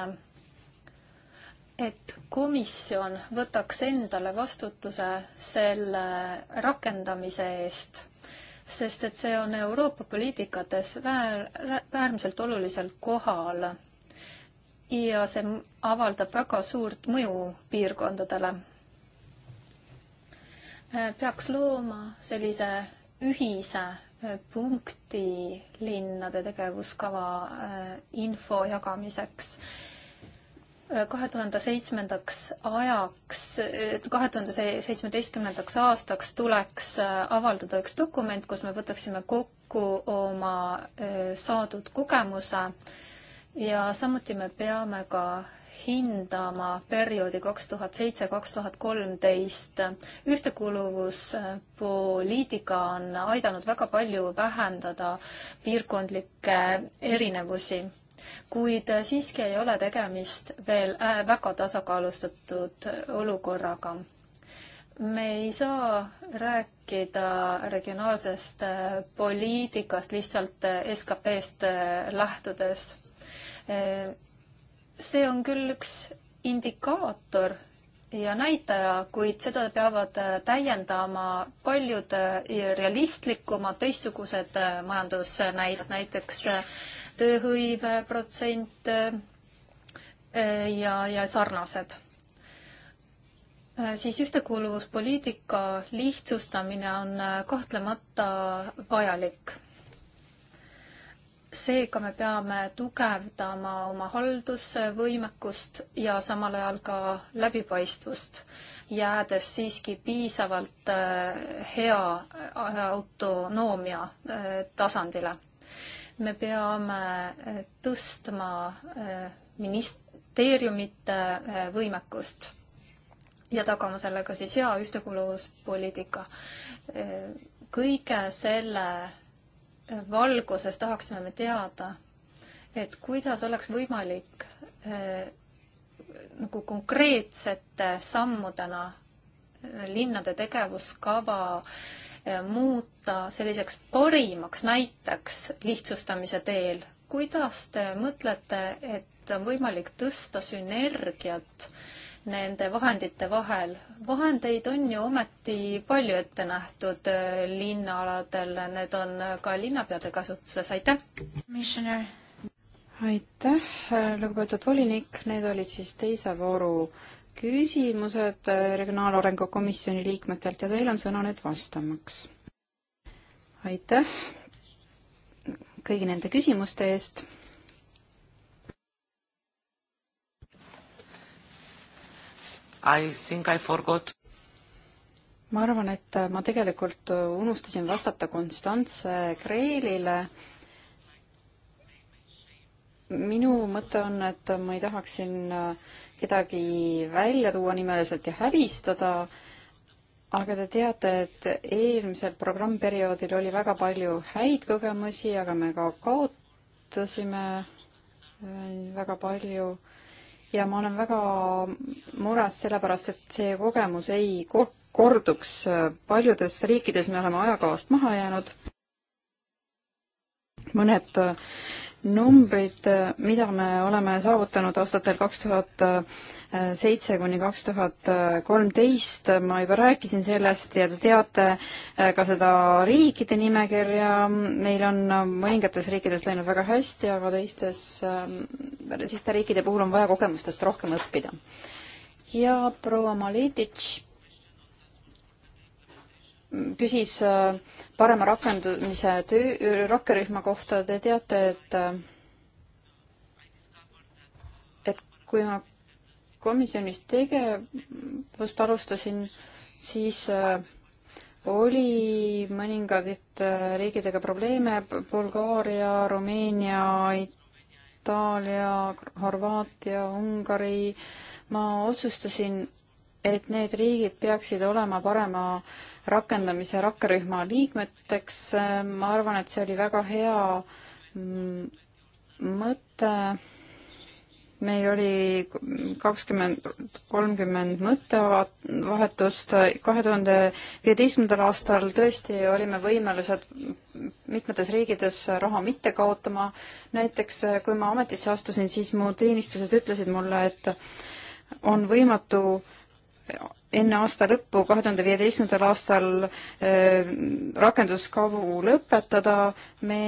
et komisjon võtaks endale vastutuse selle rakendamise eest, sest et see on Euroopa poliitikates väär, äärmiselt olulisel kohal ja see avaldab väga suurt mõju piirkondadele. Äh, peaks looma sellise ühise äh, punkti linnade tegevuskava äh, info jagamiseks kahe tuhande seitsmendaks ajaks, kahe tuhande seitsmeteistkümnendaks aastaks tuleks äh, avaldada üks dokument, kus me võtaksime kokku oma äh, saadud kogemuse ja samuti me peame ka hindama perioodi kaks tuhat seitse, kaks tuhat kolmteist. ühtekuuluvuspoliitika on aidanud väga palju vähendada piirkondlikke erinevusi kuid äh, siiski ei ole tegemist veel äh, väga tasakaalustatud äh, olukorraga. me ei saa rääkida regionaalsest poliitikast lihtsalt SKP-st lähtudes. see on küll üks indikaator ja näitaja, kuid seda peavad täiendama paljud realistlikumad, teistsugused majandusnäitajad, näiteks tööhõive protsent eh, ja, ja sarnased. Eh, siis ühtekuuluvuspoliitika lihtsustamine on eh, kahtlemata vajalik seega me peame tugevdama oma haldusvõimekust ja samal ajal ka läbipaistvust, jäädes siiski piisavalt hea autonoomia tasandile me peame äh, tõstma äh, ministeeriumite äh, võimekust ja tagama sellega siis hea ühtekuuluvuspoliitika. kõige selle valguses tahaksime me teada, et kuidas oleks võimalik nagu konkreetsete sammudena linnade tegevuskava äh, Eh, muuta selliseks parimaks näiteks lihtsustamise teel. kuidas te mõtlete, et on võimalik tõsta sünergiat nende vahendite vahel? vahendeid on ju ometi palju ette nähtud eh, linnaaladel, need on ka linnapeade kasutuses, aitäh! aitäh, lugupeetud volinik, need olid siis teise vooru äh, küsimused Regionaalarengu Komisjoni liikmetelt ja teil on sõna nüüd vastamaks. aitäh kõigi nende küsimuste eest. I think I forgot. ma arvan, et ma tegelikult unustasin vastata Konstantse Kreelile minu mõte on, et ma ei tahaks siin kedagi välja tuua nimeliselt ja häbistada, aga te teate, et eelmisel programmperioodil oli väga palju häid kogemusi, aga me ka kaotasime äh, väga palju ja ma olen väga mures sellepärast, et see kogemus ei korduks. Äh, paljudes riikides me oleme ajakavast maha jäänud. mõned äh, numbrid, mida me oleme saavutanud aastatel kaks tuhat äh, seitse kuni kaks tuhat äh, kolmteist, ma juba rääkisin sellest ja te teate äh, ka seda riikide nimekirja, meil on mõningates riikides läinud väga hästi, aga teistes, selliste riikide puhul on vaja kogemustest rohkem õppida. ja proua Malititš küsis äh, parema rakendamise töö, rakkerühma kohta, te teate, et äh, et kui ma komisjonis tegevust alustasin, siis äh, oli mõningate riikidega probleeme, Bulgaaria, Rumeenia, Itaalia, Horvaatia, Ungari, ma otsustasin et need riigid peaksid olema parema rakendamise rakkerühma liikmeteks. ma arvan, et see oli väga hea mm, mõte. meil oli kakskümmend, kolmkümmend mõttevahetust. kahe tuhande viieteistkümnendal aastal tõesti olime võimelised mitmetes riikides raha mitte kaotama. näiteks kui ma ametisse astusin, siis mu teenistused ütlesid mulle, et on võimatu äh, enne aasta lõppu, kahe tuhande viieteistkümnendal aastal äh, rakenduskavu lõpetada. me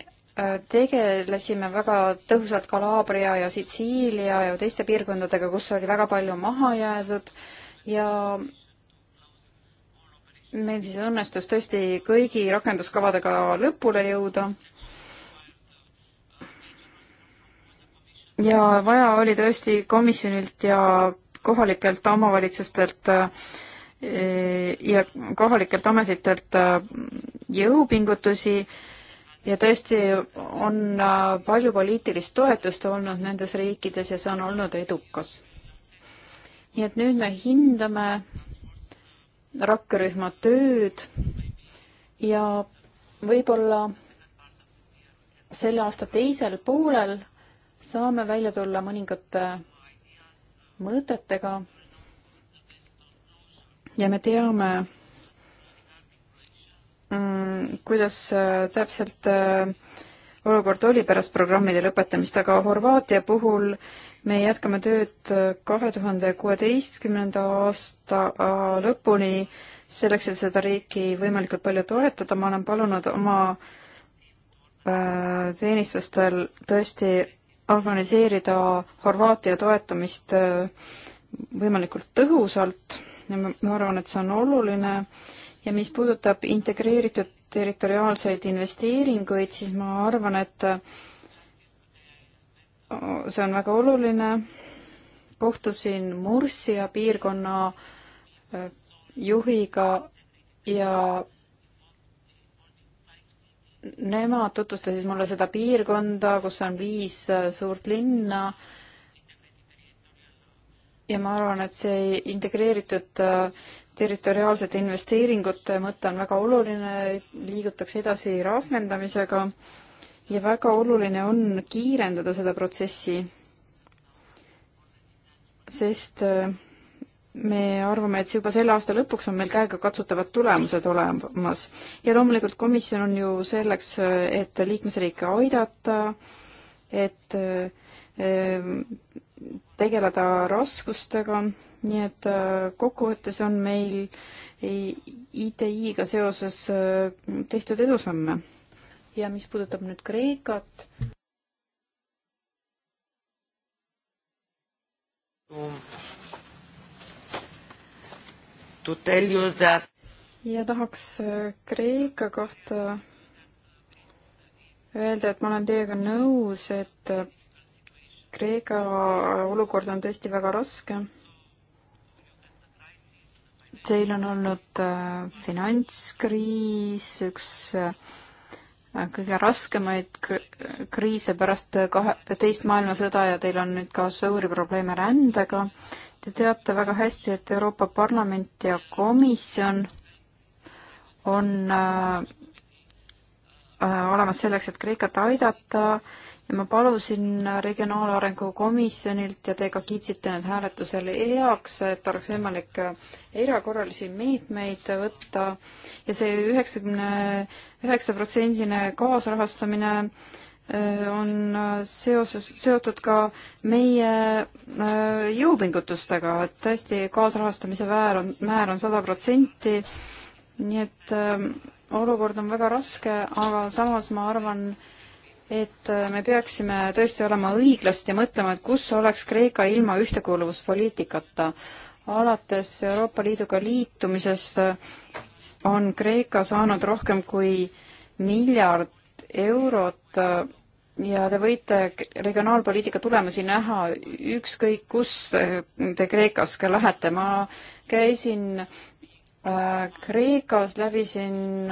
äh, tegelesime väga tõhusalt Kalabria ja Sitsiilia ja teiste piirkondadega, kus oli väga palju maha jäädud ja meil siis õnnestus tõesti kõigi rakenduskavadega lõpule jõuda. ja vaja oli tõesti komisjonilt ja kohalikelt omavalitsustelt äh, ja kohalikelt ametitelt äh, jõupingutusi ja tõesti on äh, palju poliitilist toetust olnud nendes riikides ja see on olnud edukas. nii et nüüd me hindame rakkerühma tööd ja võib-olla selle aasta teisel poolel saame välja tulla mõningate mõtetega. ja me teame, mm, kuidas äh, täpselt äh, olukord oli pärast programmide lõpetamist, aga Horvaatia puhul me jätkame tööd äh, kahe tuhande kuueteistkümnenda aasta lõpuni, selleks, et seda riiki võimalikult palju toetada, ma olen palunud oma teenistustel tõesti organiseerida Horvaatia toetamist äh, võimalikult tõhusalt ja ma arvan, et see on oluline ja mis puudutab integreeritud territoriaalseid investeeringuid, siis ma arvan, et äh, see on väga oluline. kohtusin Murcia piirkonna äh, juhiga ja nemad tutvustasid mulle seda piirkonda, kus on viis äh, suurt linna ja ma arvan, et see integreeritud äh, territoriaalsete investeeringute mõte on väga oluline, liigutakse edasi rahvendamisega ja väga oluline on kiirendada seda protsessi, sest äh, me arvame, et juba selle aasta lõpuks on meil käegakatsutavad tulemused olemas. ja loomulikult komisjon on ju selleks, et liikmesriike aidata, et ehm, tegeleda raskustega, nii et äh, kokkuvõttes on meil ITI-ga seoses äh, tehtud edusamme. ja mis puudutab nüüd Kreekat, Mm to tell you that ja tahaks äh, Kreeka kohta öelda, et ma olen teiega nõus, et äh, Kreeka äh, olukord on tõesti väga raske. Teil on olnud finantskriis, üks kõige raskemaid kriise pärast kahe, teist maailmasõda ja teil on nüüd ka suuri probleeme rändega Te teate väga hästi, et Euroopa Parlament ja komisjon on äh, äh, olemas selleks, et Kreekat aidata ja ma palusin Regionaalarengu Komisjonilt ja te ka kiitsite need hääletusel heaks, et oleks võimalik äh, erakorralisi meetmeid võtta ja see üheksakümne üheksa protsendine kaasrahastamine äh, Äh, on äh, seoses, seotud ka meie äh, jõupingutustega, et tõesti kaasrahastamise väär on, määr on sada protsenti, nii et olukord on väga raske, aga samas ma arvan, et me peaksime tõesti olema õiglased ja mõtlema, et kus oleks Kreeka ilma ühtekuuluvuspoliitikata. alates Euroopa Liiduga liitumisest on Kreeka saanud rohkem kui miljard eurot et äh, ja te võite regionaalpoliitika tulemusi näha ükskõik, kus äh, te Kreekas ka lähete. ma käisin äh, Kreekas läbisin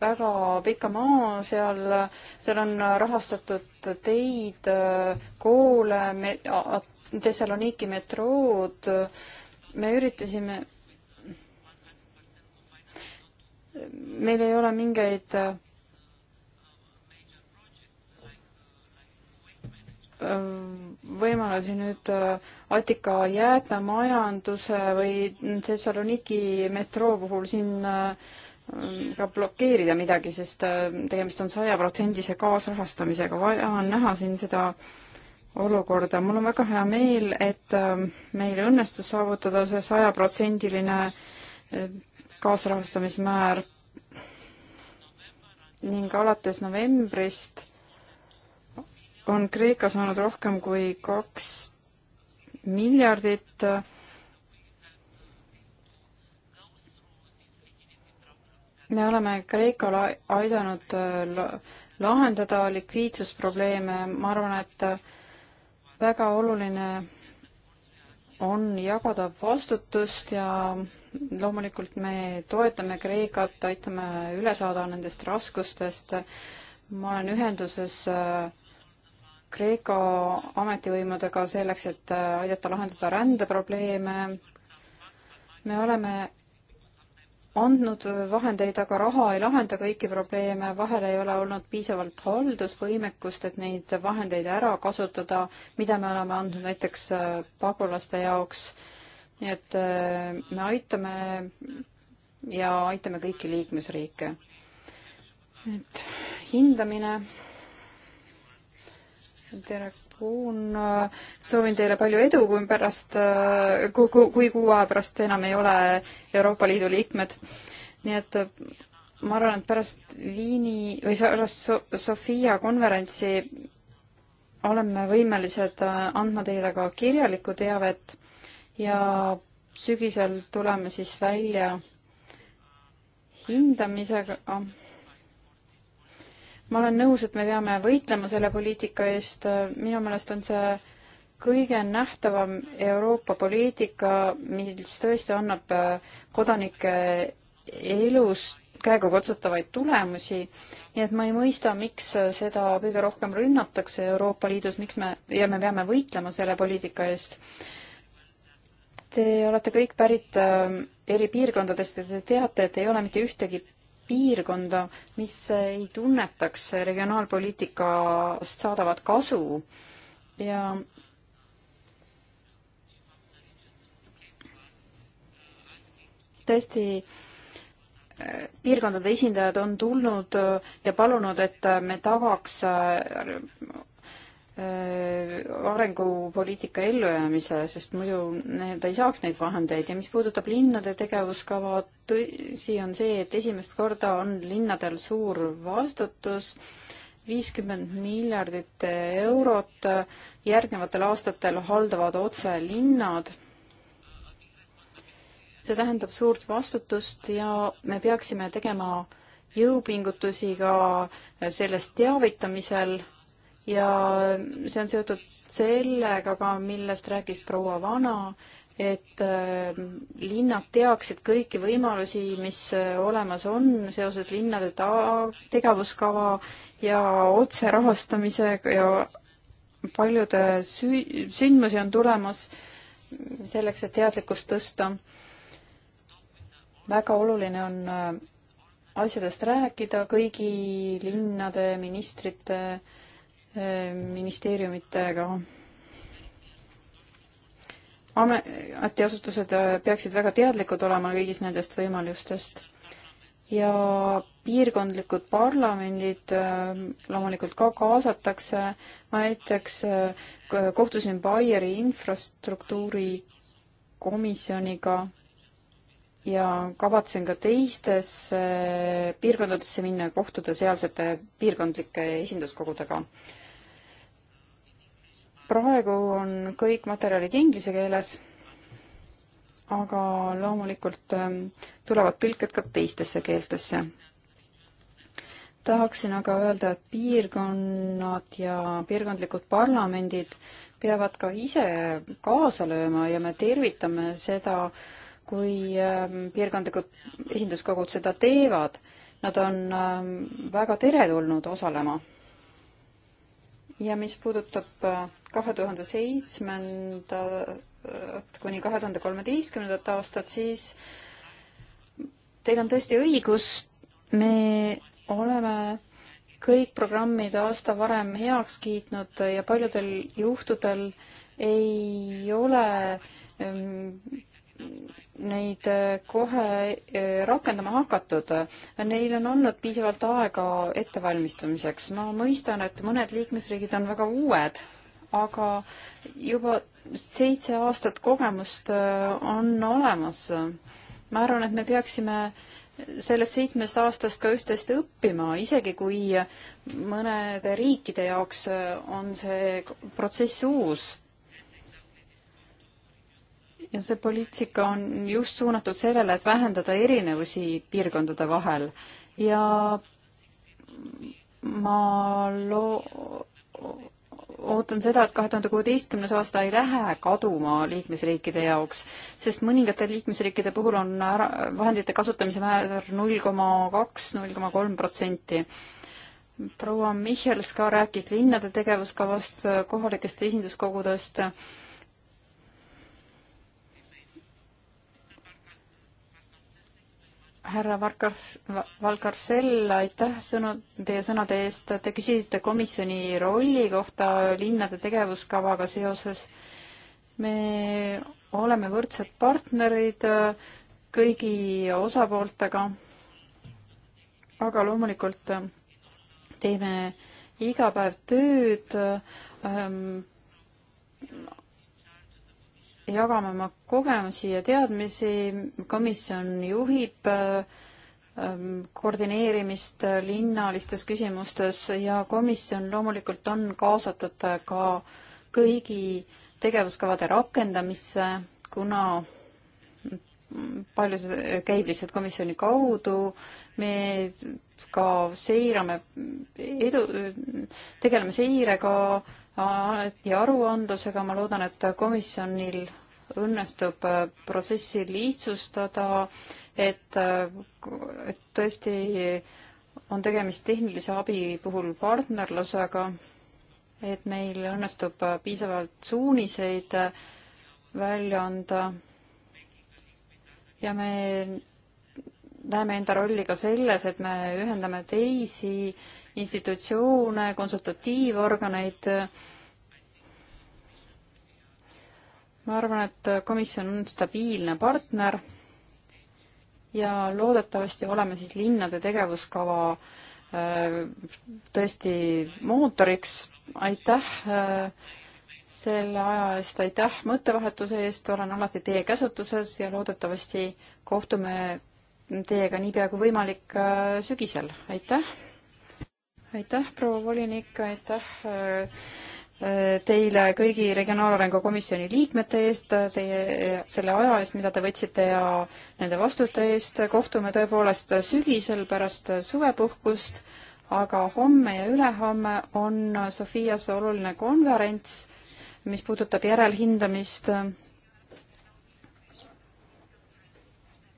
väga pika maa, seal, seal on rahastatud teid, koole me,, Thessaloniki metrood, me üritasime, meil ei ole mingeid Äh, võimalusi nüüd äh, Attika jäätmemajanduse või Thessaloniki metroo puhul siin äh, ka blokeerida midagi, sest tegemist on sajaprotsendise kaasrahastamisega, vaja on näha siin seda olukorda. mul on väga hea meel, et meil õnnestus saavutada see sajaprotsendiline kaasrahastamismäär ning alates novembrist on Kreeka saanud rohkem kui kaks miljardit me oleme Kreekal aidanud äh, lahendada likviidsusprobleeme, ma arvan, et väga oluline on jagada vastutust ja loomulikult me toetame Kreekat, aitame üle saada nendest raskustest. ma olen ühenduses äh, Kreeka ametivõimudega selleks, et äh, aidata lahendada rändeprobleeme. me oleme andnud vahendeid, aga raha ei lahenda kõiki probleeme, vahel ei ole olnud piisavalt haldusvõimekust, et neid vahendeid ära kasutada, mida me oleme andnud näiteks äh, pagulaste jaoks. nii et äh, me aitame ja aitame kõiki liikmesriike. et hindamine Derekuun, soovin teile palju edu, kui pärast, kui, kui kuu aja pärast enam ei ole Euroopa Liidu liikmed. nii et ma arvan, et pärast Viini või pärast Sofia konverentsi oleme võimelised andma teile ka kirjalikku teavet ja sügisel tuleme siis välja hindamisega ma olen nõus, et me peame võitlema selle poliitika eest, minu meelest on see kõige nähtavam Euroopa poliitika, mis tõesti annab äh, kodanike elus käegukatsutavaid tulemusi, nii et ma ei mõista, miks äh, seda kõige rohkem rünnatakse Euroopa Liidus, miks me, ja me peame võitlema selle poliitika eest. Te olete kõik pärit äh, eri piirkondadest ja te teate, et ei ole mitte ühtegi piirkonda, mis ei tunnetaks regionaalpoliitikast saadavat kasu ja tõesti piirkondade esindajad on tulnud ja palunud, et me tagaks Äh, arengupoliitika ellujäämise, sest muidu ta ei saaks neid vahendeid ja mis puudutab linnade tegevuskava, tõsi on see, et esimest korda on linnadel suur vastutus, viiskümmend miljardit eurot järgnevatel aastatel haldavad otse linnad. see tähendab suurt vastutust ja me peaksime tegema jõupingutusi ka sellest teavitamisel ja see on seotud sellega ka, millest rääkis proua Vana, et äh, linnad teaksid kõiki võimalusi, mis äh, olemas on seoses linnade ta-, tegevuskava ja otserahastamisega ja paljude süü-, sündmusi on tulemas selleks, et teadlikkust tõsta. väga oluline on äh, asjadest rääkida kõigi linnade, ministrite äh, ministeeriumitega. ametiasutused äh, peaksid väga teadlikud olema kõigist nendest võimalustest ja piirkondlikud parlamendid äh, loomulikult ka kaasatakse. ma näiteks äh, kohtusin Baieri infrastruktuuri komisjoniga ja kavatsen ka teistesse piirkondadesse minna ja kohtuda sealsete piirkondlike esinduskogudega praegu on kõik materjalid inglise keeles, aga loomulikult ähm, tulevad pilked ka teistesse keeltesse. tahaksin aga öelda, et piirkonnad ja piirkondlikud parlamendid peavad ka ise kaasa lööma ja me tervitame seda, kui ähm, piirkondlikud esinduskogud seda teevad. Nad on ähm, väga teretulnud osalema ja mis puudutab äh, kahe tuhande seitsmendat äh, kuni kahe tuhande kolmeteistkümnendat aastat, siis teil on tõesti õigus, me oleme kõik programmid aasta varem heaks kiitnud ja paljudel juhtudel ei ole ähm, neid äh, kohe äh, rakendama hakatud. Neil on olnud piisavalt aega ettevalmistumiseks. ma mõistan, et mõned liikmesriigid on väga uued, aga juba seitse aastat kogemust äh, on olemas. ma arvan, et me peaksime sellest seitsmest aastast ka üht-teist õppima, isegi kui mõnede riikide jaoks on see protsess uus ja see poliitika on just suunatud sellele, et vähendada erinevusi piirkondade vahel ja ma loo-, ootan seda, et kahe tuhande kuueteistkümnes aasta ei lähe kaduma liikmesriikide jaoks, sest mõningate liikmesriikide puhul on ära, vahendite kasutamise määr null koma kaks, null koma kolm protsenti. proua Michals ka rääkis linnade tegevuskavast, kohalikest esinduskogudest härra Valkars-, Valkarsell, aitäh sõnu, teie sõnade eest. Te küsisite komisjoni rolli kohta linnade tegevuskavaga seoses. me oleme võrdsed partnerid äh, kõigi osapooltega. aga loomulikult äh, teeme iga päev tööd ähm, jagame oma kogemusi ja teadmisi, komisjon juhib ähm, koordineerimist linnalistes küsimustes ja komisjon loomulikult on kaasatud ka kõigi tegevuskavade rakendamisse, kuna palju see käib lihtsalt komisjoni kaudu, me ka seirame edu, tegeleme seirega, ja aruandlusega, ma loodan, et komisjonil õnnestub äh, protsessi lihtsustada, et, äh, et tõesti on tegemist tehnilise abi puhul partnerlusega, et meil õnnestub äh, piisavalt suuniseid välja anda ja me näeme enda rolli ka selles, et me ühendame teisi institutsioone, konsultatiivorganeid. ma arvan, et komisjon on stabiilne partner ja loodetavasti oleme siis linnade tegevuskava äh, tõesti mootoriks. aitäh äh, selle aja eest, aitäh mõttevahetuse eest, olen alati teie käsutuses ja loodetavasti kohtume teiega niipea kui võimalik äh, sügisel, aitäh! aitäh, proua volinik, aitäh äh, äh, teile kõigi Regionaalarengu Komisjoni liikmete eest, teie selle aja eest, mida te võtsite ja nende vastute eest. kohtume tõepoolest sügisel pärast suvepuhkust, aga homme ja ülehomme on Sofias oluline konverents, mis puudutab järelhindamist.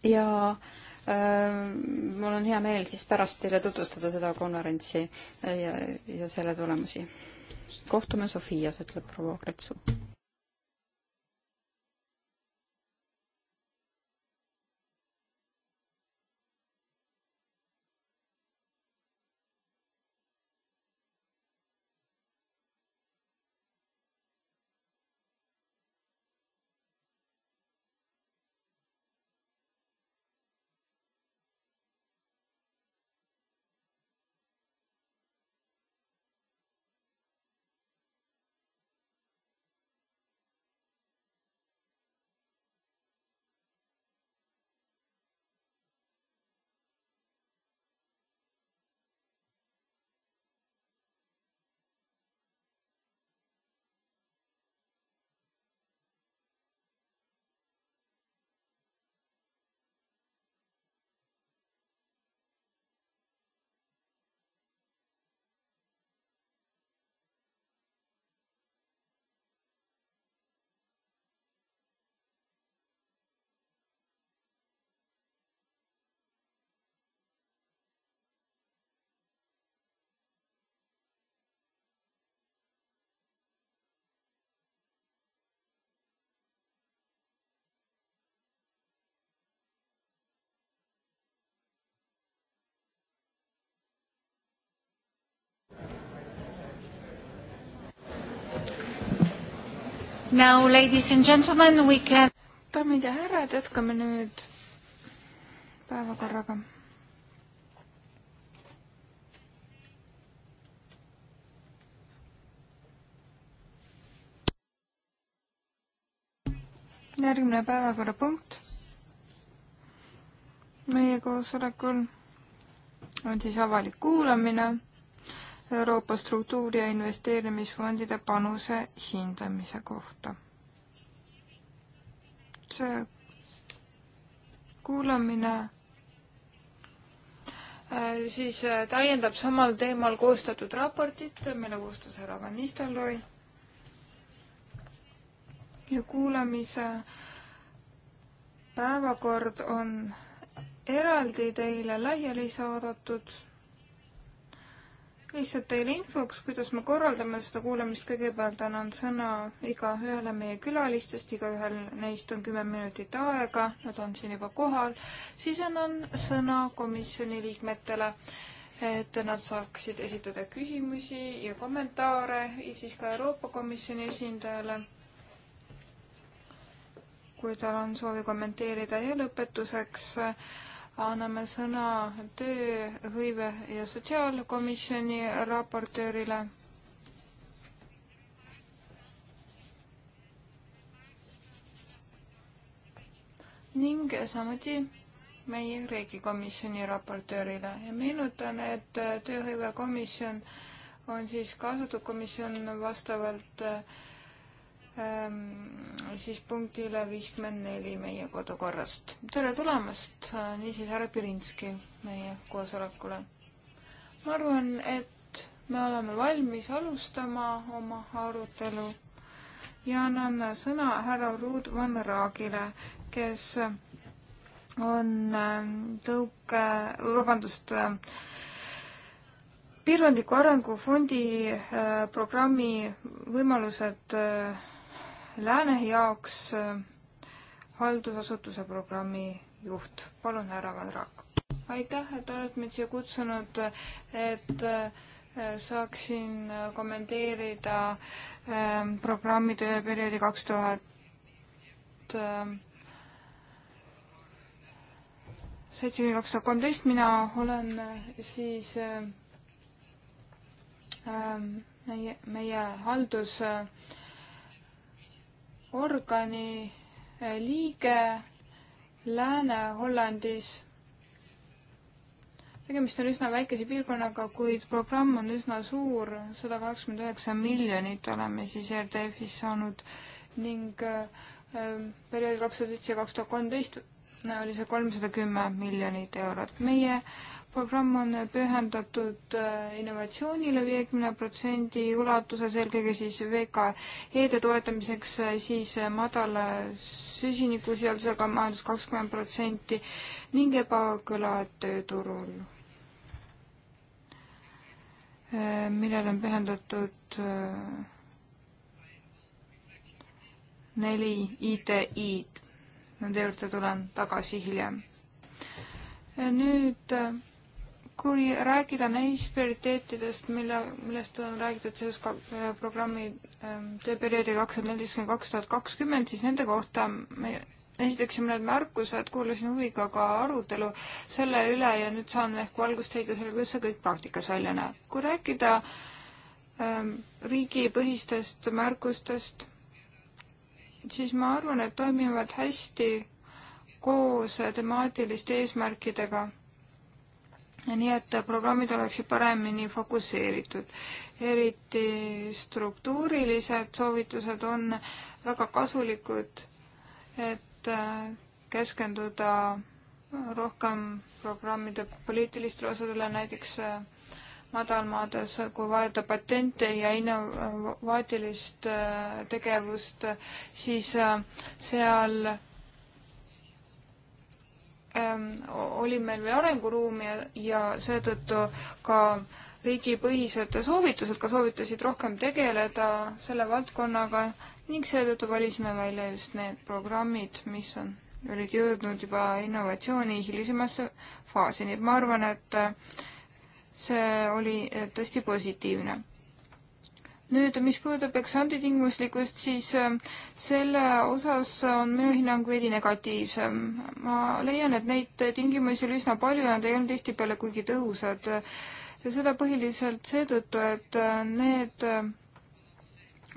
ja äh, Äh, mul on hea meel siis pärast teile tutvustada seda konverentsi ja, ja selle tulemusi. kohtume Sofias, ütleb proua Kretsu. Now, ladies and gentlemen, we can... daamid ja härrad, jätkame nüüd päevakorraga. järgmine päevakorrapunkt meie koosolekul on siis avalik kuulamine Euroopa struktuuri- ja investeerimisfondide panuse hindamise kohta. see kuulamine äh, siis äh, täiendab samal teemal koostatud raportit, mille koostas härra Van Nistelrooy. ja kuulamise päevakord on eraldi teile laiali saadetud lihtsalt teile infoks, kuidas me korraldame seda kuulamist, kõigepealt annan sõna igaühele meie külalistest, igaühel neist on kümme minutit aega, nad on siin juba kohal, siis annan sõna komisjoni liikmetele, et nad saaksid esitada küsimusi ja kommentaare ja siis ka Euroopa Komisjoni esindajale, kui tal on soovi kommenteerida ja lõpetuseks äh, anname sõna tööhõive ja sotsiaalkomisjoni raportöörile. ning samuti meie riigikomisjoni raportöörile ja meenutan, et tööhõivekomisjon on siis kaasatud komisjon vastavalt äh, Ehm, siis punktile viiskümmend neli meie kodukorrast. tere tulemast, äh, niisiis härra Pirinski meie koosolekule. ma arvan, et me oleme valmis alustama oma arutelu ja annan sõna härra Ruud Van Raagile, kes on äh, tõuke, vabandust, äh, piirkondliku arengufondi programmi võimalused äh, Lääne jaoks äh, haldusasutuse programmi juht. palun, härra Vandrak. aitäh, et olete mind siia kutsunud, et äh, saaksin äh, kommenteerida programmi tööperioodi kaks tuhat seitse kuni kaks tuhat kolmteist, mina olen siis meie, meie haldus äh, organi eh, liige Lääne-Hollandis. tegemist on üsna väikese piirkonnaga, kuid programm on üsna suur, sada kakskümmend üheksa miljonit oleme siis RDF-is saanud ning eh, perioodil kaks tuhat seitse ja kaks tuhat kolmteist oli see kolmsada kümme miljonit eurot. meie äh, programm on pühendatud äh, innovatsioonile viiekümne protsendi ulatuses, eelkõige siis VKE-de toetamiseks, äh, siis äh, madala süsinikusisaldusega majandus kakskümmend protsenti ning ebakõlad tööturul, millele on pühendatud neli ITI-d. Nende juurde tulen tagasi hiljem. nüüd kui rääkida neist prioriteetidest, mille, millest on räägitud selles ka, äh, programmi ähm, tööperioodi kaks tuhat neliteist kuni kaks tuhat kakskümmend, siis nende kohta me esitaksin mõned märkused, kuulasin huviga ka arutelu selle üle ja nüüd saan ehk valgust heita selle, kuidas see kõik praktikas välja näeb. kui rääkida ähm, riigipõhistest märkustest, siis ma arvan, et toimivad hästi koos temaatiliste eesmärkidega nii et programmid oleksid paremini fokusseeritud. eriti struktuurilised soovitused on väga kasulikud, et äh, keskenduda rohkem programmide poliitilistele osadele, näiteks äh, madalmaades, kui vaadata patente ja innovaatilist äh, tegevust, siis seal oli meil veel arenguruumi ja, ja seetõttu ka riigipõhised soovitused ka soovitasid rohkem tegeleda selle valdkonnaga ning seetõttu valisime välja just need programmid, mis on, olid jõudnud juba innovatsiooni hilisemasse faasi, nii et ma arvan, et äh, see oli äh, tõesti positiivne nüüd, mis puudutab eksandi tingimuslikkust, siis äh, selle osas on minu hinnang veidi negatiivsem. ma leian, et neid tingimusi oli üsna palju ja nad ei olnud tihtipeale kuigi tõhusad. ja seda põhiliselt seetõttu, et äh, need äh,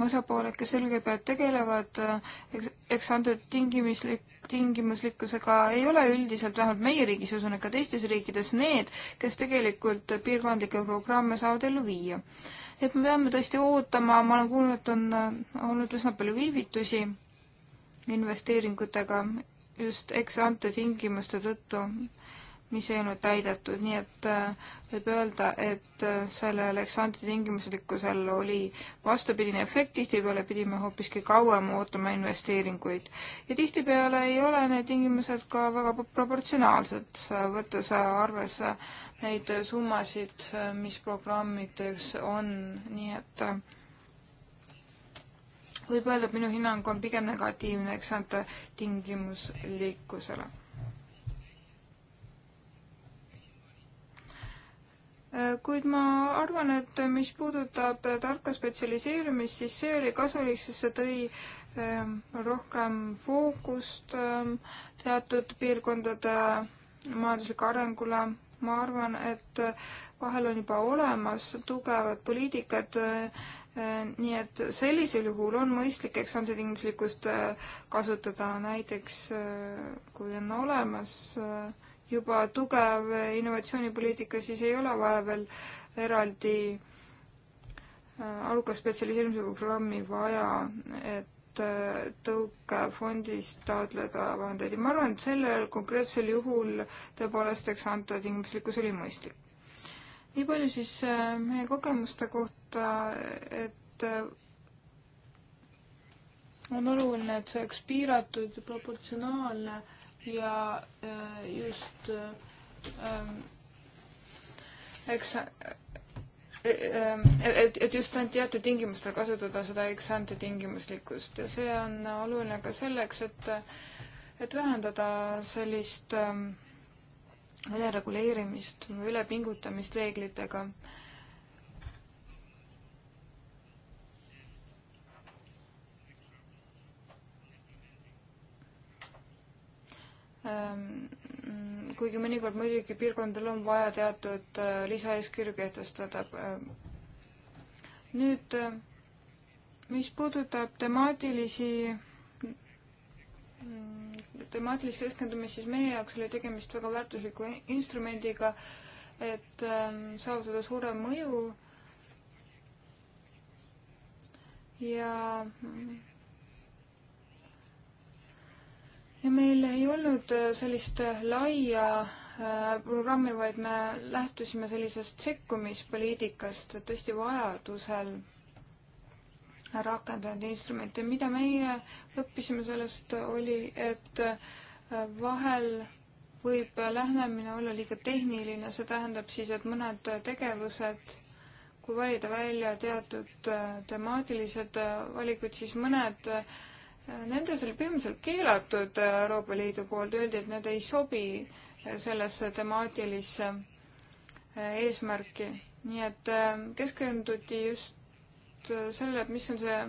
osapooled, kes sellega pealt tegelevad eksante tingimuslik, tingimuslikkusega, ei ole üldiselt, vähemalt meie riigis, usun, et ka teistes riikides, need, kes tegelikult piirkondlikke programme saavad ellu viia et me peame tõesti ootama, ma olen kuulnud, et on olnud üsna palju viivitusi investeeringutega just ex-ante tingimuste tõttu, mis ei olnud täidetud, nii et äh, võib öelda, et äh, sellel ex-ante tingimuslikkusel oli vastupidine efekt, tihtipeale pidime hoopiski kauem ootama investeeringuid. ja tihtipeale ei ole need tingimused ka väga proportsionaalsed, võttes arvesse neid summasid, mis programmides on, nii et äh, võib öelda, et minu hinnang on pigem negatiivne, eks nad tingimuslikkusele. Äh, kuid ma arvan, et mis puudutab tarka spetsialiseerumist, siis see oli kasulik, sest see tõi ähm, rohkem fookust ähm, teatud piirkondade äh, majanduslikule arengule ma arvan, et vahel on juba olemas tugevad poliitikad, eh, nii et sellisel juhul on mõistlik eksami tingimuslikkust eh, kasutada, näiteks eh, kui on olemas juba tugev innovatsioonipoliitika, siis ei ole vaja veel eraldi aruka spetsialiseerimise programmi vaja, et Äh, tõukefondist taotleda vahendeid ja ma arvan, et sellel konkreetsel juhul tõepoolest eks anda tingimuslikkus oli mõistlik. nii palju siis äh, meie kogemuste kohta, et äh, on oluline, et see oleks piiratud ja proportsionaalne ja just ähm, eks Äh, äh, et, et just ainult teatud tingimustel kasutada seda eksante tingimuslikkust ja see on oluline ka selleks, et, et vähendada sellist ähm, ülereguleerimist või ülepingutamist reeglitega. Um, ähm kuigi mõnikord muidugi piirkondadel on vaja teatud äh, lisaeeskirju kehtestada. Äh. nüüd, äh, mis puudutab temaatilisi, mm, temaatilist keskendumist, siis meie jaoks oli tegemist väga väärtusliku instrumendiga, et ähm, saavutada suurem mõju ja mm, ja meil ei olnud äh, sellist äh, laia äh, programmi, vaid me lähtusime sellisest sekkumispoliitikast, tõesti vajadusel rakendada instrumente. mida meie õppisime sellest, oli, et vahel võib lähenemine olla liiga tehniline, see tähendab siis, et mõned tegevused, kui valida välja teatud temaatilised valikud, siis mõned äh, Nendes oli põhimõtteliselt keelatud Euroopa Liidu poolt, öeldi, et need ei sobi sellesse temaatilisse eesmärki. nii et ähm, keskenduti just sellele, et mis on see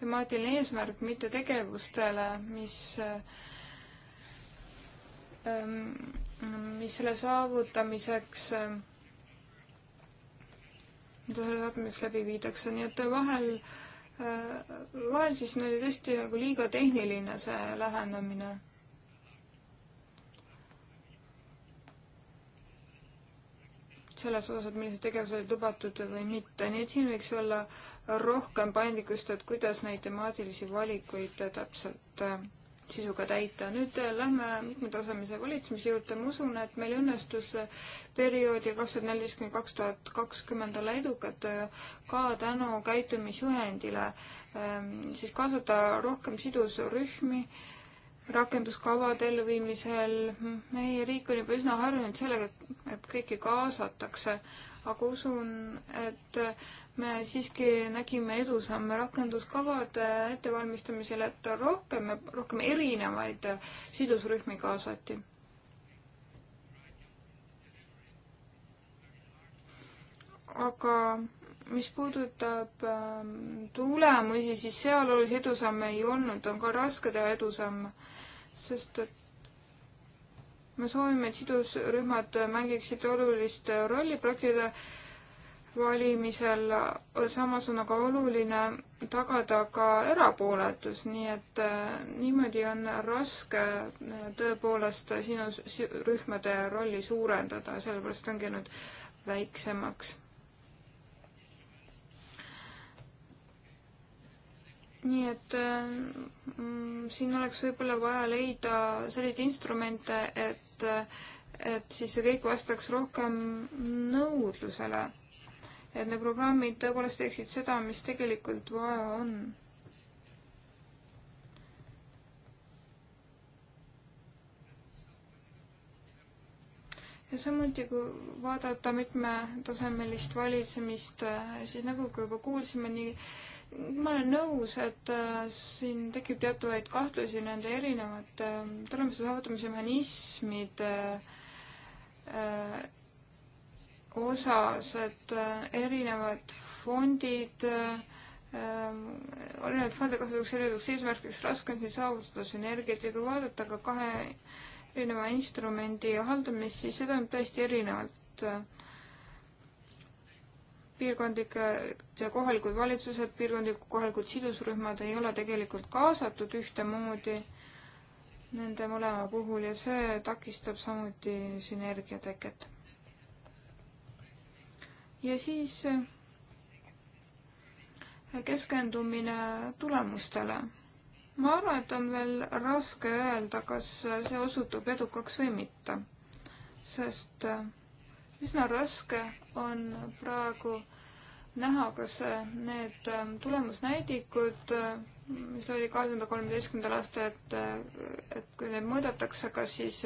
temaatiline eesmärk, mitte tegevustele, mis ähm, mis selle saavutamiseks, ähm, mida selle saavutamiseks läbi viidakse, nii et vahel äh, loen, siis neil oli tõesti nagu liiga tehniline see lähenemine. selles osas, et millised tegevused olid lubatud või mitte, nii et siin võiks olla rohkem paindlikkust, et kuidas neid temaatilisi valikuid täpselt äh, sisuga täita. nüüd äh, lähme mitmetasemelise valitsemise juurde. ma usun, et meil õnnestus äh, perioodi kaks tuhat neliteist kuni kaks tuhat kakskümmend olla edukad äh, ka tänu käitumisjuhendile, ähm, siis kaasata rohkem sidusrühmi rakenduskavade elluviimisel. meie riik on juba üsna harjunud sellega, et kõiki kaasatakse, aga usun, et me siiski nägime edusamme rakenduskavade ettevalmistamisel, et rohkem, rohkem erinevaid sidusrühmi kaasati. aga mis puudutab ähm, tulemusi, siis seal olulisi edusamme ei olnud, on ka raske teha edusamme, sest et me soovime, et sidusrühmad mängiksid olulist rolli projektide valimisel, samas on aga oluline tagada ka erapooletus, nii et äh, niimoodi on raske äh, tõepoolest sinu rühmade rolli suurendada, sellepärast ongi nüüd väiksemaks. nii et äh, mm, siin oleks võib-olla vaja leida selliseid instrumente, et, et siis see kõik vastaks rohkem nõudlusele et need programmid tõepoolest teeksid seda, mis tegelikult vaja on. ja samuti, kui vaadata mitmetasemelist valitsemist, siis nagu ka juba kuulsime, nii ma olen nõus, et äh, siin tekib teatavaid kahtlusi nende erinevate äh, tulemuste saavutamise mehhanismide äh, osas, et äh, erinevad fondid oli äh, ähm, neid fonde kasutamiseks erinevateks eesmärkides raske on siin saavutada sünergiat ja kui vaadata ka kahe erineva instrumendi haldamist, siis see toimub täiesti erinevalt. piirkondlikud ja kohalikud valitsused, piirkondlikud kohalikud sidusrühmad ei ole tegelikult kaasatud ühtemoodi nende mõlema puhul ja see takistab samuti sünergia teket ja siis äh, keskendumine tulemustele. ma arvan, et on veel raske öelda, kas see osutub edukaks või mitte, sest äh, üsna raske on praegu näha, kas äh, need tulemusnäidikud, mis oli kahe tuhande kolmeteistkümnendal aastal, et, et kui neid mõõdetakse, kas siis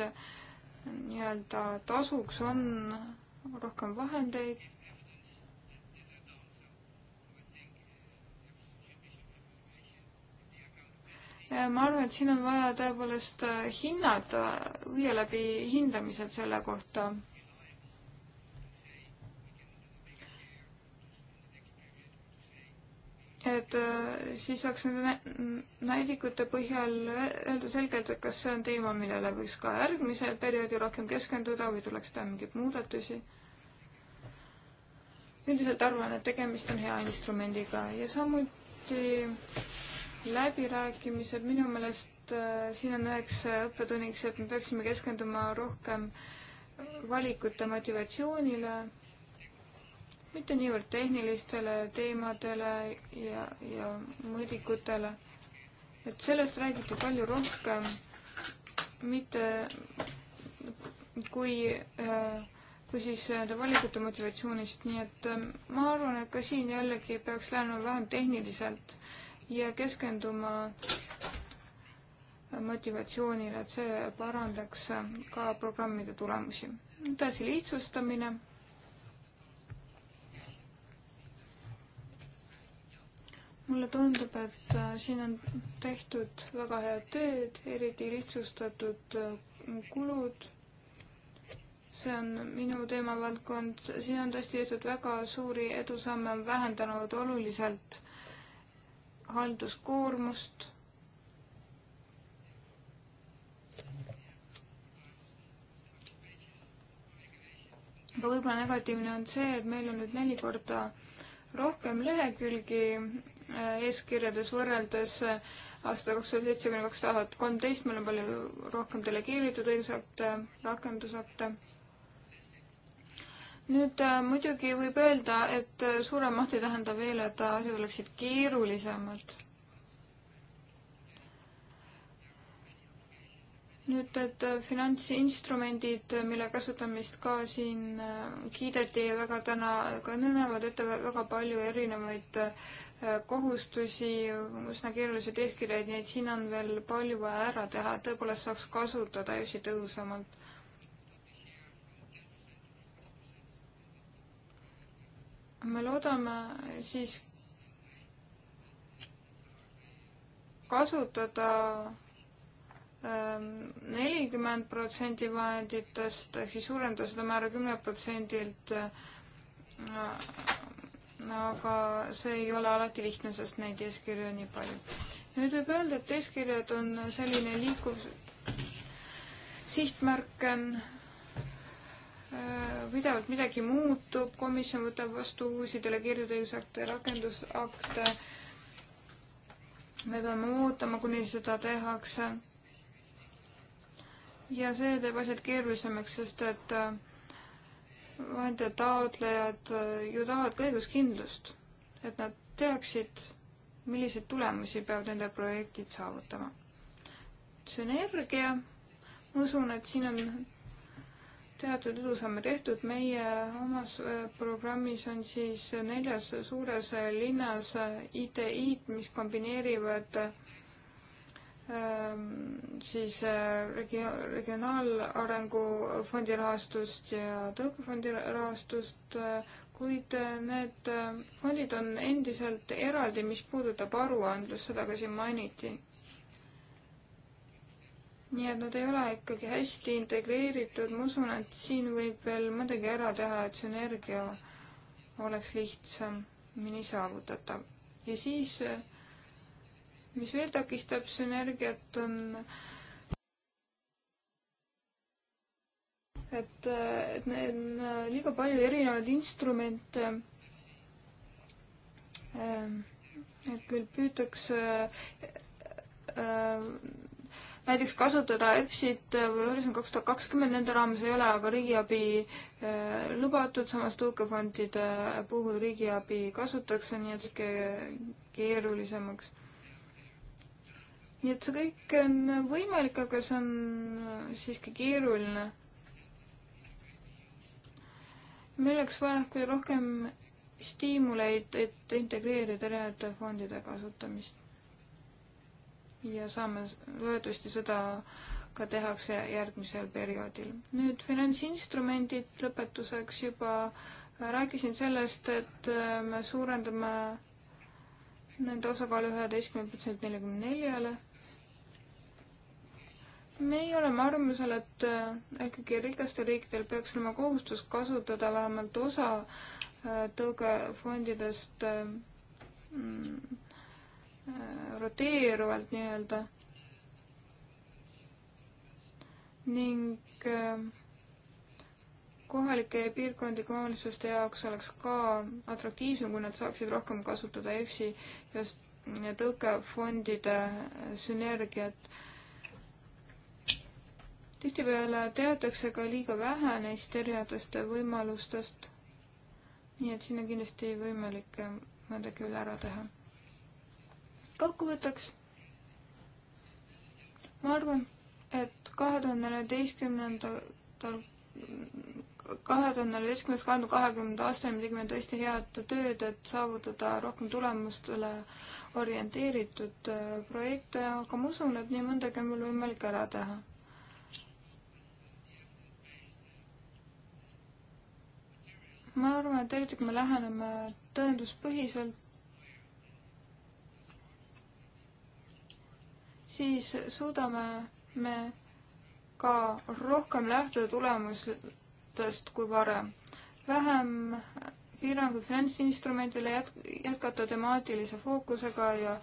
nii-öelda tasuks on rohkem vahendeid Äh, ma arvan, et siin on vaja tõepoolest äh, hinnata, äh, viia läbi hindamised selle kohta. et siis saaks nende näidikute põhjal öelda selgelt, et kas see on teema, millele võiks ka järgmisel perioodil rohkem keskenduda või tuleks teha mingeid muudatusi üldiselt arvan, et tegemist on hea instrumendiga ja samuti läbirääkimised, minu meelest äh, siin on üheks äh, õppetunniks, et me peaksime keskenduma rohkem valikute motivatsioonile, mitte niivõrd tehnilistele teemadele ja, ja mõõdikutele. et sellest räägiti palju rohkem, mitte kui äh, kui siis nende valikute motivatsioonist, nii et äh, ma arvan, et ka siin jällegi peaks lähenema vähem tehniliselt ja keskenduma motivatsioonile, et see parandaks ka programmide tulemusi. edasi lihtsustamine. mulle tundub, et siin on tehtud väga head tööd, eriti lihtsustatud kulud. see on minu teemavaldkond, siin on tõesti tehtud väga suuri edusamme, on vähendanud oluliselt halduskoormust. aga võib-olla negatiivne on see, et meil on nüüd neli korda rohkem lehekülgi äh, eeskirjades võrreldes äh, aasta kaks tuhat seitse kuni kaks tuhat kolmteist, meil on palju rohkem delegeeritud õigusakte, rakendusakte nüüd äh, muidugi võib öelda, et äh, suurem maht ei tähenda veel, et äh, asjad oleksid keerulisemad. nüüd, et finantsinstrumendid, mille kasutamist ka siin kiideti väga täna, ka need näevad ette väga palju erinevaid kohustusi, üsna keerulised eeskirjad, nii et siin on veel palju vaja ära teha, et tõepoolest saaks kasutada EÜS-i tõhusamalt me loodame siis kasutada ähm, nelikümmend protsendi vahenditest ehk siis suurendada seda määra kümne protsendilt. Äh, aga see ei ole alati lihtne, sest neid eeskirju on nii palju. nüüd võib öelda, et eeskirjad on selline liikuv sihtmärk on Äh, pidevalt midagi muutub, komisjon võtab vastu uusi delegeeritud õigusakte, rakendusakte. me peame ootama, kuni seda tehakse. ja see teeb asjad keerulisemaks, sest et äh, vahendite taotlejad äh, ju tahavad ka õiguskindlust, et nad teaksid, milliseid tulemusi peavad nende projektid saavutama. sünergia, ma usun, et siin on teatud edusamme tehtud, meie omas äh, programmis on siis neljas suures äh, linnas äh, ITI-d, mis kombineerivad ähm, siis regio-, regionaalarengu fondi rahastust ja tõukefondi rahastust, kuid need fondid on endiselt eraldi, mis puudutab aruandlust, seda ka siin mainiti nii et nad ei ole ikkagi hästi integreeritud, ma usun, et siin võib veel midagi ära teha, et sünergia oleks lihtsamini saavutatav. ja siis, mis veel takistab sünergiat, on et, et need on liiga palju erinevaid instrumente et küll püütakse äh, näiteks kasutada EFSit või Horisont kaks tuhat kakskümmend, nende raames ei ole aga riigiabi eh, lubatud, samas tõukefondide puhul riigiabi kasutatakse, nii et sihuke keerulisemaks. nii et see kõik on võimalik, aga see on siiski keeruline. meil oleks vaja kuidagi rohkem stiimuleid, et integreerida reaaltööfondide kasutamist ja saame, loodetavasti seda ka tehakse järgmisel perioodil. nüüd finantsinstrumendid lõpetuseks juba rääkisin sellest, et äh, me suurendame nende osakaalu üheteistkümne protsendilt neljakümne neljale. meie oleme arvamusel, et äh, ikkagi rikastel riikidel peaks olema kohustus kasutada vähemalt osa äh, tõukefondidest mm, roteeruvalt nii-öelda. ning äh, kohalike piirkondlike omavalitsuste jaoks oleks ka atraktiivsem, kui nad saaksid rohkem kasutada EFSI just tõukefondide äh, sünergiat. tihtipeale teatakse ka liiga vähe neist erinevatest võimalustest. nii et siin on kindlasti võimalik äh, mõndagi veel ära teha kokkuvõtteks ma arvan, et kahe tuhande neljateistkümnendal, kahe tuhande neljateistkümnendast kahe tuhande kahekümnenda aastani me tegime tõesti head tööd, et saavutada rohkem tulemustele orienteeritud äh, projekte, aga ma usun, et nii mõndagi on veel võimalik ära teha. ma arvan, et eriti kui me läheneme tõenduspõhiselt, siis suudame me ka rohkem lähtuda tulemustest kui varem. vähem piiranguid finantsinstrumendile jätk jätkata temaatilise fookusega ja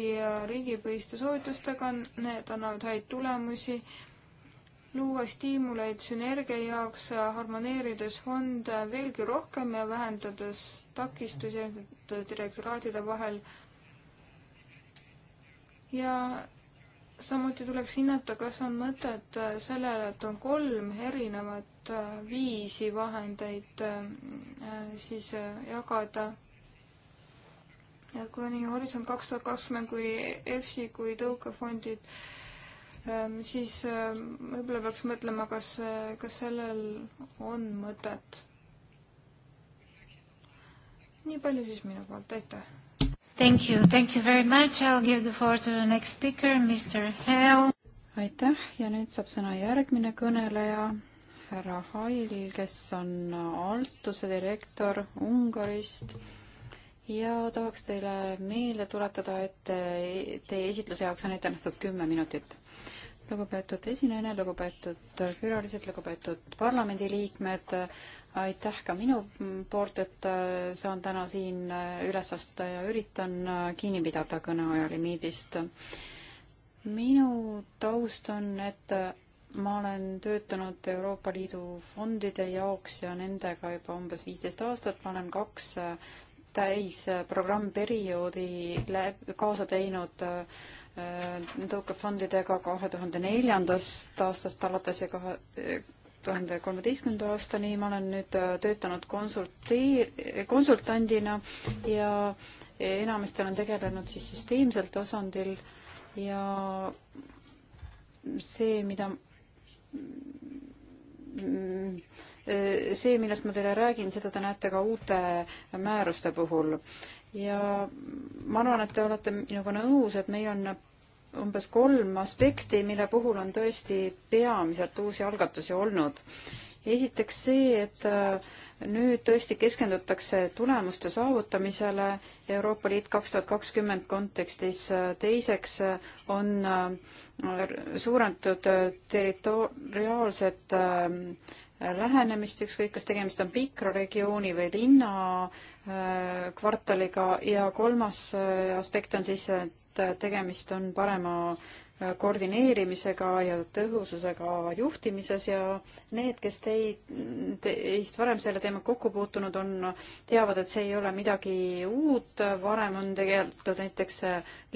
ja riigipõhiste soovitustega, need annavad häid tulemusi, luua stiimuleid sünergia jaoks, harmoneerides fonde veelgi rohkem ja vähendades takistusi erinevate direktoraatide vahel. ja samuti tuleks hinnata, kas on mõtet äh, sellele, et on kolm erinevat äh, viisi vahendeid äh, siis jagada. et kui nii Horisont kaks tuhat kakskümmend kui EFSI kui tõukefondid, ähm, siis võib-olla peaks mõtlema, kas, kas sellel on mõtet. nii palju siis minu poolt, aitäh! Thank you, thank you very much, I will give the floor to the next speaker, Mr Hell. aitäh ja nüüd saab sõna järgmine kõneleja, härra Hail, kes on Altuse direktor Ungarist ja tahaks teile meelde tuletada, et teie esitluse jaoks on ette nähtud kümme minutit. lugupeetud esinejana, lugupeetud külalised, lugupeetud parlamendiliikmed, aitäh ka minu poolt, et äh, saan täna siin äh, üles astuda ja üritan äh, kinni pidada kõneaja limiidist. minu taust on, et ma olen töötanud Euroopa Liidu fondide jaoks ja nendega juba umbes viisteist aastat, ma olen kaks täisprogrammperioodi kaasa teinud tõukefondidega kahe tuhande neljandast aastast alates ja kahe tuhande kolmeteistkümnenda aastani, ma olen nüüd äh, töötanud konsulteer-, konsultandina ja enamasti olen tegelenud siis süsteemsel tasandil ja see, mida see, millest ma teile räägin, seda te näete ka uute määruste puhul ja ma arvan, et te olete minuga nõus, et meil on umbes kolm aspekti, mille puhul on tõesti peamiselt uusi algatusi olnud. esiteks see, et äh, nüüd tõesti keskendutakse tulemuste saavutamisele Euroopa Liit kaks tuhat kakskümmend kontekstis, teiseks äh, on äh, suurendatud territoriaalset lähenemist, ükskõik kas tegemist on mikroregiooni või linna kvartaliga ja kolmas aspekt on siis et tegemist on parema koordineerimisega ja tõhususega juhtimises ja need, kes teid, teist varem selle teemaga kokku puutunud on, teavad, et see ei ole midagi uut, varem on tegeletud näiteks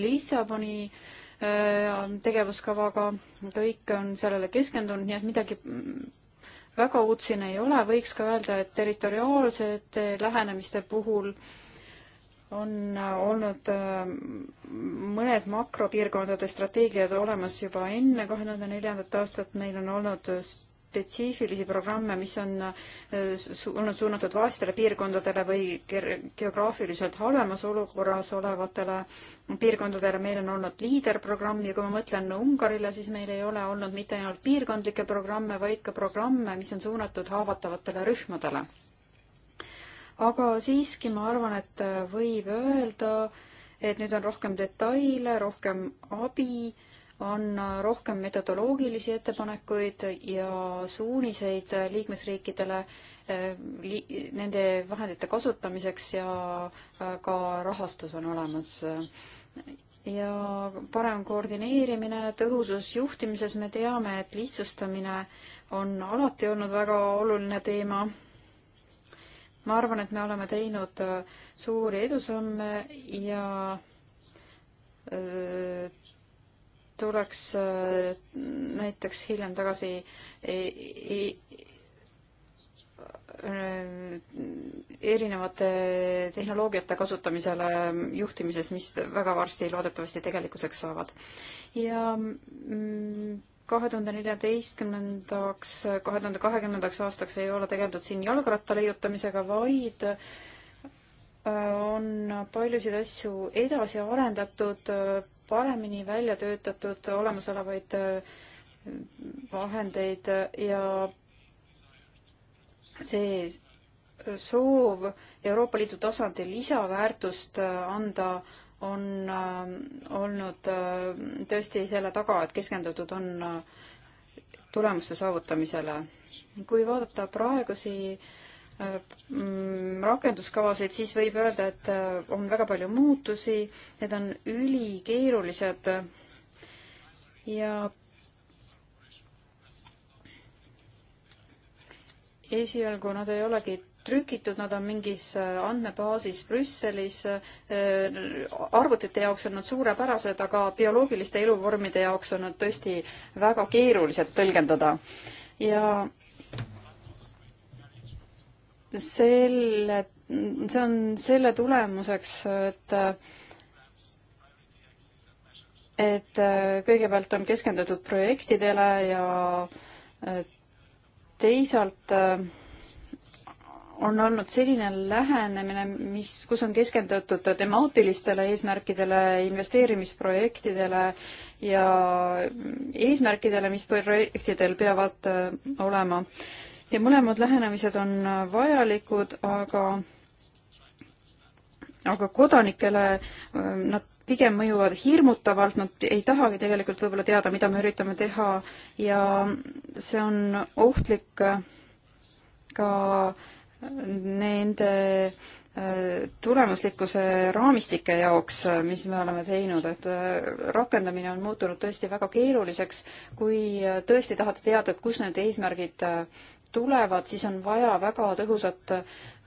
Lissaboni äh, tegevuskavaga, kõik on sellele keskendunud, nii et midagi mm, väga uut siin ei ole, võiks ka öelda, et territoriaalsete lähenemiste puhul äh, on äh, olnud äh, mõned makropiirkondade strateegiad olemas juba enne kahe tuhande neljandat aastat, meil on olnud spetsiifilisi programme, mis on äh, olnud suunatud vaestele piirkondadele või geograafiliselt halvemas olukorras olevatele piirkondadele, meil on olnud liiderprogramm ja kui ma mõtlen Ungarile, siis meil ei ole olnud mitte ainult piirkondlikke programme, vaid ka programme, mis on suunatud haavatavatele rühmadele aga siiski ma arvan, et äh, võib öelda, et nüüd on rohkem detaile, rohkem abi, on äh, rohkem metodoloogilisi ettepanekuid ja suuniseid äh, liikmesriikidele li nende vahendite kasutamiseks ja ka rahastus on olemas ja parem koordineerimine, tõhusus juhtimises, me teame, et lihtsustamine on alati olnud väga oluline teema ma arvan, et me oleme teinud äh, suuri edusamme ja äh, tuleks äh, näiteks hiljem tagasi e, e, erinevate tehnoloogiate kasutamisele ähm, juhtimises, mis väga varsti loodetavasti tegelikkuseks saavad. ja mm, kahe tuhande neljateistkümnendaks, kahe tuhande kahekümnendaks aastaks ei ole tegeldud siin jalgratta leiutamisega, vaid äh, on paljusid asju edasi arendatud, paremini välja töötatud olemasolevaid äh, vahendeid ja see soov Euroopa Liidu tasandil lisaväärtust äh, anda äh, on äh, olnud äh, tõesti selle taga, et keskendutud on äh, tulemuste saavutamisele. kui vaadata praegusi mm, rakenduskavasid, siis võib öelda, et on väga palju muutusi, need on ülikeerulised ja esialgu nad ei olegi trükitud, nad on mingis äh, andmebaasis Brüsselis, äh, arvutite jaoks on nad suurepärased, aga bioloogiliste eluvormide jaoks on nad tõesti väga keerulised tõlgendada. ja selle, see on selle tulemuseks, et et äh, kõigepealt on keskendutud projektidele ja teisalt äh, on olnud selline lähenemine, mis, kus on keskendutud temaatilistele eesmärkidele, investeerimisprojektidele ja eesmärkidele, mis projektidel peavad äh, olema. ja mõlemad lähenemised on vajalikud, aga aga kodanikele äh, nad pigem mõjuvad hirmutavalt, nad ei tahagi tegelikult võib-olla teada, mida me üritame teha ja see on ohtlik äh, ka äh, nende äh, tulemuslikkuse raamistike jaoks, äh, mis me oleme teinud, et äh, rakendamine on muutunud tõesti väga keeruliseks. kui tõesti tahate teada, et kus need eesmärgid tulevad, siis on vaja väga tõhusat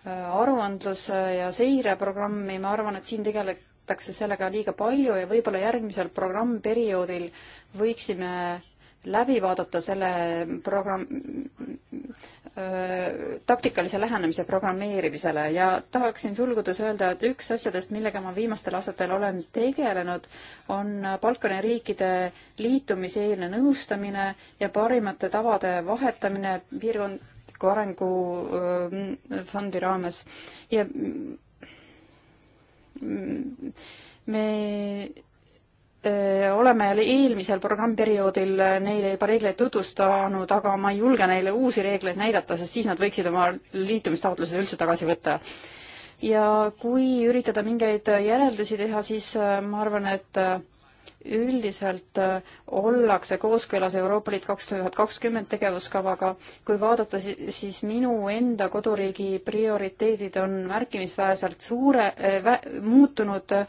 aruandluse ja seireprogrammi, ma arvan, et siin tegeletakse sellega liiga palju ja võib-olla järgmisel programmperioodil võiksime läbi vaadata selle programm, Äh, taktikalise lähenemise programmeerimisele ja tahaksin sulgudes öelda, et üks asjadest, millega ma viimastel aastatel olen tegelenud, on Balkani riikide liitumiseelne nõustamine ja parimate tavade vahetamine piirkondliku arengu äh, fondi raames ja mm, mm, me oleme eelmisel programmperioodil neile juba reegleid tutvustanud, aga ma ei julge neile uusi reegleid näidata, sest siis nad võiksid oma liitumistaotluse üldse tagasi võtta. ja kui üritada mingeid järeldusi teha, siis äh, ma arvan, et äh, üldiselt äh, ollakse kooskõlas Euroopa Liit kaks tuhat kakskümmend tegevuskavaga. kui vaadata, siis minu enda koduriigi prioriteedid on märkimisväärselt suure äh, vä,, muutunud äh,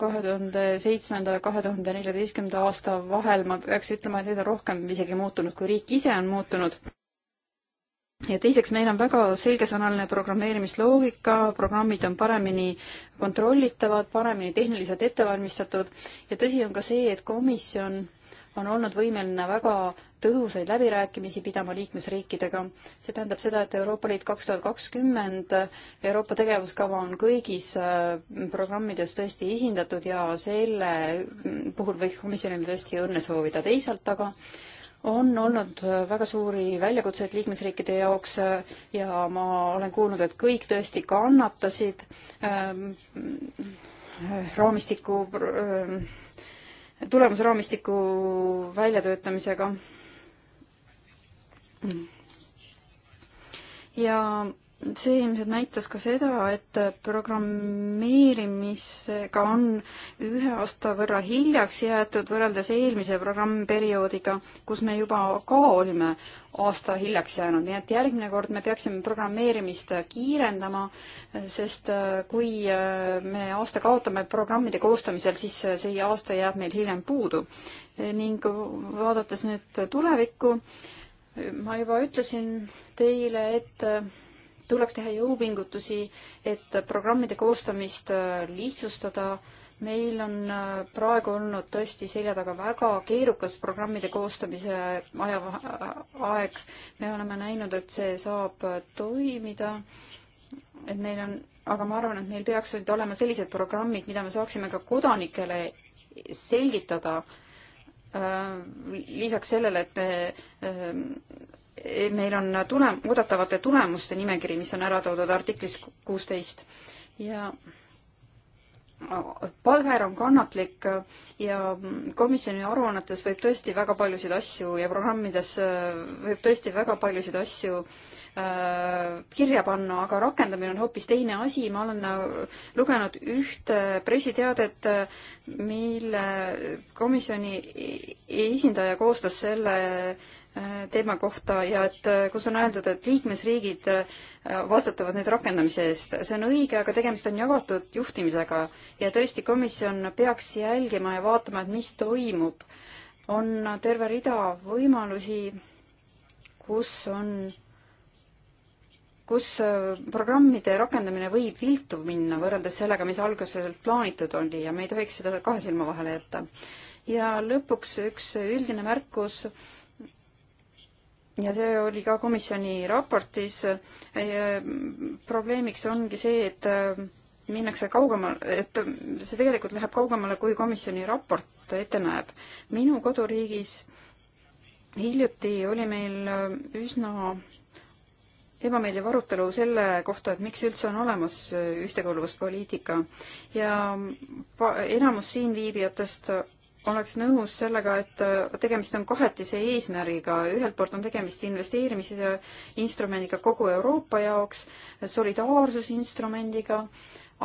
kahe tuhande seitsmenda ja kahe tuhande neljateistkümnenda aasta vahel, ma peaks ütlema, et need on rohkem isegi muutunud, kui riik ise on muutunud ja teiseks, meil on väga selgesõnaline programmeerimisloogika, programmid on paremini kontrollitavad, paremini tehniliselt ettevalmistatud ja tõsi on ka see, et komisjon on olnud võimeline väga tõhusaid läbirääkimisi pidama liikmesriikidega. see tähendab seda, et Euroopa Liit kaks tuhat kakskümmend, Euroopa tegevuskava on kõigis äh, programmides tõesti esindatud ja selle puhul võiks komisjonile tõesti õnne soovida. teisalt aga äh, on olnud väga suuri väljakutseid liikmesriikide jaoks ja ma olen kuulnud, et kõik tõesti kannatasid ähm, raamistiku ähm,, tulemusraamistiku väljatöötamisega. ja see ilmselt näitas ka seda, et programmeerimisega on ühe aasta võrra hiljaks jäetud võrreldes eelmise programmperioodiga, kus me juba ka olime aasta hiljaks jäänud, nii et järgmine kord me peaksime programmeerimist kiirendama, sest äh, kui äh, me aasta kaotame programmide koostamisel, siis äh, see aasta jääb meil hiljem puudu. ning vaadates nüüd tulevikku, ma juba ütlesin teile, et tuleks teha jõupingutusi, et programmide koostamist äh, lihtsustada. meil on äh, praegu olnud tõesti selja taga väga keerukas programmide koostamise aja, aeg. me oleme näinud, et see saab äh, toimida. et meil on, aga ma arvan, et meil peaksid olema sellised programmid, mida me saaksime ka kodanikele selgitada. lisaks sellele, et me meil on tule-, oodatavate tulemuste nimekiri, mis on ära toodud artiklis kuusteist ja palver on kannatlik ja komisjoni aruannetes võib tõesti väga paljusid asju ja programmides võib tõesti väga paljusid asju äh, kirja panna, aga rakendamine on hoopis teine asi, ma olen äh, lugenud ühte pressiteadet, äh, mille komisjoni e-, esindaja koostas selle teema kohta ja et äh, kus on öeldud, et liikmesriigid äh, vastutavad nüüd rakendamise eest. see on õige, aga tegemist on jagatud juhtimisega ja tõesti, komisjon peaks jälgima ja vaatama, et mis toimub. on terve rida võimalusi, kus on, kus äh, programmide rakendamine võib viltu minna võrreldes sellega, mis alguses plaanitud oli ja me ei tohiks seda kahe silma vahele jätta. ja lõpuks üks üldine märkus ja see oli ka komisjoni raportis. Äh, probleemiks ongi see, et äh, minnakse kaugemale, et äh, see tegelikult läheb kaugemale, kui komisjoni raport ette näeb. minu koduriigis hiljuti oli meil üsna ebameeldiv arutelu selle kohta, et miks üldse on olemas ühtekuuluvuspoliitika ja enamus siinviibijatest oleks nõus sellega, et äh, tegemist on kahetise eesmärgiga, ühelt poolt on tegemist investeerimise instrumendiga kogu Euroopa jaoks, solidaarsusinstrumendiga,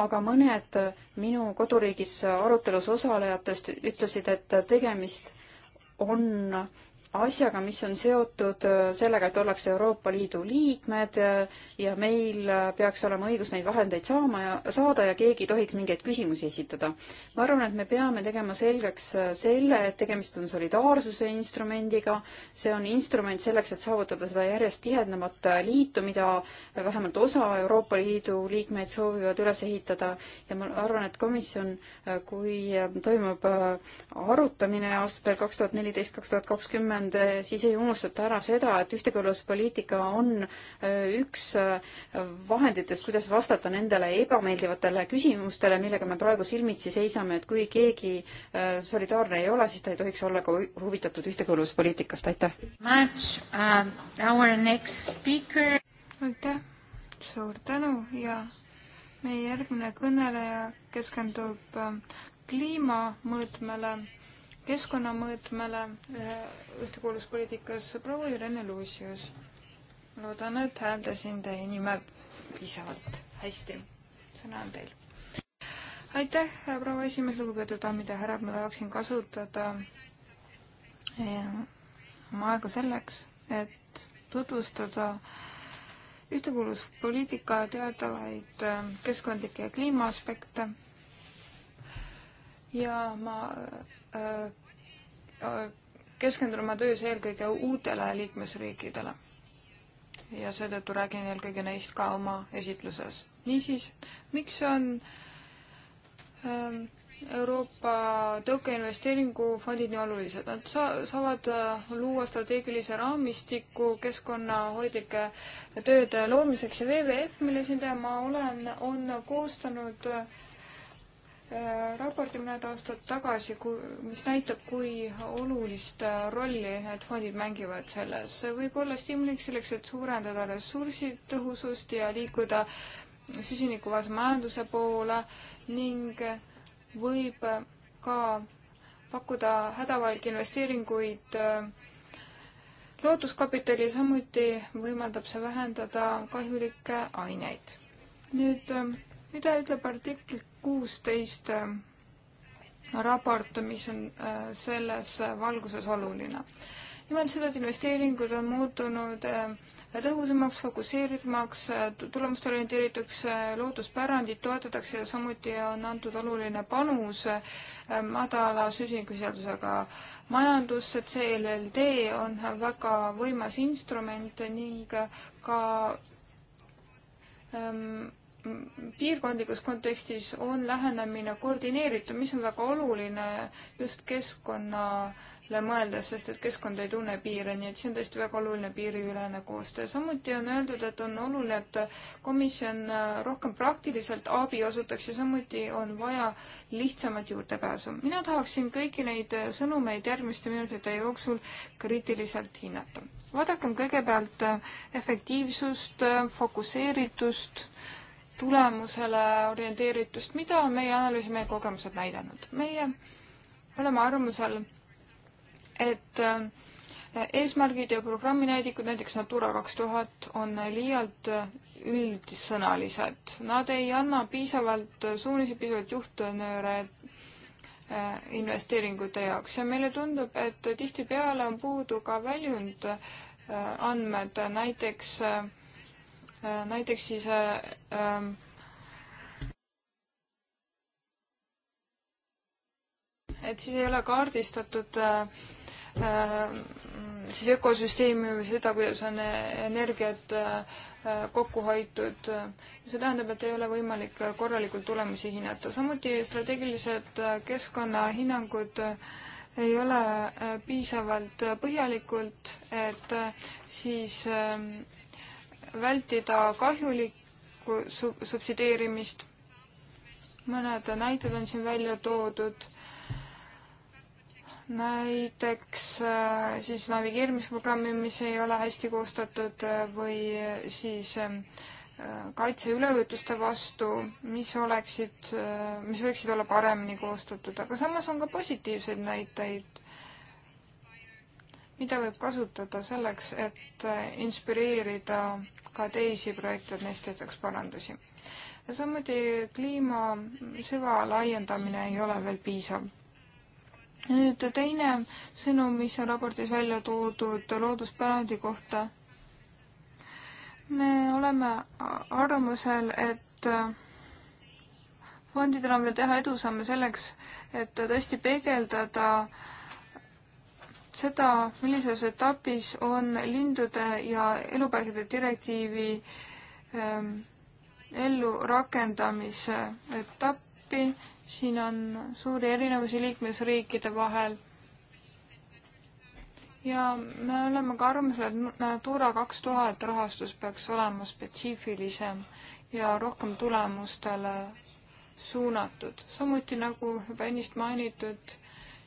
aga mõned äh, minu koduriigis arutelus osalejatest ütlesid, et äh, tegemist on asjaga, mis on seotud äh, sellega, et ollakse Euroopa Liidu liikmed äh, ja meil äh, peaks olema õigus neid vahendeid saama ja saada ja keegi ei tohiks mingeid küsimusi esitada. ma arvan, et me peame tegema selgeks selle, et tegemist on solidaarsuse instrumendiga, see on instrument selleks, et saavutada seda järjest tihedamat liitu, mida vähemalt osa Euroopa Liidu liikmeid soovivad üles ehitada ja ma arvan, et komisjon, kui toimub arutamine aastatel kaks tuhat neliteist, kaks tuhat kakskümmend, kolmkümmend, siis ei unustata ära seda, et ühtekuuluvuspoliitika on äh, üks äh, vahenditest, kuidas vastata nendele ebameeldivatele küsimustele, millega me praegu silmitsi seisame, et kui keegi äh, solidaarne ei ole, siis ta ei tohiks olla ka huvitatud ühtekuuluvuspoliitikast, aitäh! Um, aitäh, suur tänu ja meie järgmine kõneleja keskendub kliimamõõtmele keskkonnamõõtmele ühtekuuluvuspoliitikas proua Irene Luusius. loodan, et hääldasin teie nime piisavalt hästi. sõna on teil. aitäh, proua esimees, lugupeetud daamid ja härrad, ma tahaksin kasutada eh, oma aega selleks, et tutvustada ühtekuuluvuspoliitika teatavaid eh, keskkondlikke ja kliimaaspekte ja ma keskendun oma töös eelkõige uutele liikmesriikidele ja seetõttu räägin eelkõige neist ka oma esitluses. niisiis, miks on ähm, Euroopa tõukeinvesteeringufondid nii olulised, nad sa-, saavad äh, luua strateegilise raamistiku keskkonnahoidlike tööde loomiseks ja WWF, mille esindaja ma olen, on koostanud äh, raporti mõned aastad tagasi, mis näitab, kui olulist äh, rolli need fondid mängivad selles. võib-olla stiimuliks selleks, et suurendada ressursitõhusust ja liikuda süsinikuvabase majanduse poole ning võib ka pakkuda hädavajalikke investeeringuid äh, looduskapitali, samuti võimaldab see vähendada kahjulikke aineid. nüüd äh, mida ütleb artikkel kuusteist äh, raport, mis on äh, selles äh, valguses oluline? nimelt seda, et investeeringud on muutunud tõhusamaks, fokusseeritumaks, tulemustele orienteerituks, looduspärandit toetatakse ja samuti on antud oluline panus madala süsinikusisaldusega majandusse. CLLD on väga võimas instrument ning ka ähm, piirkondlikus kontekstis on lähenemine koordineeritud, mis on väga oluline just keskkonnale mõeldes, sest et keskkond ei tunne piire, nii et see on tõesti väga oluline piiriülene koostöö. samuti on öeldud, et on oluline, et komisjon rohkem praktiliselt abi osutaks ja samuti on vaja lihtsamat juurdepääsu. mina tahaksin kõiki neid sõnumeid järgmiste minutite jooksul kriitiliselt hinnata. vaadakem kõigepealt efektiivsust, fokusseeritust, tulemusele orienteeritust, mida meie analüüs ja meie kogemused näidanud. meie oleme arvamusel, et äh, eesmärgid ja programminäidikud, näiteks Natura kaks tuhat, on liialt äh, üldsõnalised. Nad ei anna piisavalt äh, suunisi, piisavalt juhtnööre investeeringute jaoks ja meile tundub, et tihtipeale on puudu ka väljund andmed, näiteks äh, Äh, näiteks siis äh, ähm, et siis ei ole kaardistatud äh, äh, siis ökosüsteemi või seda, kuidas on energiat äh, kokku hoitud. see tähendab, et ei ole võimalik korralikult tulemusi hinnata. samuti strateegilised keskkonnahinnangud ei ole piisavalt põhjalikult, et siis ähm, vältida kahjulikku sub subsideerimist. mõned näited on siin välja toodud. näiteks äh, siis navigeerimisprogrammi, mis ei ole hästi koostatud äh, või siis äh, kaitseüleujutuste vastu, mis oleksid, mis võiksid olla paremini koostatud, aga samas on ka positiivseid näiteid mida võib kasutada selleks, et inspireerida ka teisi projekte, et neist tehtaks parandusi. ja samuti kliima süva laiendamine ei ole veel piisav. nüüd teine sõnum, mis on raportis välja toodud looduspärandi kohta. me oleme arvamusel, et fondidel on veel teha edusamme selleks, et tõesti peegeldada äh, seda, millises etapis on lindude ja elupaikade direktiivi ähm, ellurakendamise etappi. siin on suuri erinevusi liikmesriikide vahel. ja me oleme ka arvamusel, et Natura kaks tuhat rahastus peaks olema spetsiifilisem ja rohkem tulemustele suunatud. samuti nagu juba ennist mainitud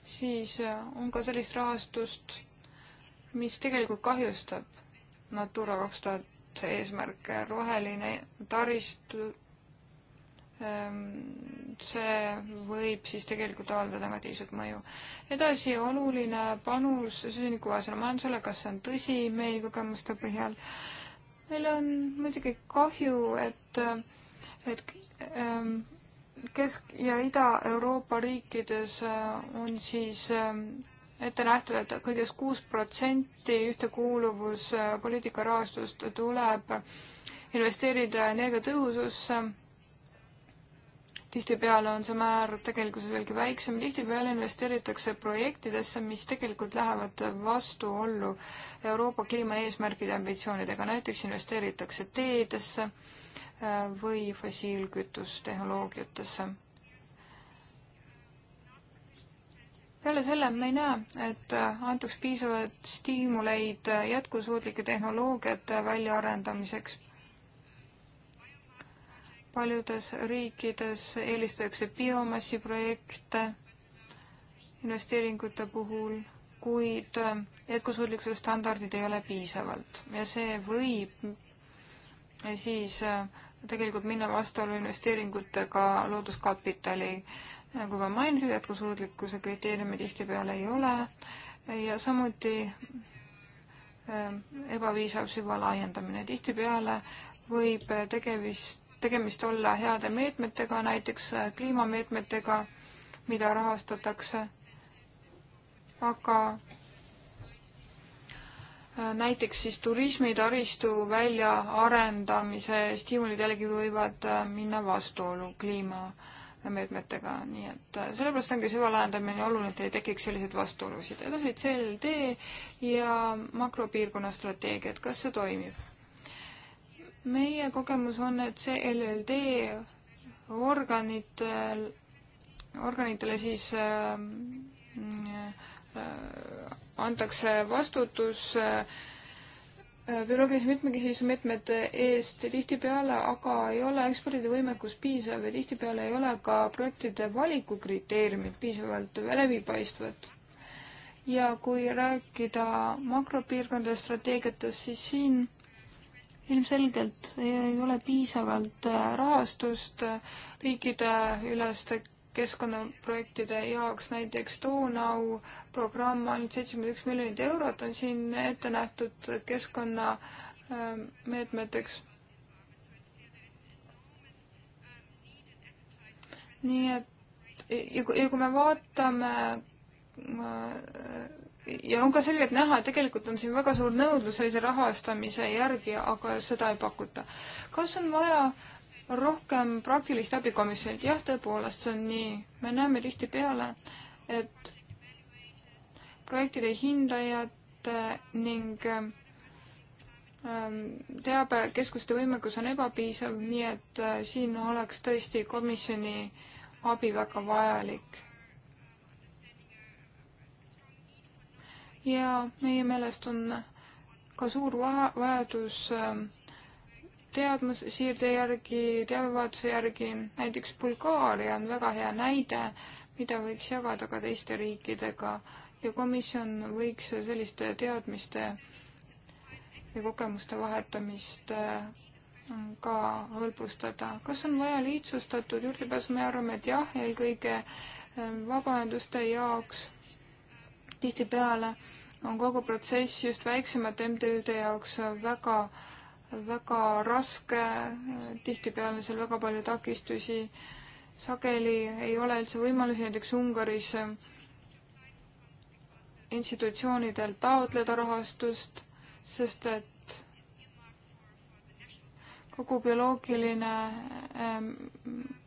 siis äh, on ka sellist rahastust, mis tegelikult kahjustab Natura kaks tuhat eesmärke, roheline taristu, ähm, see võib siis tegelikult avaldada negatiivset mõju. edasi oluline panus süsinikuvaesele majandusele, kas see on tõsi meie kogemuste põhjal? meil on muidugi kahju, et, äh, et ähm, Kesk- ja Ida-Euroopa riikides äh, on siis äh, ette nähtud, et kõigest kuus protsenti ühtekuuluvuspoliitika rahastust tuleb investeerida energiatõhususse. tihtipeale on see määr tegelikkuses veelgi väiksem, tihtipeale investeeritakse projektidesse, mis tegelikult lähevad vastuollu Euroopa kliimaeesmärkide ambitsioonidega, näiteks investeeritakse teedesse või fossiilkütustehnoloogiatesse. peale selle me ei näe, et antakse piisavalt stiimuleid jätkusuutlike tehnoloogiate väljaarendamiseks. paljudes riikides eelistatakse biomassi projekte investeeringute puhul, kuid jätkusuutlikkuse standardid ei ole piisavalt ja see võib siis tegelikult minna vastuollu investeeringutega looduskapitali. nagu ma mainisin, jätkusuutlikkuse kriteeriume tihtipeale ei ole ja samuti ähm, ebaviisav süvalaiendamine. tihtipeale võib tegevist, tegemist olla heade meetmetega, näiteks äh, kliimameetmetega, mida rahastatakse, aga Äh, näiteks siis turismitaristu väljaarendamise stiimulid jällegi võivad äh, minna vastuolu kliimameetmetega, nii et äh, sellepärast ongi süvalaiendamine oluline, et ei tekiks selliseid vastuolusid. edasi CLD ja makropiirkonna strateegiad, kas see toimib? meie kogemus on, et CLLD organitel, organitele siis äh, äh, antakse vastutus äh, bioloogilise mitmekesisuse meetmete eest tihtipeale, aga ei ole ekspordivõimekus piisav ja tihtipeale ei ole ka projektide valikukriteeriumid piisavalt läbipaistvad ja kui rääkida makropiirkondade strateegiatest, siis siin ilmselgelt ei ole piisavalt rahastust riikide üleste keskkonnaprojektide jaoks, näiteks Donau programm, ainult seitsekümmend üks miljonit eurot on siin ette nähtud keskkonnameetmeteks. Ähm, nii et ja kui, ja kui me vaatame äh, ja on ka selgelt näha, et tegelikult on siin väga suur nõudlus sellise rahastamise järgi, aga seda ei pakuta. kas on vaja äh, rohkem praktilist abi komisjonilt, jah, tõepoolest see on nii, me näeme tihtipeale, et projektide hindajate äh, ning ähm, teabekeskuste võimekus on ebapiisav, nii et äh, siin oleks tõesti komisjoni abi väga vajalik. ja meie meelest on ka suur vahe, vajadus äh, teadmussiirde järgi, teabevahetuse järgi, näiteks Bulgaaria on väga hea näide, mida võiks jagada ka teiste riikidega ja komisjon võiks selliste teadmiste ja kogemuste vahetamist äh, ka hõlbustada. kas on vaja lihtsustatud juurdepääsu, me arvame, et jah, eelkõige äh, vabaühenduste jaoks tihtipeale on kogu protsess just väiksemate MTÜ-de jaoks väga äh, väga raske, tihtipeale on seal väga palju takistusi, sageli ei ole üldse võimalusi näiteks Ungaris äh, institutsioonidel taotleda rahastust, sest et kogu bioloogiline, ähm,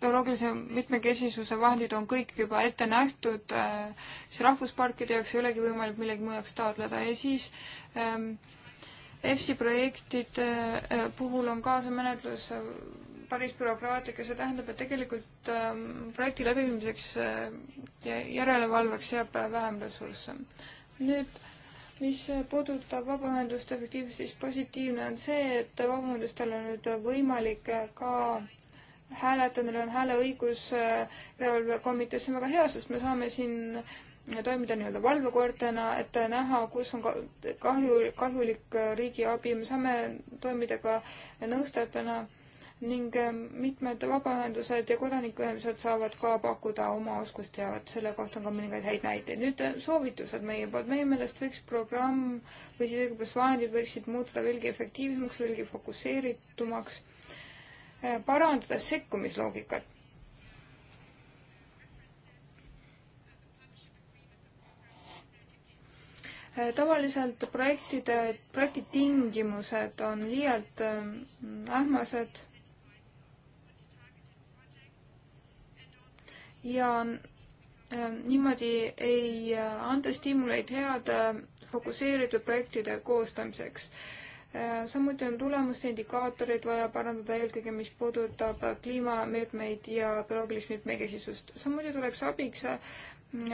bioloogilise mitmekesisuse vahendid on kõik juba ette nähtud, äh, siis rahvusparkide jaoks ei olegi võimalik millegi muu jaoks taotleda ja siis ähm, EFSI projektide äh, puhul on kaasamenetlus äh, päris bürokraatlik ja see tähendab, et tegelikult ähm, projekti läbiviimiseks äh, ja järelevalveks jääb vähem ressursse. nüüd mis puudutab vabaühenduste efektiivsust, siis positiivne on see, et vabaühendustel on nüüd võimalik ka hääletada, neil on hääleõigus järelevalvekomitees, see on väga hea, sest me saame siin toimida nii-öelda valvekoertena, et näha, kus on kahju, kahjulik riigiabi, me saame toimida ka nõustajatena ning ähm, mitmed vabaühendused ja kodanikuühendused saavad ka pakkuda oma oskusteavet, selle kohta on ka mõningaid häid näiteid. nüüd äh, soovitused meie poolt, meie meelest võiks programm või siis õigupoolest vahendid võiksid muutuda veelgi efektiivsemaks, veelgi fokusseeritumaks, äh, parandades sekkumisloogikat Äh, tavaliselt projektide, projekti tingimused on liialt ähm, ähmased ja ähm, niimoodi ei äh, anda stiimuleid heade fokusseeritud projektide koostamiseks. Äh, samuti on tulemuste indikaatoreid vaja parandada eelkõige, mis puudutab kliimameetmeid ja bioloogilist mitmekesisust. samuti tuleks abiks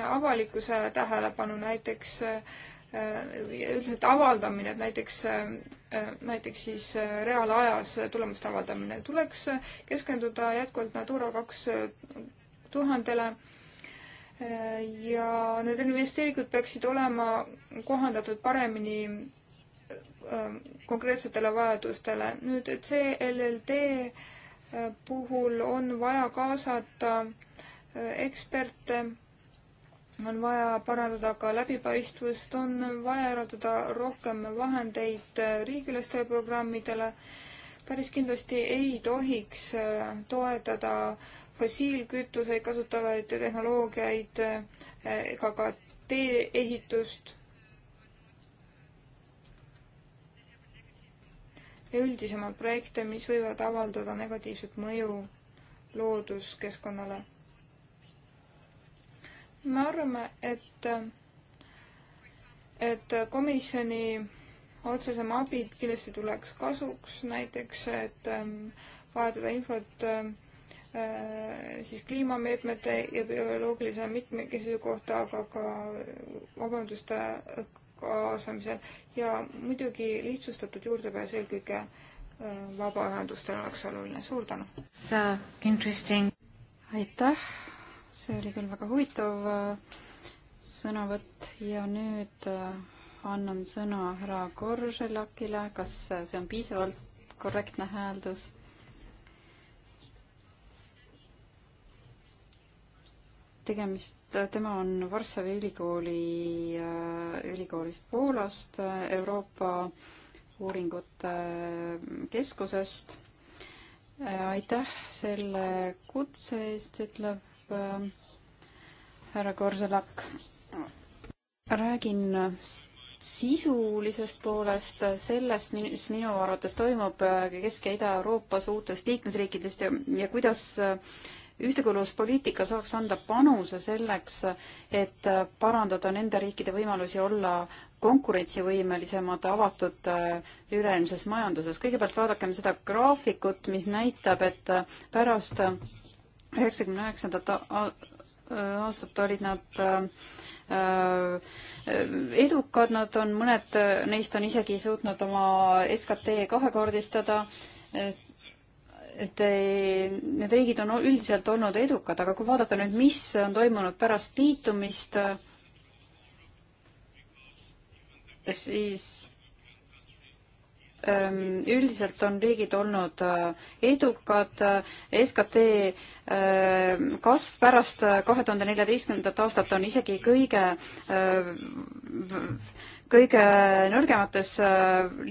avalikkuse tähelepanu näiteks äh, Äh, üldiselt avaldamine, et näiteks, äh, äh, näiteks siis reaalajas tulemuste avaldamine, tuleks keskenduda jätkuvalt Natura kaks tuhandele ja need investeeringud peaksid olema kohandatud paremini konkreetsetele vajadustele. nüüd CLLD puhul on vaja kaasata eksperte on vaja parandada ka läbipaistvust, on vaja eraldada rohkem vahendeid riigilastele programmidele. päris kindlasti ei tohiks äh, toetada fossiilkütuseid kasutavaid tehnoloogiaid äh, ega ka tee-ehitust. ja üldisemalt projekte, mis võivad avaldada negatiivset mõju looduskeskkonnale me arvame, et, et komisjoni otsesem abi kindlasti tuleks kasuks, näiteks et ähm, vahetada infot äh, siis kliimameetmete ja bioloogilise mitmekesisuse kohta, aga ka vabanduste kaasamisel ja muidugi lihtsustatud juurdepääs eelkõige äh, vabaühendustel oleks oluline. suur tänu! aitäh! see oli küll väga huvitav äh, sõnavõtt ja nüüd äh, annan sõna härra Korželakile, kas äh, see on piisavalt korrektne hääldus? tegemist, tema on Varssavi ülikooli, ülikoolist Poolast, Euroopa uuringute keskusest. aitäh selle kutse eest, ütleb Äh, härra Korselak. räägin sisulisest poolest, sellest, mis minu arvates toimub Kesk- ja Ida-Euroopas uutest liikmesriikidest ja, ja kuidas äh, ühtekuuluvuspoliitika saaks anda panuse selleks, et äh, parandada nende riikide võimalusi olla konkurentsivõimelisemad avatud üleilmses majanduses. kõigepealt vaadakem seda graafikut, mis näitab, et pärast üheksakümne üheksandat aastat olid nad äh, äh, edukad, nad on, mõned neist on isegi suutnud oma SKT kahekordistada. et need riigid on üldiselt olnud edukad, aga kui vaadata nüüd, mis on toimunud pärast liitumist, siis Ehm, üldiselt on riigid olnud äh, edukad, SKT ehm, kasv pärast äh, kahe tuhande neljateistkümnendat aastat on isegi kõige äh, kõige nõrgemates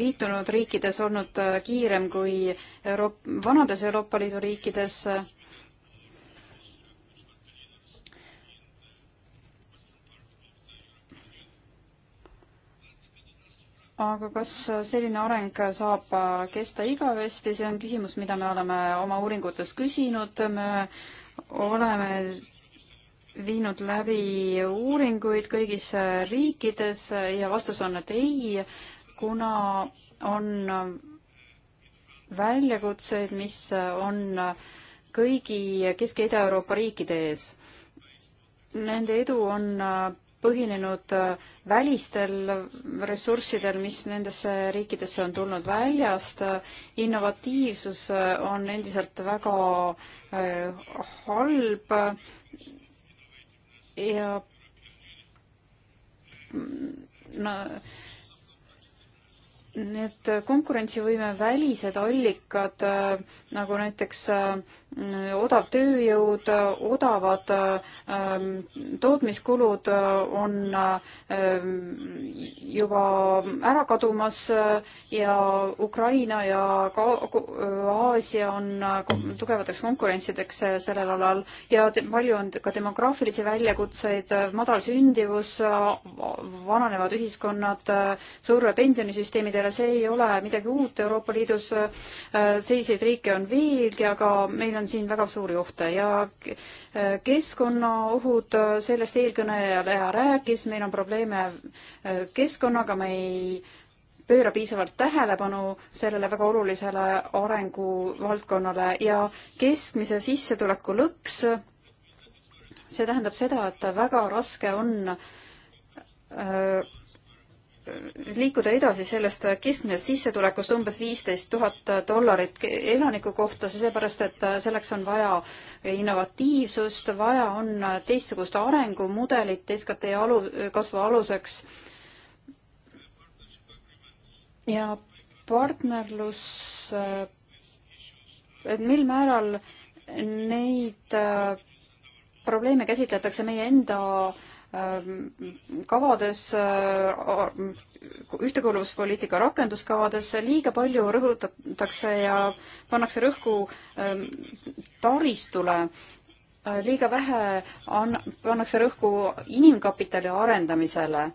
liitunud riikides olnud kiirem kui Euroop-, vanades Euroopa Liidu riikides aga kas selline areng saab äh, kesta igavesti, see on küsimus, mida me oleme oma uuringutes küsinud, me oleme viinud läbi uuringuid kõigis riikides ja vastus on, et ei, kuna on väljakutseid, mis on kõigi Kesk- ja Ida-Euroopa riikide ees. Nende edu on äh, põhinenud äh, välistel ressurssidel, mis nendesse riikidesse on tulnud väljast. innovatiivsus äh, on endiselt väga äh, halb ja mm, no, need konkurentsivõime välised allikad nagu näiteks odav tööjõud, odavad ähm, tootmiskulud äh, on ähm, juba ära kadumas äh, ja Ukraina ja ka äh, Aasia on tugevateks konkurentsideks sellel alal ja palju on ka demograafilisi väljakutseid, madal sündivus, vananevad ühiskonnad, surve pensionisüsteemidele, see ei ole midagi uut Euroopa Liidus. selliseid riike on veelgi, aga meil on on siin väga suuri ohte ja äh, keskkonnaohud, äh, sellest eelkõneleja rääkis, meil on probleeme äh, keskkonnaga, me ei pööra piisavalt tähelepanu sellele väga olulisele arenguvaldkonnale ja keskmise sissetuleku lõks, see tähendab seda, et väga raske on öö, liikuda edasi sellest keskmisest sissetulekust umbes viisteist tuhat dollarit elaniku kohta, seepärast et selleks on vaja innovatiivsust, vaja on teistsugust arengumudelit SKT alu, kasvu aluseks. ja partnerlus, et mil määral neid äh, probleeme käsitletakse meie enda äh, Äh, kavades, äh, ühtekuuluvuspoliitika rakenduskavades liiga palju rõhutatakse ja pannakse rõhku ähm, taristule, äh, liiga vähe an-, pannakse rõhku inimkapitali arendamisele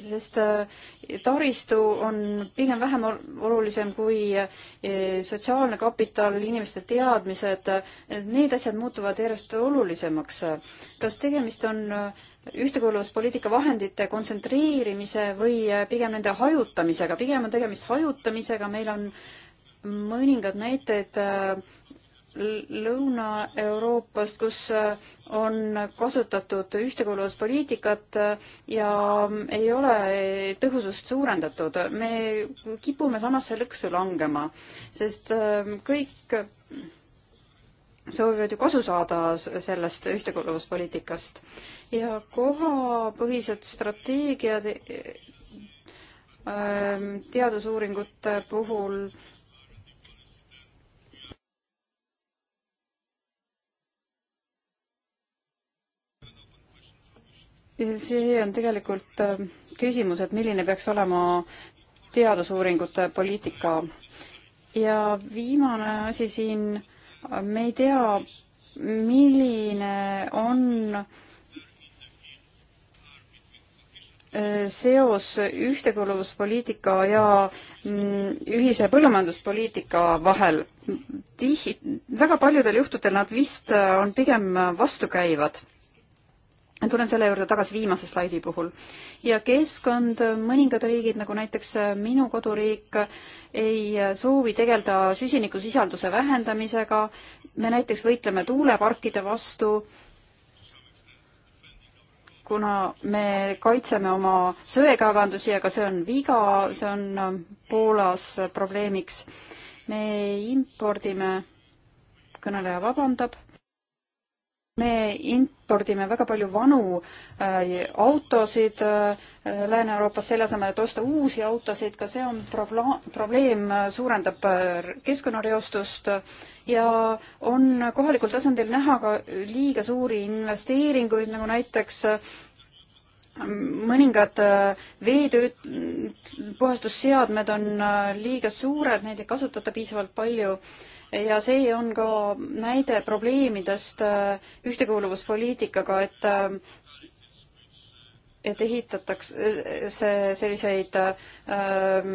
sest äh, taristu on pigem vähem olulisem kui äh, sotsiaalne kapital, inimeste teadmised, need asjad muutuvad järjest olulisemaks. kas tegemist on äh, ühtekuuluvuspoliitika vahendite kontsentreerimise või pigem nende hajutamisega, pigem on tegemist hajutamisega, meil on mõningad näited äh, Lõuna-Euroopast, kus äh, on kasutatud ühtekuuluvuspoliitikat äh, ja mm, ei ole tõhusust suurendatud. me kipume samasse lõksu langema, sest äh, kõik soovivad ju kasu saada sellest ühtekuuluvuspoliitikast ja kohapõhised strateegiad teadusuuringute puhul see on tegelikult äh, küsimus, et milline peaks olema teadusuuringute poliitika. ja viimane asi siin, äh, me ei tea, milline on äh, seos ühtekuuluvuspoliitika ja mm, ühise põllumajanduspoliitika vahel. tih-, väga paljudel juhtudel nad vist on pigem vastukäivad tulen selle juurde tagasi viimase slaidi puhul. ja keskkond, mõningad riigid, nagu näiteks minu koduriik, ei soovi tegeleda süsinikusisalduse vähendamisega, me näiteks võitleme tuuleparkide vastu, kuna me kaitseme oma söekaevandusi, aga see on viga, see on ähm, Poolas probleemiks. me impordime, kõneleja vabandab me impordime väga palju vanu äh, autosid äh, Lääne-Euroopas selle asemel, et osta uusi autosid, ka see on probla-, probleem, äh, suurendab äh, keskkonnareostust ja on kohalikul tasandil näha ka liiga suuri investeeringuid, nagu näiteks äh, mõningad äh, veetööt-, puhastusseadmed on äh, liiga suured, neid ei kasutata piisavalt palju ja see on ka näide probleemidest äh, ühtekuuluvuspoliitikaga, et äh, et ehitatakse selliseid ähm,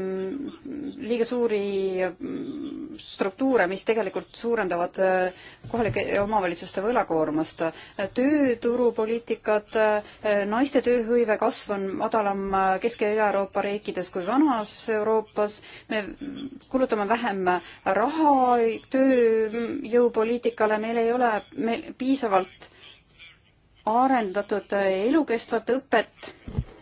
liiga suuri mm, struktuure, mis tegelikult suurendavad äh, kohalike omavalitsuste võlakoormust. tööturupoliitikad äh,, naiste tööhõive kasv on madalam äh, Kesk- ja Ida-Euroopa riikides kui vanas Euroopas, me kulutame vähem raha tööjõupoliitikale, meil ei ole meil piisavalt arendatud äh, elukestvat õpet,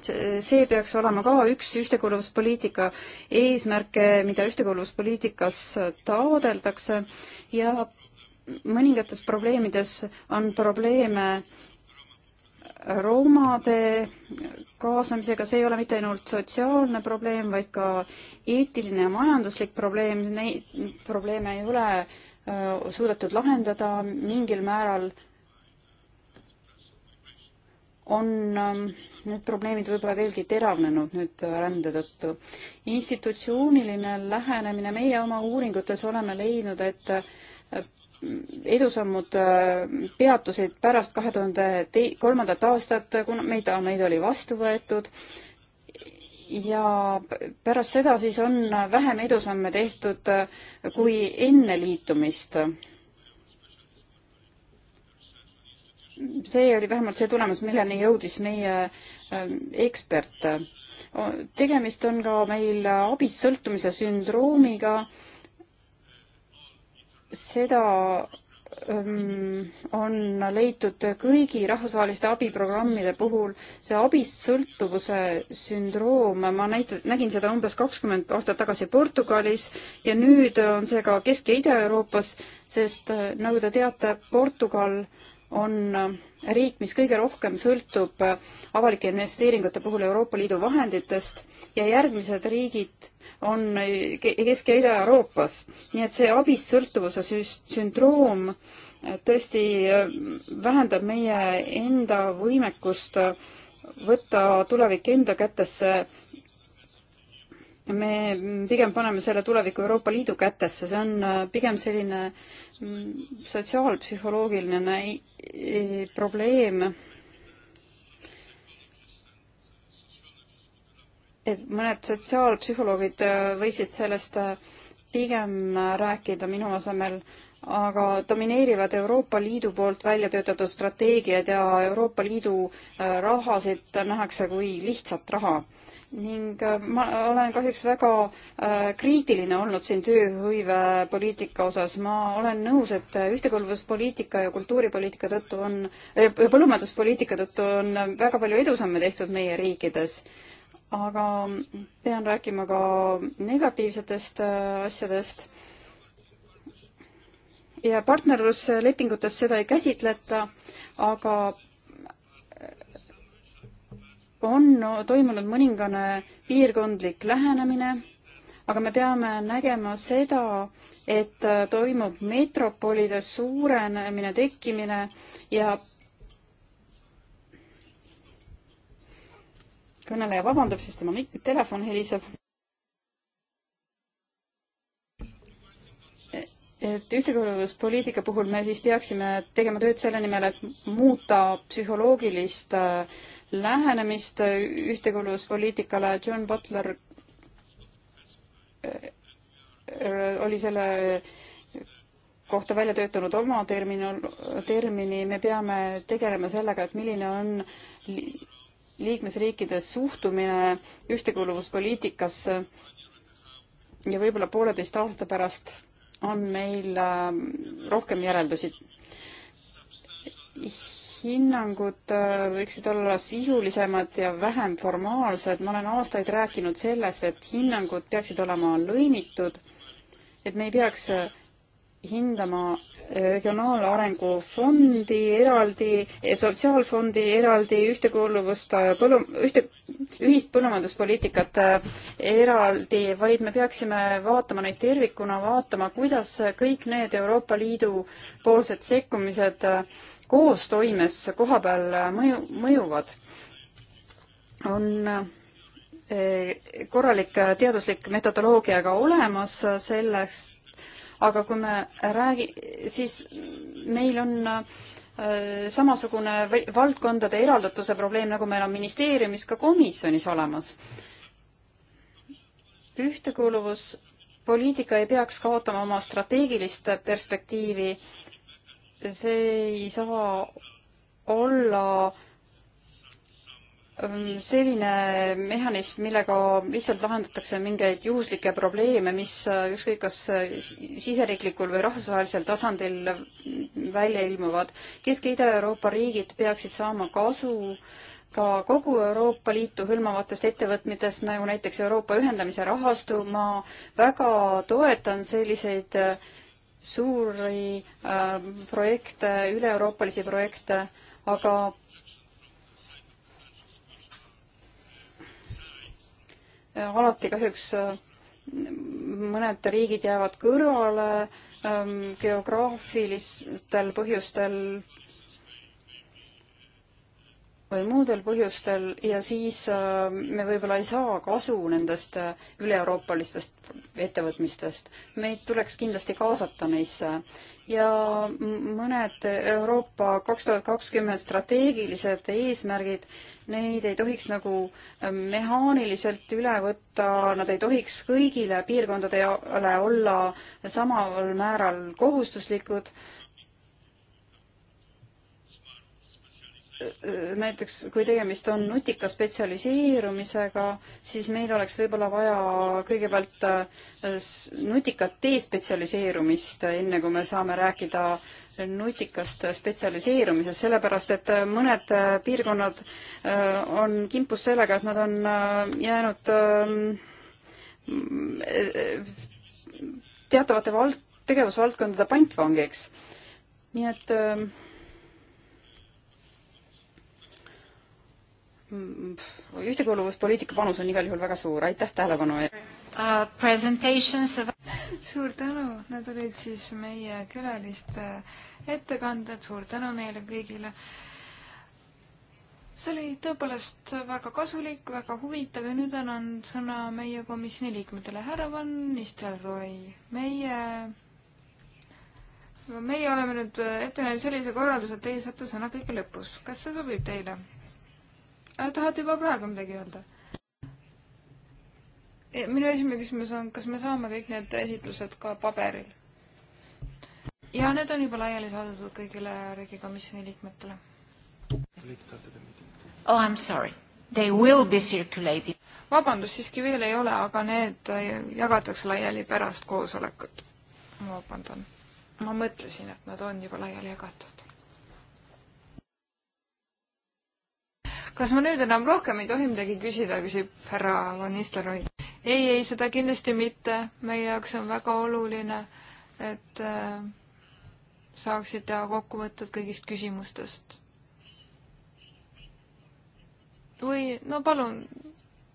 see peaks olema ka üks ühtekuuluvuspoliitika eesmärke, mida ühtekuuluvuspoliitikas taodeldakse ja mõningates probleemides on probleeme roomade kaasamisega, see ei ole mitte ainult sotsiaalne probleem, vaid ka eetiline ja majanduslik probleem, neid probleeme ei ole äh, suudetud lahendada mingil määral on ähm, need probleemid võib-olla veelgi teravnenud nüüd äh, rände tõttu. institutsiooniline lähenemine, meie oma uuringutes oleme leidnud, et äh, edusammud äh, peatusid pärast kahe tuhande kolmandat aastat, kuna meid, meid oli vastu võetud ja pärast seda siis on vähem edusamme tehtud kui enne liitumist see oli vähemalt see tulemus, milleni jõudis meie ähm, ekspert. tegemist on ka meil abist sõltumise sündroomiga. seda ähm, on leitud kõigi rahvusvaheliste abiprogrammide puhul. see abist sõltuvuse sündroom, ma näit-, nägin seda umbes kakskümmend aastat tagasi Portugalis ja nüüd on see ka Kesk- ja Ida-Euroopas, sest äh, nagu te teate, Portugal äh, on äh, riik, mis kõige rohkem sõltub äh, avalike investeeringute puhul Euroopa Liidu vahenditest ja järgmised riigid on äh, Kesk- ja Ida-Euroopas. nii et see abist sõltuvuse sündroom tõesti vähendab meie enda võimekust võtta tulevik enda kätesse me pigem paneme selle tuleviku Euroopa Liidu kätesse, see on äh, pigem selline mm, sotsiaalpsühholoogiline eh, probleem, et mõned sotsiaalpsühholoogid äh, võiksid sellest äh, pigem rääkida minu asemel, aga domineerivad Euroopa Liidu poolt välja töötatud strateegiad ja Euroopa Liidu rahasid nähakse kui lihtsat raha ning äh, ma olen kahjuks väga äh, kriitiline olnud siin tööhõivepoliitika osas. ma olen nõus, et ühtekuuluvuspoliitika ja kultuuripoliitika tõttu on, äh, põllumajanduspoliitika tõttu on väga palju edusamme tehtud meie riikides. aga pean rääkima ka negatiivsetest asjadest. ja partnerluslepingutes seda ei käsitleta, aga on toimunud mõningane piirkondlik lähenemine, aga me peame nägema seda, et toimub metropolide suurenemine, tekkimine ja kõneleja vabandab, sest tema telefon heliseb. et ühtekuuluvuspoliitika puhul me siis peaksime tegema tööd selle nimel, et muuta psühholoogilist äh, lähenemist ühtekuuluvuspoliitikale, John Butler äh, oli selle kohta välja töötanud oma terminol-, termini, me peame tegelema sellega, et milline on liikmesriikide suhtumine ühtekuuluvuspoliitikasse ja võib-olla pooleteist aasta pärast on meil äh, rohkem järeldusi hinnangud äh, võiksid olla sisulisemad ja vähem formaalsed. ma olen aastaid rääkinud sellest, et hinnangud peaksid olema lõimitud, et me ei peaks äh, hindama äh, regionaalarengu fondi eraldi, sotsiaalfondi eraldi, ühtekuuluvust, põllu, ühte, ühist põllumajanduspoliitikat eraldi, vaid me peaksime vaatama neid tervikuna, vaatama, kuidas kõik need Euroopa Liidu poolsed sekkumised koostoimes kohapeal mõju, mõjuvad, on e, korralik teaduslik metodoloogia ka olemas selleks, aga kui me räägi-, siis meil on e, samasugune valdkondade eraldatuse probleem, nagu meil on ministeeriumis ka komisjonis olemas. ühtekuuluvuspoliitika ei peaks kaotama oma strateegilist perspektiivi see ei saa olla ähm, selline mehhanism, millega lihtsalt lahendatakse mingeid juhuslikke probleeme, mis äh, ükskõik kas äh, siseriiklikul või rahvusvahelisel tasandil välja ilmuvad. Kesk- ja Ida-Euroopa riigid peaksid saama kasu ka kogu Euroopa Liitu hõlmavatest ettevõtmitest, nagu näiteks Euroopa ühendamise rahastu, ma väga toetan selliseid äh, suuri äh, projekte, üle-euroopalisi projekte, aga äh, alati kahjuks äh, mõned riigid jäävad kõrvale ähm, geograafilistel põhjustel või muudel põhjustel ja siis äh, me võib-olla ei saa kasu nendest äh, üle-euroopalistest ettevõtmistest. meid tuleks kindlasti kaasata neisse ja mõned Euroopa kaks tuhat kakskümmend strateegilised eesmärgid, neid ei tohiks nagu äh, mehaaniliselt üle võtta, nad ei tohiks kõigile piirkondadele olla samal määral kohustuslikud näiteks kui tegemist on nutika spetsialiseerumisega, siis meil oleks võib-olla vaja kõigepealt äh, nutikat despetsialiseerumist, enne kui me saame rääkida nutikast spetsialiseerumisest, sellepärast et äh, mõned äh, piirkonnad on kimpus sellega, et nad on jäänud ähm, teatavate vald-, tegevusvaldkondade pantvangiks. nii et äh, ühtekuuluvuspoliitika panus on igal juhul väga suur, aitäh tähelepanu eest! Uh, suur tänu, need olid siis meie külaliste ettekanded, suur tänu neile kõigile! see oli tõepoolest väga kasulik, väga huvitav ja nüüd annan sõna meie komisjoni liikmetele, härra Van Nistelrooy, meie meie oleme nüüd ette näinud sellise korralduse, et teie saate sõna kõige lõpus. kas see sobib teile? Äh, tahate juba praegu midagi öelda? minu esimene küsimus on, kas me saame kõik need esitlused ka paberil? ja need on juba laiali saadetud kõigile riigikomisjoni liikmetele. Oh, I m sorry. They will be circulated. vabandust, siiski veel ei ole, aga need äh, jagatakse laiali pärast koosolekut. ma vabandan. ma mõtlesin, et nad on juba laiali jagatud kas ma nüüd enam rohkem ei tohi midagi küsida, küsib härra Van Nistelrooy. ei, ei, seda kindlasti mitte. meie jaoks on väga oluline, et äh, saaksid teha kokkuvõtted kõigist küsimustest. või no palun,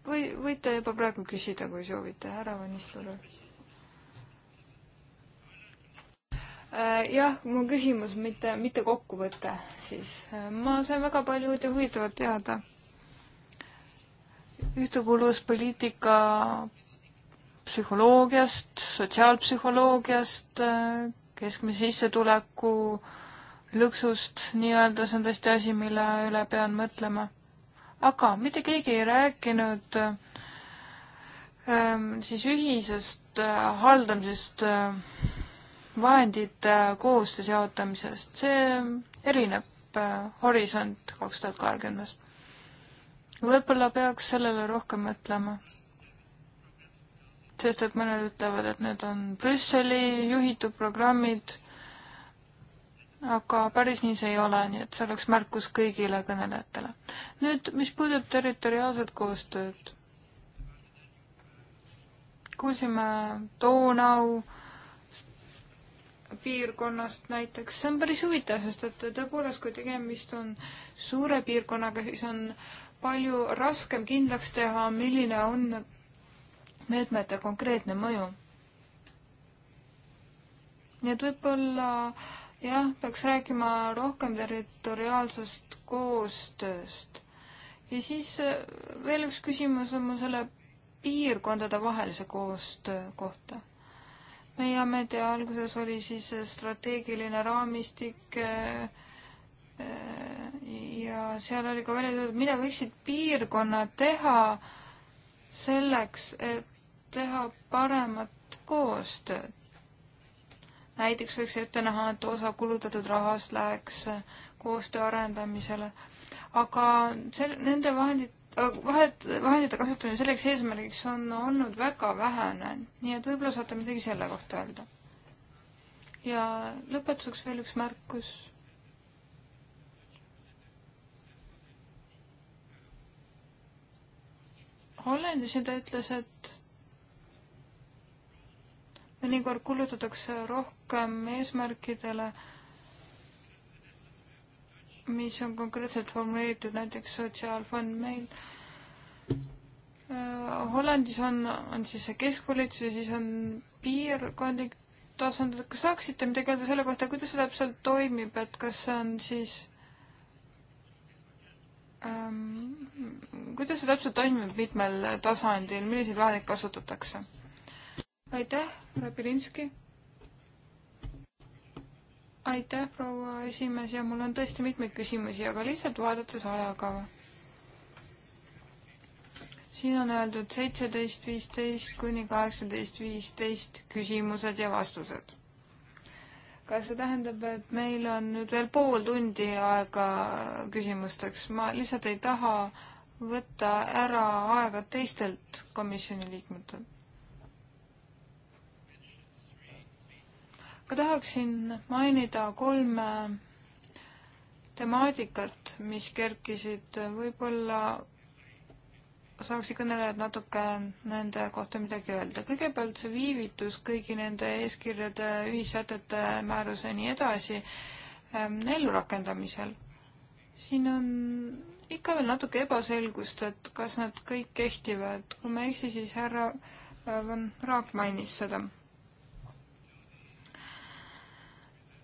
või võite juba praegu küsida, kui soovite, härra Van Nistelrooy Äh, jah, mu küsimus, mitte, mitte kokkuvõte siis. Äh, ma sain väga palju uut ja huvitavat teada. ühtekuuluvuspoliitika psühholoogiast, sotsiaalpsühholoogiast, äh, keskmise sissetuleku lõksust nii-öelda, see on tõesti asi, mille üle pean mõtlema. aga mitte keegi ei rääkinud ähm, siis ühisest äh, haldamisest äh, vahendite äh, koostöös jaotamisest, see erineb äh, Horisont kaks tuhat kahekümnest. võib-olla peaks sellele rohkem mõtlema. sest et mõned ütlevad, et need on Brüsseli juhitud programmid, aga päris nii see ei ole, nii et see oleks märkus kõigile kõnelejatele. nüüd, mis puudutab territoriaalset koostööd. kuulsime Donau piirkonnast näiteks, see on päris huvitav, sest et tõepoolest, kui tegemist on suure piirkonnaga, siis on palju raskem kindlaks teha, milline on meetmete konkreetne mõju. nii et võib-olla jah, peaks rääkima rohkem territoriaalsest koostööst. ja siis äh, veel üks küsimus on mul selle piirkondade vahelise koostöö kohta meie ameti alguses oli siis strateegiline raamistik äh, äh, ja seal oli ka välja toodud, mida võiksid piirkonnad teha selleks, et teha paremat koostööd. näiteks võiks ette näha, et osa kulutatud rahast läheks koostöö arendamisele, aga sel-, nende vahendite vahet, vahendite kasutamine selleks eesmärgiks on olnud väga vähene, nii et võib-olla saate midagi selle kohta öelda. ja lõpetuseks veel üks märkus. Hollandi esindaja ütles, et mõnikord kulutatakse rohkem eesmärkidele äh, mis on konkreetselt formuleeritud, näiteks sotsiaalfond meil äh, Hollandis on, on siis see keskvalitsus ja siis on piirkondlik tasand, kas saaksite midagi öelda selle kohta, kuidas see täpselt toimib, et kas see on siis ähm, kuidas see täpselt toimib mitmel tasandil, milliseid vahendeid kasutatakse? aitäh, härra Pirinski aitäh, proua esimees ja mul on tõesti mitmeid küsimusi, aga lihtsalt vaadates ajakava. siin on öeldud seitseteist, viisteist kuni kaheksateist, viisteist küsimused ja vastused. kas see tähendab, et meil on nüüd veel pool tundi aega küsimusteks? ma lihtsalt ei taha võtta ära aega teistelt komisjoni liikmetelt. ma tahaksin mainida kolme äh, temaatikat, mis kerkisid, võib-olla saaksid kõnelejad natuke nende kohta midagi öelda. kõigepealt see viivitus kõigi nende eeskirjade, ühissätete, määruse ja nii edasi ähm, ellurakendamisel. siin on ikka veel natuke ebaselgust, et kas nad kõik kehtivad. kui ma ei eksi, siis härra äh, Van Raak mainis seda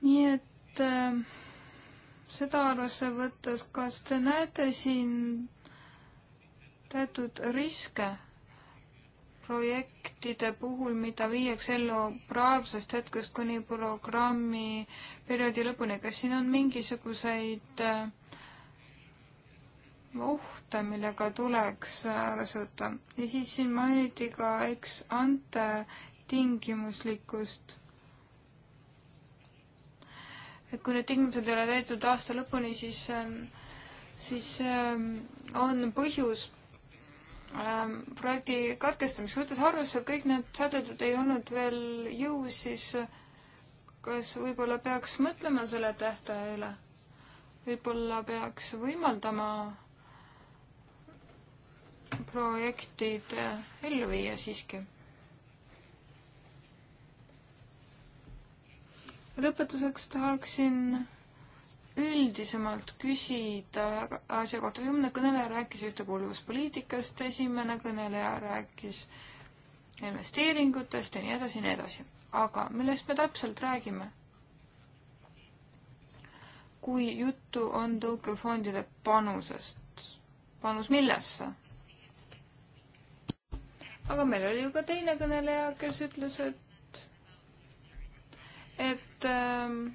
nii et äh, seda arvesse võttes, kas te näete siin teatud riske projektide puhul, mida viiakse ellu praegusest hetkest kuni programmi perioodi lõpuni, kas siin on mingisuguseid äh, ohte, millega tuleks arvesse võtta? ja siis siin mainiti ka eks ante tingimuslikkust et kui need tingimused ei ole täidetud aasta lõpuni, siis, ähm, siis ähm, on põhjus ähm, projekti katkestamiseks, võttes arvesse, et kõik need sätetud ei olnud veel jõus, siis äh, kas võib-olla peaks mõtlema selle tähtaja üle? võib-olla peaks võimaldama projektid äh, ellu viia siiski lõpetuseks tahaksin üldisemalt küsida asja kohta. viimane kõneleja rääkis ühtekuuluvuspoliitikast, esimene kõneleja rääkis investeeringutest ja nii edasi ja nii edasi. aga millest me täpselt räägime? kui juttu on tõukefondide panusest, panus millesse? aga meil oli ju ka teine kõneleja, kes ütles, et et Ähm,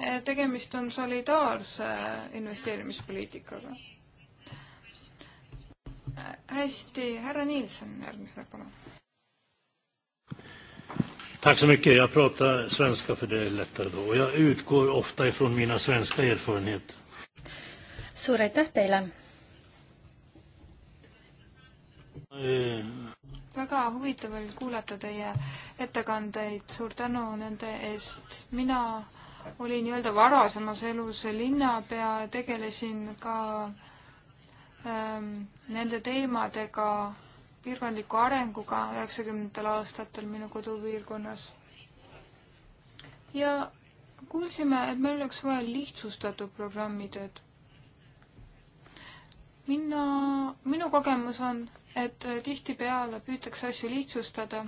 et tegemist on solidaarse investeerimispoliitikaga. hästi, härra Nielsen järgmisena, palun. Tack så mycket. Jag pratar svenska för det är lättare då. Och jag utgår ofta ifrån mina svenska erfarenheter. Suur aitäh teile! Eh, väga huvitav oli kuulata teie ettekandeid, suur tänu nende eest. mina olin nii-öelda varasemas elus linnapea, tegelesin ka ähm, nende teemadega, piirkondliku arenguga üheksakümnendatel aastatel minu kodupiirkonnas. ja kuulsime, et meil oleks vaja lihtsustatud programmitööd. mina, minu kogemus on et tihtipeale püütakse asju lihtsustada.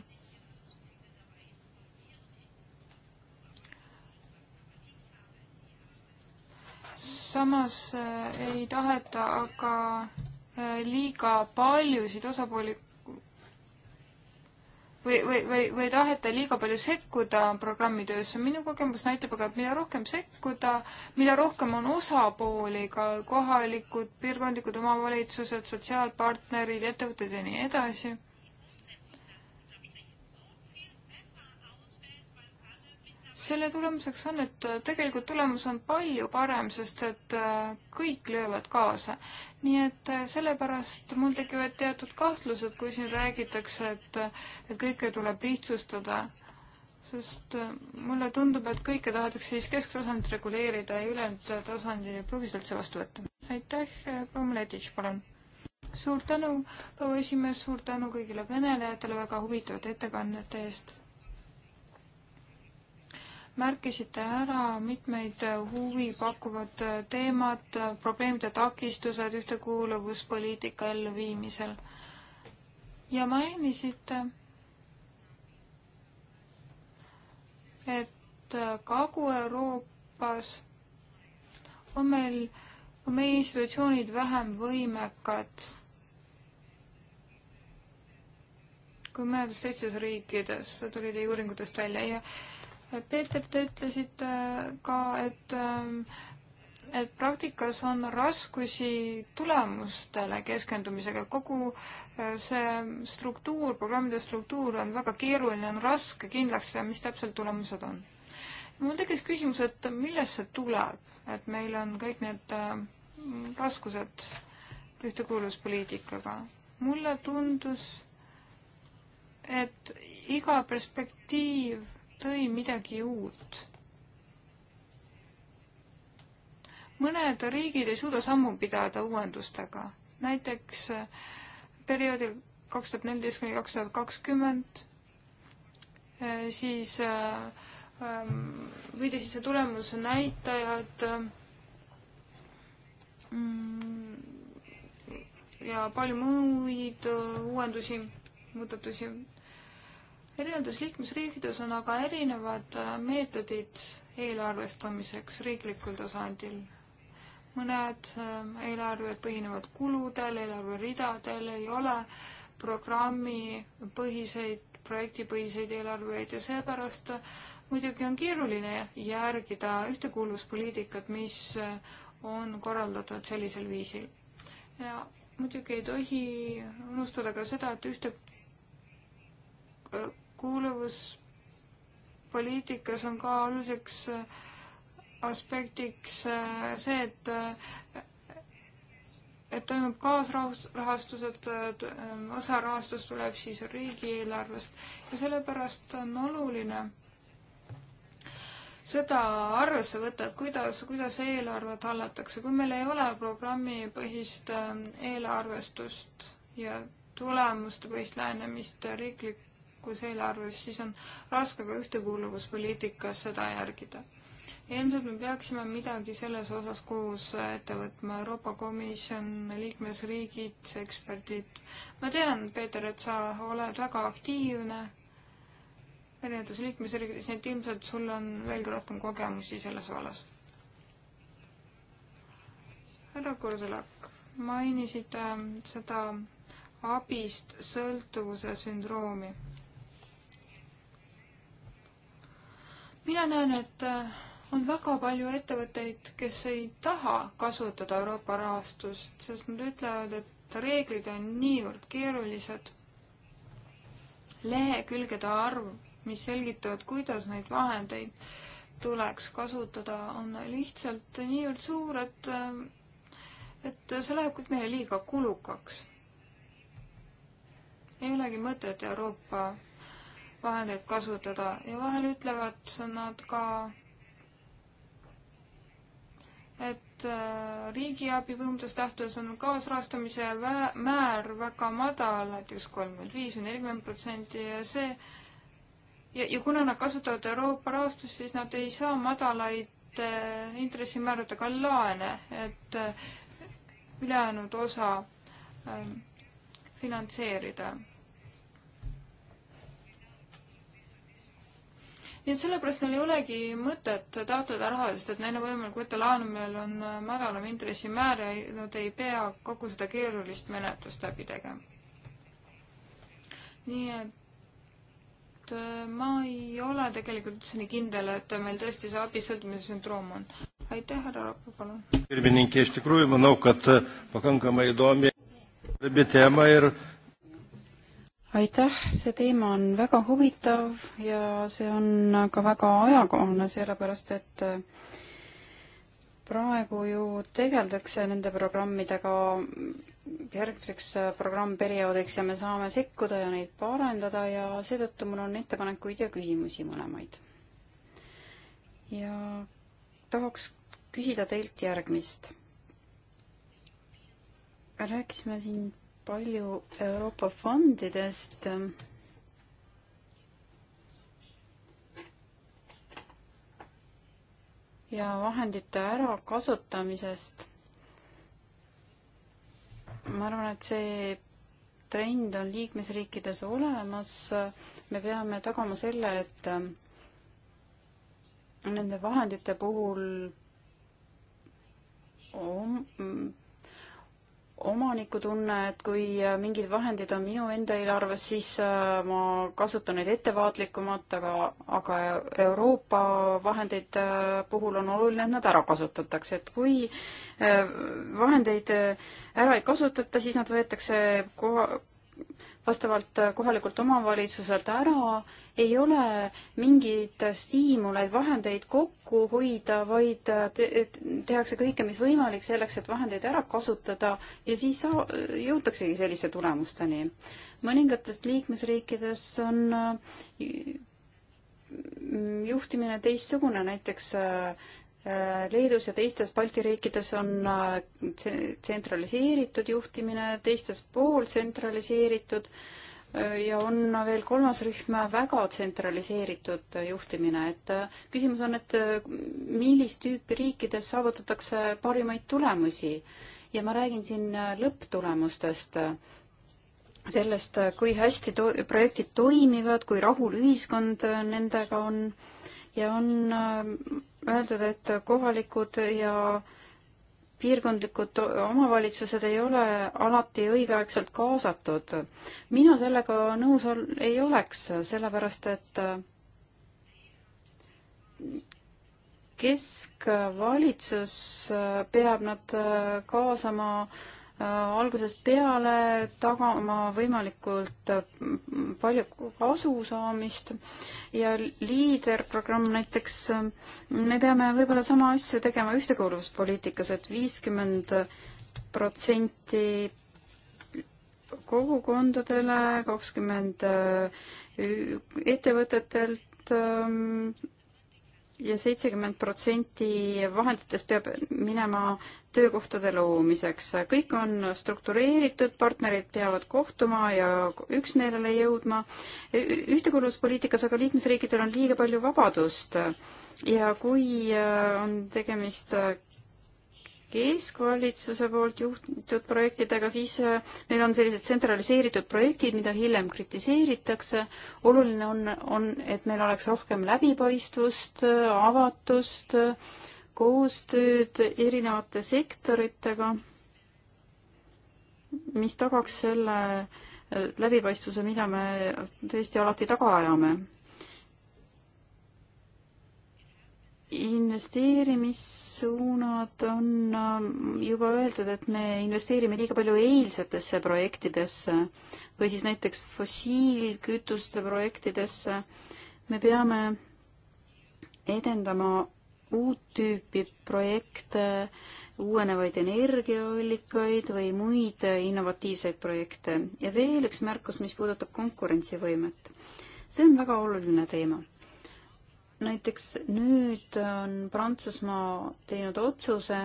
samas äh, ei taheta aga äh, liiga paljusid osapooli või, või, või, või tahete liiga palju sekkuda programmi töösse. minu kogemus näitab aga, et mida rohkem sekkuda, mida rohkem on osapooli, ka kohalikud, piirkondlikud omavalitsused, sotsiaalpartnerid, ettevõtted ja nii edasi, selle tulemuseks on, et tegelikult tulemus on palju parem, sest et äh, kõik löövad kaasa nii et äh, sellepärast mul tekivad teatud kahtlused, kui siin räägitakse, et, et kõike tuleb lihtsustada, sest äh, mulle tundub, et kõike tahetakse siis kesktasandit reguleerida ja ülejäänud tasandil ei pruugi seda üldse vastu võtta. aitäh, äh, proua Mletitš, palun! suur tänu, proua esimees, suur tänu kõigile kõnelejatele väga huvitavate ettekannete eest märkisite ära mitmeid huvi pakkuvad teemad, probleemide takistused ühtekuuluvuspoliitika elluviimisel. ja mainisite, et Kagu-Euroopas on meil, on meie institutsioonid vähem võimekad kui mõnedes teistes riikides, see tuli teie uuringutest välja ja Peeter, te ütlesite ka, et ähm, et praktikas on raskusi tulemustele keskendumisega, kogu äh, see struktuur, programmide struktuur on väga keeruline, on raske kindlaks teha, mis täpselt tulemused on. mul tekkis küsimus, et millest see tuleb, et meil on kõik need äh, raskused ühtekuuluvuspoliitikaga. mulle tundus, et iga perspektiiv tõi midagi uut. mõned riigid ei suuda sammu pidada uuendustega, näiteks äh, perioodil kaks tuhat neliteist kuni kaks tuhat kakskümmend, äh, siis äh, ähm, viidi sisse tulemusnäitajad mm, ja palju muid uuendusi, muudatusi erinevates liikmesriikides on aga erinevad äh, meetodid eelarvestamiseks riiklikul tasandil. mõned äh, eelarved põhinevad kuludel, eelarveridadel ei ole programmipõhiseid, projektipõhiseid eelarveid ja seepärast äh, muidugi on keeruline järgida ühtekuuluvuspoliitikat, mis on korraldatud sellisel viisil. ja muidugi ei tohi unustada ka seda, et ühte kuuluvuspoliitikas on ka oluliseks äh, aspektiks äh, see, et äh, et toimub kaasrahastused, osa rahastust tuleb siis riigieelarvest ja sellepärast on oluline seda arvesse võtta, et kuidas, kuidas eelarvet hallatakse, kui meil ei ole programmipõhist eelarvestust ja tulemustepõhist lähenemist riiklik, paindlikkus eelarves, siis on raske ka ühtekuuluvuspoliitikas seda järgida. ilmselt me peaksime midagi selles osas koos ette võtma, Euroopa Komisjon, liikmesriigid, eksperdid. ma tean, Peeter, et sa oled väga aktiivne erinevates liikmesriikides, nii et ilmselt sul on veelgi rohkem kogemusi selles vallas. härra Kursalak, mainisite seda abist sõltuvuse sündroomi. mina näen, et äh, on väga palju ettevõtteid, kes ei taha kasutada Euroopa rahastust, sest nad ütlevad, et reeglid on niivõrd keerulised. lehekülgede arv, mis selgitavad, kuidas neid vahendeid tuleks kasutada, on lihtsalt niivõrd suur, et, äh, et see läheb kõik meile liiga kulukaks. ei olegi mõtet Euroopa vahendeid kasutada ja vahel ütlevad nad ka, et äh, riigiabi põhimõtteliselt lähtudes on kaasrahastamise määr väga madal, näiteks kolmkümmend viis või nelikümmend protsenti ja see ja, ja kuna nad kasutavad Euroopa rahastust, siis nad ei saa madalaid äh, intressimääradega laene, et äh, ülejäänud osa äh, finantseerida nii et sellepärast neil ei olegi mõtet taotleda raha, sest et neil on võimalik võtta laenu, millel on äh, madalam intressimäär ja nad ei pea kogu seda keerulist menetlust läbi tegema. nii et äh, ma ei ole tegelikult üldse nii kindel, et meil tõesti see abisõltumise sündroom on. aitäh, härra Rappa, palun aitäh, see teema on väga huvitav ja see on ka väga ajakohane, sellepärast et äh, praegu ju tegeldakse nende programmidega järgmiseks äh, programmperioodiks ja me saame sekkuda ja neid parendada ja seetõttu mul on ettepanekuid ja küsimusi mõlemaid. ja tahaks küsida teilt järgmist. rääkisime siin palju Euroopa fondidest ähm, ja vahendite ärakasutamisest. ma arvan, et see trend on liikmesriikides olemas. me peame tagama selle, et ähm, nende vahendite puhul on omanikutunne, et kui äh, mingid vahendid on minu enda eelarves, siis äh, ma kasutan neid ettevaatlikumalt, aga, aga Euroopa vahendite äh, puhul on oluline, et nad ära kasutatakse, et kui vahendeid ära ei kasutata, siis nad võetakse koha, vastavalt äh, kohalikult omavalitsuselt ära, ei ole mingeid stiimuleid, vahendeid kokku hoida, vaid äh, te tehakse kõike, mis võimalik selleks, et vahendeid ära kasutada ja siis saa-, jõutaksegi selliste tulemusteni. mõningates liikmesriikides on äh, juhtimine teistsugune, näiteks äh, Äh, Leedus ja teistes Balti riikides on äh, tsentraliseeritud juhtimine, teistes pooltsentraliseeritud äh, ja on veel kolmas rühm väga tsentraliseeritud juhtimine, et küsimus on, et millist tüüpi riikides saavutatakse parimaid tulemusi ja ma räägin siin lõpptulemustest, sellest, kui hästi to-, projektid toimivad, kui rahul ühiskond nendega on ja on öeldud, et kohalikud ja piirkondlikud omavalitsused ei ole alati õigeaegselt kaasatud. mina sellega nõus ol-, ei oleks, sellepärast et keskvalitsus peab nad kaasama äh, algusest peale tagama võimalikult äh, palju kasu saamist ja liiderprogramm näiteks, ähm, me peame võib-olla sama asju tegema ühtekuuluvuspoliitikas et, et viiskümmend protsenti kogukondadele, kakskümmend äh, ettevõtetelt ähm, ja seitsekümmend protsenti vahenditest peab minema töökohtade loomiseks. kõik on struktureeritud, partnerid peavad kohtuma ja üksmeelele jõudma. ühtekuuluvuspoliitikas aga liikmesriikidel on liiga palju vabadust ja kui äh, on tegemist keskvalitsuse poolt juhtitud projektidega, siis äh, meil on sellised tsentraliseeritud projektid, mida hiljem kritiseeritakse. oluline on, on, et meil oleks rohkem läbipaistvust, avatust, koostööd erinevate sektoritega, mis tagaks selle äh, läbipaistvuse, mida me tõesti alati taga ajame investeerimissuunad on ähm, juba öeldud, et me investeerime liiga palju eilsetesse projektidesse või siis näiteks fossiilkütuste projektidesse. me peame edendama uut tüüpi projekte, uuenevaid energiaallikaid või muid innovatiivseid projekte. ja veel üks märkus, mis puudutab konkurentsivõimet. see on väga oluline teema näiteks nüüd on Prantsusmaa teinud otsuse,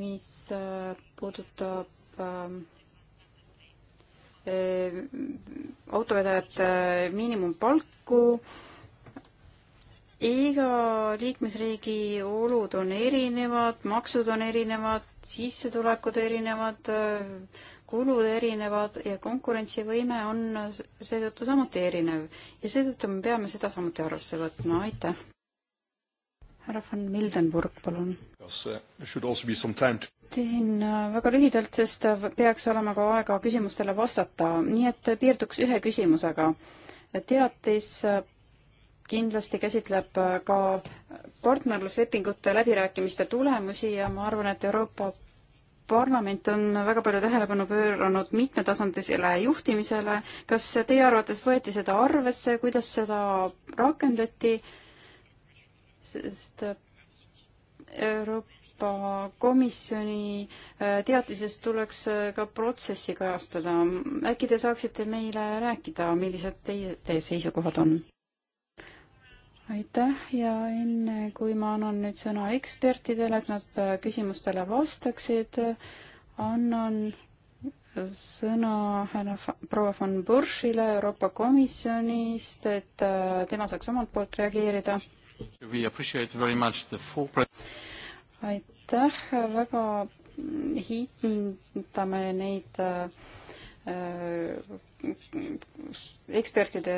mis äh, puudutab äh, äh, autovedajate miinimumpalku. iga liikmesriigi olud on erinevad, maksud on erinevad, sissetulekud erinevad, kulud erinevad ja konkurentsivõime on seetõttu samuti erinev ja seetõttu me peame seda samuti arvesse võtma, aitäh. härra von Mildenburg, palun. Uh, teen äh, väga lühidalt, sest äh, peaks olema ka aega küsimustele vastata, nii et äh, piirduks ühe küsimusega. teatis kindlasti käsitleb ka partnerluslepingute läbirääkimiste tulemusi ja ma arvan, et Euroopa parlament on väga palju tähelepanu pööranud mitmetasandisele juhtimisele. kas teie arvates võeti seda arvesse, kuidas seda rakendati? sest äh, Euroopa Komisjoni äh, teatises tuleks äh, ka protsessi kajastada. äkki te saaksite meile rääkida, millised teie, teie seisukohad on? aitäh ja enne, kui ma annan nüüd sõna ekspertidele, et nad äh, küsimustele vastaksid, äh, annan sõna härra proua von Burschile Euroopa Komisjonist, et äh, tema saaks omalt poolt reageerida. aitäh, väga hindame neid äh, Äh, ekspertide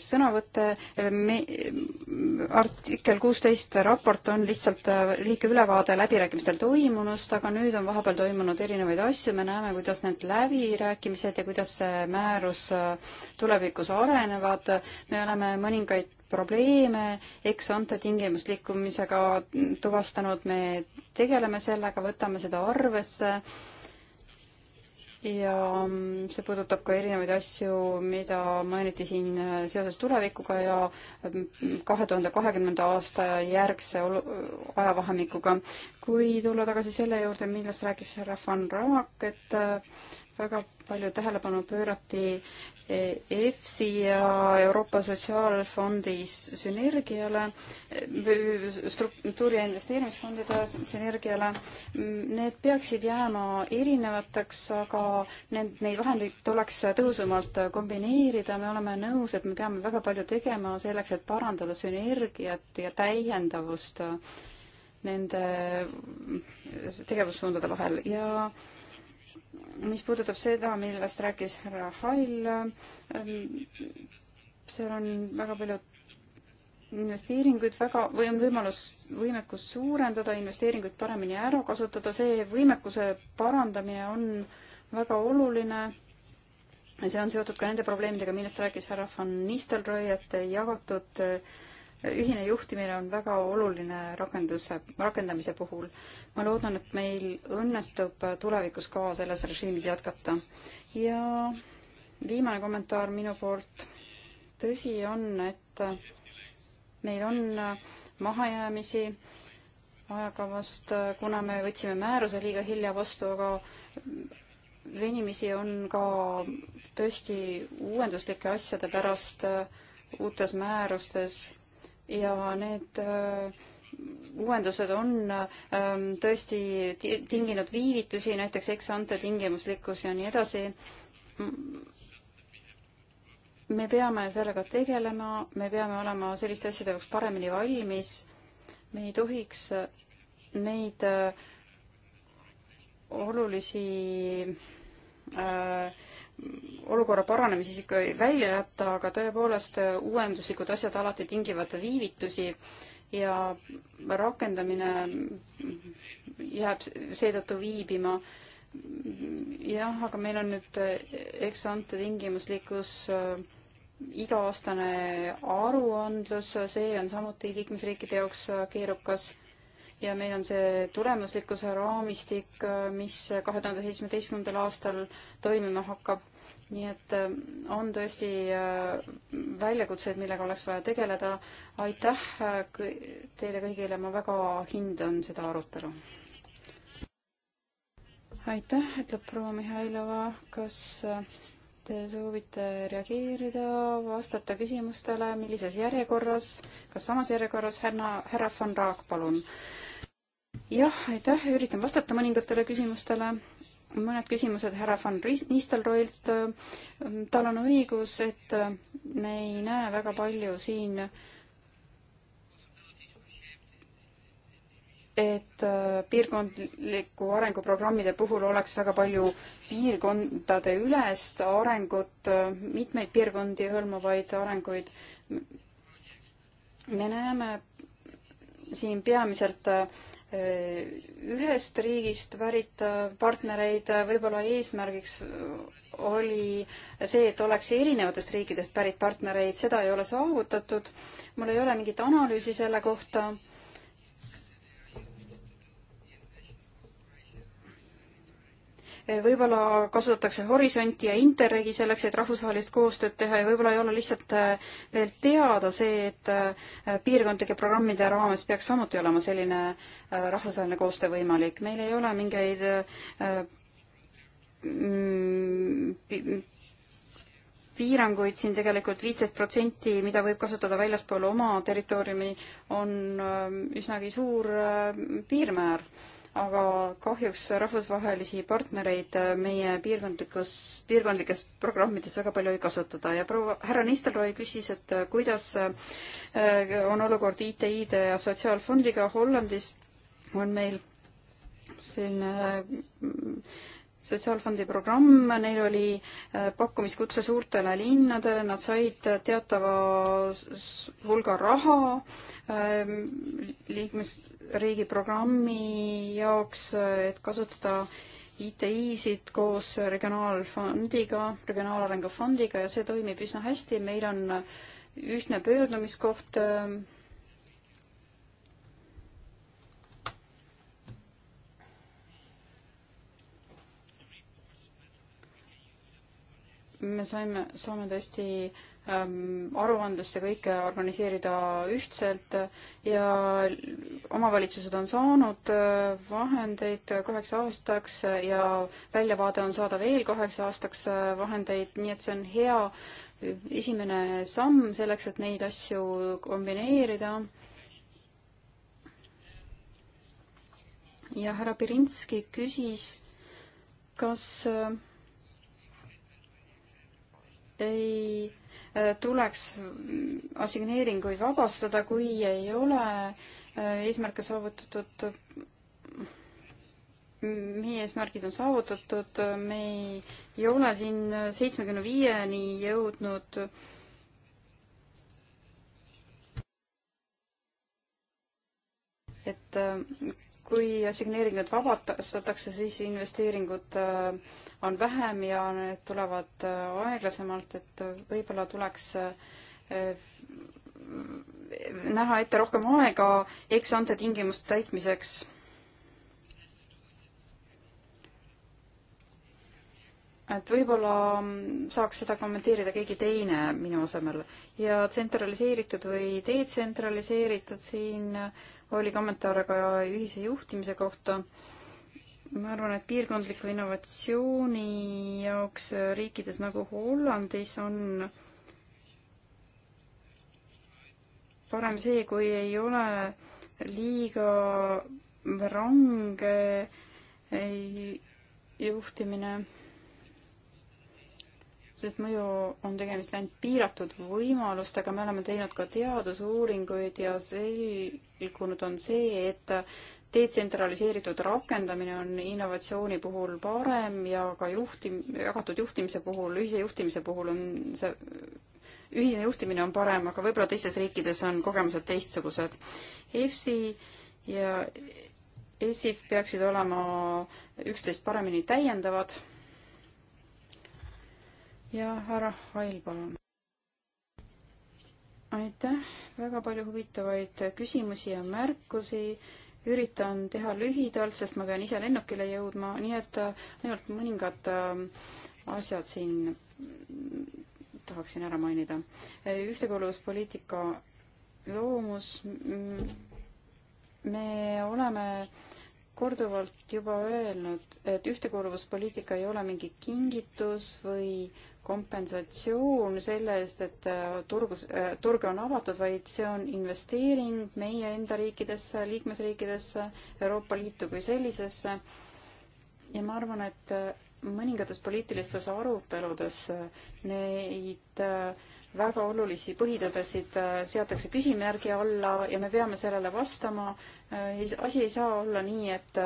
sõnavõtte, me, artikkel kuusteist raport on lihtsalt äh, lühike ülevaade läbirääkimistel toimunust, aga nüüd on vahepeal toimunud erinevaid asju, me näeme, kuidas need läbirääkimised ja kuidas see määrus äh, tulevikus arenevad, me oleme mõningaid probleeme eksante tingimuslikkumisega tuvastanud, me tegeleme sellega, võtame seda arvesse ja mm, see puudutab ka erinevaid asju, mida mainiti siin äh, seoses tulevikuga ja mm, kahe tuhande kahekümnenda aasta järgse olu-, ajavahemikuga. kui tulla tagasi selle juurde, millest rääkis härra Van Raak, et äh, väga palju tähelepanu pöörati EFSI ja Euroopa Sotsiaalfondi sünergiale, struktuuri ja investeerimisfondide sünergiale, need peaksid jääma erinevateks, aga need, neid vahendeid tuleks tõhusamalt kombineerida, me oleme nõus, et me peame väga palju tegema selleks, et parandada sünergiat ja täiendavust nende tegevussuundade vahel ja äh, mis puudutab seda, millest rääkis härra Hall, äh, seal on väga palju investeeringuid väga, või on võimalus võimekust suurendada, investeeringuid paremini ära kasutada, see võimekuse parandamine on väga oluline. see on seotud ka nende probleemidega, millest rääkis härra Van Nistelrooy, et jagatud äh, ühine juhtimine on väga oluline rakenduse, rakendamise puhul. ma loodan, et meil õnnestub tulevikus ka selles režiimis jätkata. ja viimane kommentaar minu poolt. tõsi on, et meil on mahajäämisi ajakavast, kuna me võtsime määruse liiga hilja vastu, aga venimisi on ka tõesti uuenduslike asjade pärast uutes määrustes ja need äh, uuendused on ähm, tõesti tinginud viivitusi, näiteks eksante tingimuslikkus ja nii edasi. me peame sellega tegelema, me peame olema selliste asjade jaoks paremini valmis. me ei tohiks neid äh, olulisi äh, olukorra paranemiseks ikka välja jätta, aga tõepoolest uuenduslikud asjad alati tingivad viivitusi ja rakendamine jääb seetõttu viibima. jah, aga meil on nüüd eks ante tingimuslikkus äh, iga-aastane aruandlus, see on samuti liikmesriikide jaoks äh, keerukas ja meil on see tulemuslikkuse raamistik, mis kahe tuhande seitsmeteistkümnendal aastal toimima hakkab. nii et äh, on tõesti äh, väljakutseid, millega oleks vaja tegeleda. aitäh äh, teile kõigile, ma väga hindan seda arutelu. aitäh, ütleb proua Mihhailova, kas Te soovite reageerida, vastata küsimustele, millises järjekorras, kas samas järjekorras härra, härra Van Raag, palun? jah, aitäh, üritan vastata mõningatele küsimustele. mõned küsimused härra von Nistelrooilt. tal on õigus, et me ei näe väga palju siin et piirkondliku arenguprogrammide puhul oleks väga palju piirkondade ülest arengut, mitmeid piirkondi hõlmavaid arenguid. me näeme siin peamiselt ühest riigist pärit partnereid, võib-olla eesmärgiks oli see, et oleks erinevatest riikidest pärit partnereid, seda ei ole saavutatud. mul ei ole mingit analüüsi selle kohta võib-olla kasutatakse Horisonti ja Interregi selleks, et rahvusvahelist koostööd teha ja võib-olla ei ole lihtsalt äh, veel teada see, et äh, piirkondlike programmide raames peaks samuti olema selline äh, rahvusvaheline koostöö võimalik. meil ei ole mingeid mm, piiranguid siin tegelikult viisteist protsenti, mida võib kasutada väljaspool oma territooriumi, on üsnagi suur piirmäär aga kahjuks rahvusvahelisi partnereid äh, meie piirkondlikus, piirkondlikes programmides väga palju ei kasutata ja proua, härra Nistelrooy küsis, et äh, kuidas äh, on olukord ITI-de ja sotsiaalfondiga Hollandis, on meil selline sotsiaalfondi programm, neil oli äh, pakkumiskutse suurtele linnadele, nad said teatava hulga raha ähm, liikmesriigi programmi jaoks, äh, et kasutada ITI-sid koos regionaalfondiga, regionaalarengu fondiga ja see toimib üsna hästi, meil on ühtne pöördumiskoht ähm, me saime, saame tõesti ähm, aruandlust ja kõike organiseerida ühtselt ja omavalitsused on saanud äh, vahendeid kaheks aastaks ja väljavaade on saada veel kaheks aastaks äh, vahendeid, nii et see on hea äh, esimene samm selleks, et neid asju kombineerida. ja härra Pirinski küsis, kas äh, ei äh, tuleks assigneeringuid vabastada, kui ei ole äh, eesmärke saavutatud. meie eesmärgid on saavutatud, me ei ole siin seitsmekümne viieni jõudnud et äh, kui assigneeringud vabastatakse, siis investeeringud äh, on vähem ja need tulevad äh, aeglasemalt, et äh, võib-olla tuleks äh, näha ette rohkem aega eksante tingimuste täitmiseks. et võib-olla mm, saaks seda kommenteerida keegi teine minu asemel ja tsentraliseeritud või detsentraliseeritud, siin oli kommentaare ka ühise juhtimise kohta ma arvan, et piirkondliku innovatsiooni jaoks riikides nagu Hollandis on parem see, kui ei ole liiga range juhtimine, sest muidu on tegemist ainult piiratud võimalustega, me oleme teinud ka teadusuuringuid ja selgunud on see, et detsentraliseeritud rakendamine on innovatsiooni puhul parem ja ka juhtim-, jagatud juhtimise puhul, ühise juhtimise puhul on see, ühine juhtimine on parem, aga võib-olla teistes riikides on kogemused teistsugused. EFSI ja ESIF peaksid olema üksteist paremini täiendavad. ja härra Hail, palun. aitäh, väga palju huvitavaid küsimusi ja märkusi üritan teha lühidalt, sest ma pean ise lennukile jõudma, nii et äh, ainult mõningad äh, asjad siin mm, tahaksin ära mainida. Äh, ühtekuuluvuspoliitika loomus, mm, me oleme korduvalt juba öelnud, et ühtekuuluvuspoliitika ei ole mingi kingitus või äh, kompensatsioon selle eest, et äh, turgus, äh, turge on avatud, vaid see on investeering meie enda riikidesse, liikmesriikidesse, Euroopa Liitu kui sellisesse. ja ma arvan, et äh, mõningates poliitilistes aruteludes neid väga olulisi põhitõdesid seatakse küsimärgi alla ja me peame sellele vastama. asi ei saa olla nii, et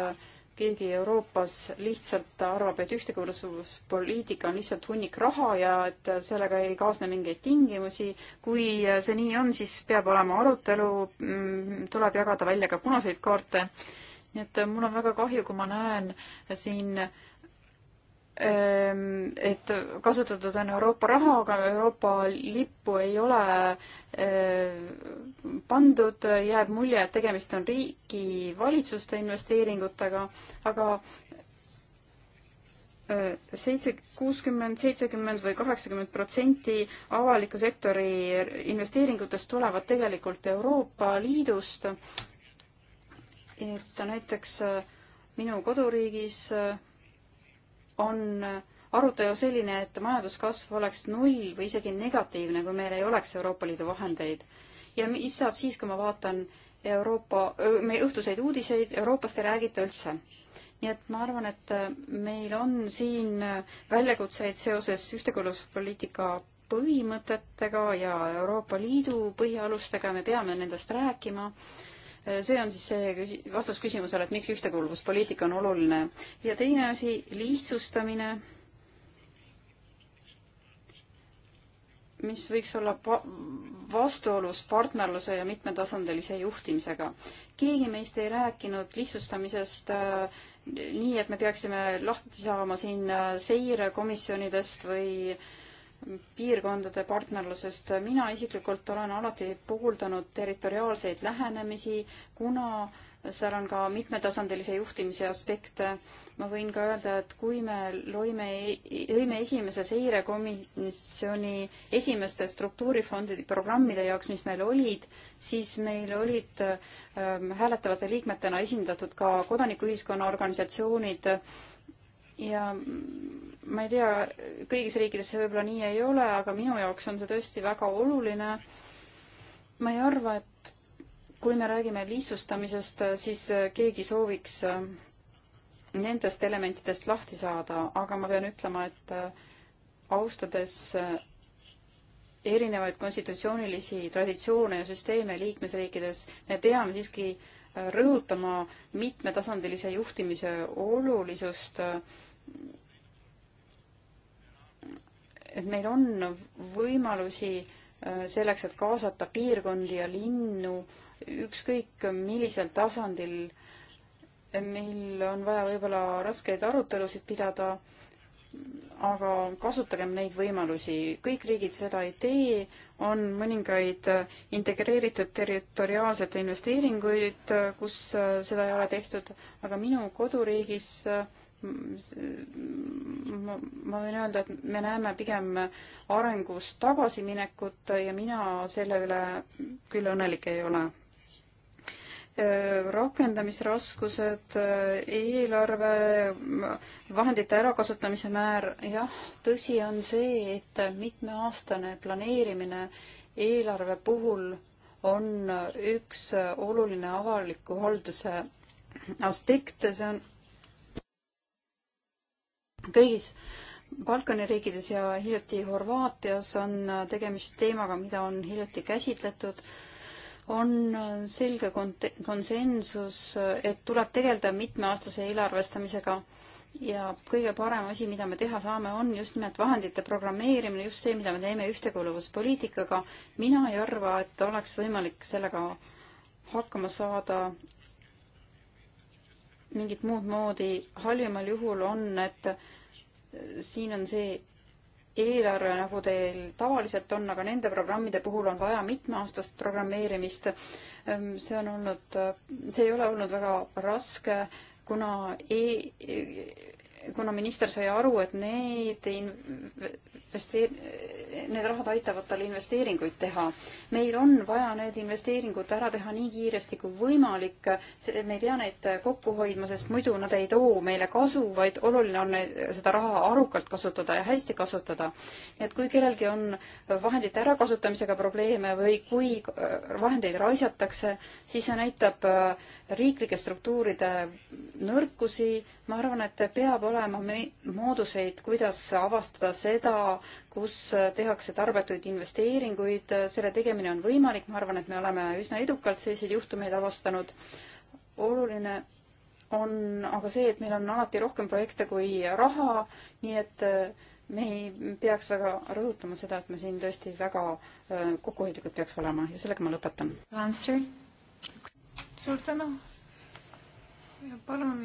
keegi Euroopas lihtsalt arvab, et ühtekuuluvuspoliitika on lihtsalt hunnik raha ja et sellega ei kaasne mingeid tingimusi. kui see nii on, siis peab olema arutelu, mm, tuleb jagada välja ka punaseid kaarte. nii et mul on väga kahju, kui ma näen siin äh, Ehm, et kasutatud on Euroopa raha, aga Euroopa lippu ei ole ehm, pandud, jääb mulje, et tegemist on riigi valitsuste investeeringutega, aga ehm, seitse, kuuskümmend, seitsekümmend või kaheksakümmend protsenti avaliku sektori investeeringutest tulevad tegelikult Euroopa Liidust. et näiteks minu koduriigis on arutelu selline, et majanduskasv oleks null või isegi negatiivne, kui meil ei oleks Euroopa Liidu vahendeid. ja mis saab siis, kui ma vaatan Euroopa, meie õhtuseid uudiseid, Euroopast ei räägita üldse. nii et ma arvan, et äh, meil on siin äh, väljakutseid seoses ühtekuuluvuspoliitika põhimõtetega ja Euroopa Liidu põhialustega, me peame nendest rääkima Äh, see on siis see vastus küsimusele, et miks ühtekuuluvuspoliitika on oluline. ja teine asi, lihtsustamine, mis võiks olla pa-, vastuolus partnerluse ja mitmetasandilise juhtimisega. keegi meist ei rääkinud lihtsustamisest äh, nii, et me peaksime lahti saama siin äh, seirekomisjonidest või äh, piirkondade partnerlusest. mina isiklikult olen alati pooldanud territoriaalseid lähenemisi, kuna seal on ka mitmetasandilise juhtimise aspekte. ma võin ka öelda, et kui me loime, e-, lõime esimese seirekomisjoni esimeste struktuurifondide programmide jaoks, mis meil olid, siis meil olid ähm, hääletavate liikmetena esindatud ka kodanikuühiskonna organisatsioonid ja ma ei tea, kõigis riikides see võib-olla nii ei ole, aga minu jaoks on see tõesti väga oluline. ma ei arva, et kui me räägime lihtsustamisest, siis keegi sooviks äh, nendest elementidest lahti saada, aga ma pean ütlema, et äh, austades äh, erinevaid konstitutsioonilisi traditsioone ja süsteeme liikmesriikides, me peame siiski rõhutama mitmetasandilise juhtimise olulisust et meil on võimalusi äh, selleks, et kaasata piirkondi ja linnu ükskõik millisel tasandil. meil on vaja võib-olla raskeid arutelusid pidada, aga kasutagem neid võimalusi. kõik riigid seda ei tee, on mõningaid integreeritud territoriaalseid investeeringuid, kus äh, seda ei ole tehtud, aga minu koduriigis äh, ma, ma võin öelda, et me näeme pigem arengus tagasiminekut ja mina selle üle küll õnnelik ei ole. rakendamisraskused, eelarve, vahendite ärakasutamise määr, jah, tõsi on see, et mitmeaastane planeerimine eelarve puhul on üks oluline avaliku halduse aspekte, see on kõigis Balkani riikides ja hiljuti Horvaatias on tegemist teemaga, mida on hiljuti käsitletud, on selge kont-, konsensus, et tuleb tegeleda mitmeaastase eelarvestamisega ja kõige parem asi, mida me teha saame, on just nimelt vahendite programmeerimine, just see, mida me teeme ühtekuuluvuspoliitikaga. mina ei arva, et oleks võimalik sellega hakkama saada mingit muud moodi. halvimal juhul on, et siin on see eelarve, nagu teil tavaliselt on, aga nende programmide puhul on vaja mitmeaastast programmeerimist. Ehm, see on olnud, see ei ole olnud väga raske, kuna e, kuna minister sai aru, et need investeer-, need rahad aitavad tal investeeringuid teha. meil on vaja need investeeringud ära teha nii kiiresti kui võimalik, me ei pea neid kokku hoidma, sest muidu nad ei too meile kasu, vaid oluline on neid, seda raha arukalt kasutada ja hästi kasutada. nii et kui kellelgi on vahendite ärakasutamisega probleeme või kui äh, vahendeid raisatakse, siis see näitab äh, riiklike struktuuride nõrkusi, ma arvan, et peab olema mooduseid, kuidas avastada seda, kus äh, tehakse tarbetuid investeeringuid, äh, selle tegemine on võimalik, ma arvan, et me oleme üsna edukalt selliseid juhtumeid avastanud. oluline on aga see, et meil on alati rohkem projekte kui raha, nii et äh, me ei peaks väga rõhutama seda, et me siin tõesti väga kokkuhoidlikud peaks olema ja sellega ma lõpetan. suur tänu ja palun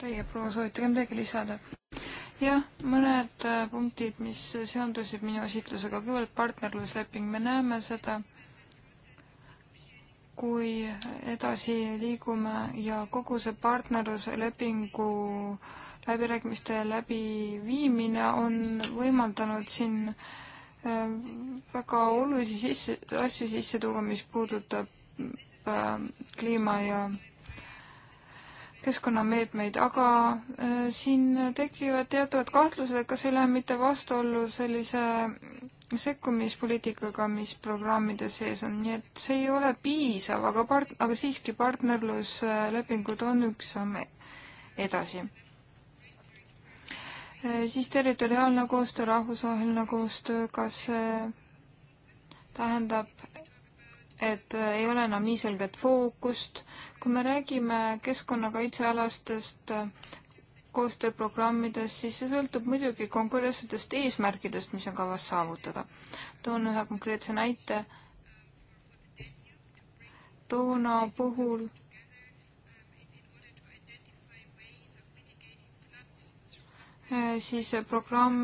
teie proua soovitage midagi lisada jah, mõned äh, punktid, mis seondusid minu esitlusega, kõigepealt partnerlusleping, me näeme seda, kui edasi liigume ja kogu see partnerluslepingu läbirääkimiste läbiviimine on võimaldanud siin äh, väga olulisi sisse, asju sisse tuua, mis puudutab äh, kliima ja keskkonnameetmeid, aga äh, siin tekivad teatavad kahtlused, et kas ei lähe mitte vastuollu sellise sekkumispoliitikaga, mis programmide sees on, nii et see ei ole piisav, aga part-, aga siiski partnerluslepingud on üks samm e-, edasi. Äh, siis territoriaalne koostöö, rahvusvaheline koostöö, kas see äh, tähendab, et ei ole enam nii selget fookust, kui me räägime keskkonnakaitsealastest äh, koostööprogrammidest, siis see sõltub muidugi konkreetsetest eesmärkidest, mis on kavas saavutada. toon ühe konkreetse näite. toona puhul äh, siis programm,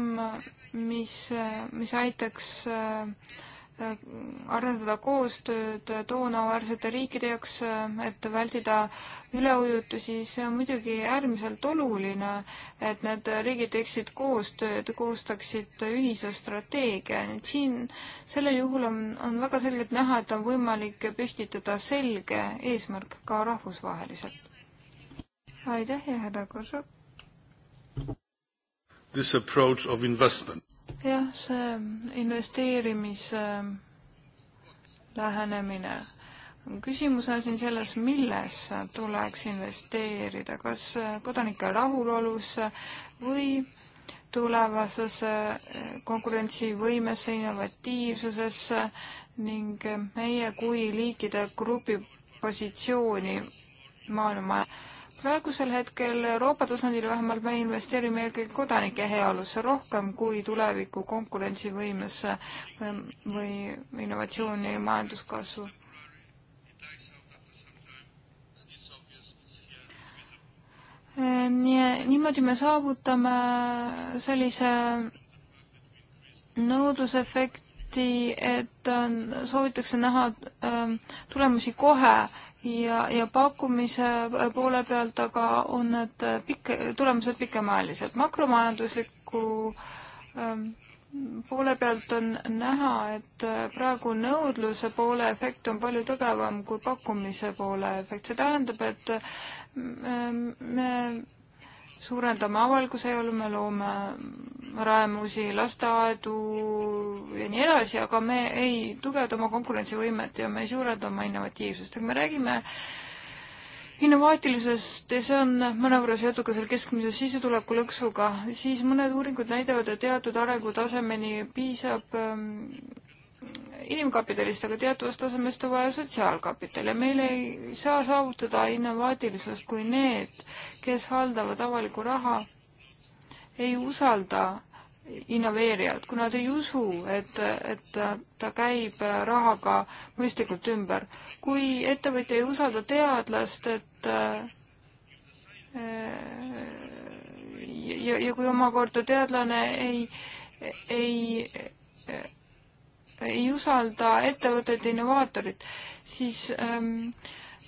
mis, äh, mis aitaks äh, Äh, arendada koostööd toonaväärsete riikide jaoks, äh, et vältida üleujutusi, see on muidugi äärmiselt oluline, et need riigid teeksid koostööd, koostaksid ühise strateegia. siin sellel juhul on, on väga selgelt näha, et on võimalik püstitada selge eesmärk ka rahvusvaheliselt. aitäh ja härra Kožak! This approach of investment jah, see investeerimise ähm, lähenemine. küsimus on siin selles, millesse tuleks investeerida, kas äh, kodanike rahulolusse või tulevasesse äh, konkurentsivõimesse, innovatiivsusesse ning meie kui liikide grupi positsiooni maailma praegusel hetkel Euroopa tasandil vähemalt me investeerime eelkõige kodanike heaolusse rohkem kui tuleviku konkurentsivõimesse ähm, või innovatsiooni ja majanduskasvu. Äh, nii, niimoodi me saavutame sellise nõudlusefekti, et äh, soovitakse näha ähm, tulemusi kohe ja, ja pakkumise poole pealt aga on need pikk, tulemused pikemaajalised. makromajandusliku ähm, poole pealt on näha, et äh, praegu nõudluse poole efekt on palju tugevam kui pakkumise poole efekt. see tähendab, et mm, äh, me suurendame avalgusejõulu, me loome raemusi, lasteaedu ja nii edasi, aga me ei tugevda oma konkurentsivõimet ja me ei suurenda oma innovatiivsust, aga me räägime innovaatilisusest ja see on mõnevõrra seotud ka selle keskmise sissetuleku lõksuga, siis mõned uuringud näitavad, et teatud arengutasemeni piisab ähm, inimkapitalist, aga teatavast tasemest on vaja sotsiaalkapital ja meil ei saa saavutada innovaatilisust, kui need, kes haldavad avalikku raha, ei usalda innoveerijat, kui nad ei usu, et, et ta käib rahaga mõistlikult ümber. kui ettevõtja ei usalda teadlast, et ja, ja kui omakorda teadlane ei, ei ei usalda ettevõtteid ja innovaatorit, siis ähm,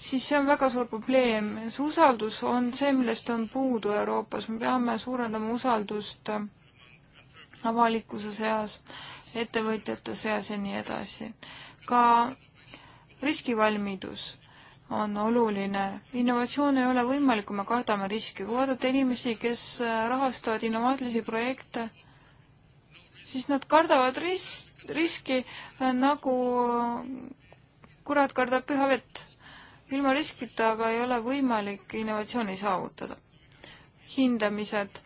siis see on väga suur probleem. see usaldus on see, millest on puudu Euroopas. me peame suurendama usaldust ähm, avalikkuse seas, ettevõtjate seas ja nii edasi. ka riskivalmidus on oluline. innovatsioon ei ole võimalik, kui me kardame riski. kui vaadata inimesi, kes äh, rahastavad innovaatilisi projekte, siis nad kardavad risk, riski, eh, nagu kurat kardab püha vett. ilma riskita aga ei ole võimalik innovatsiooni saavutada. hindamised.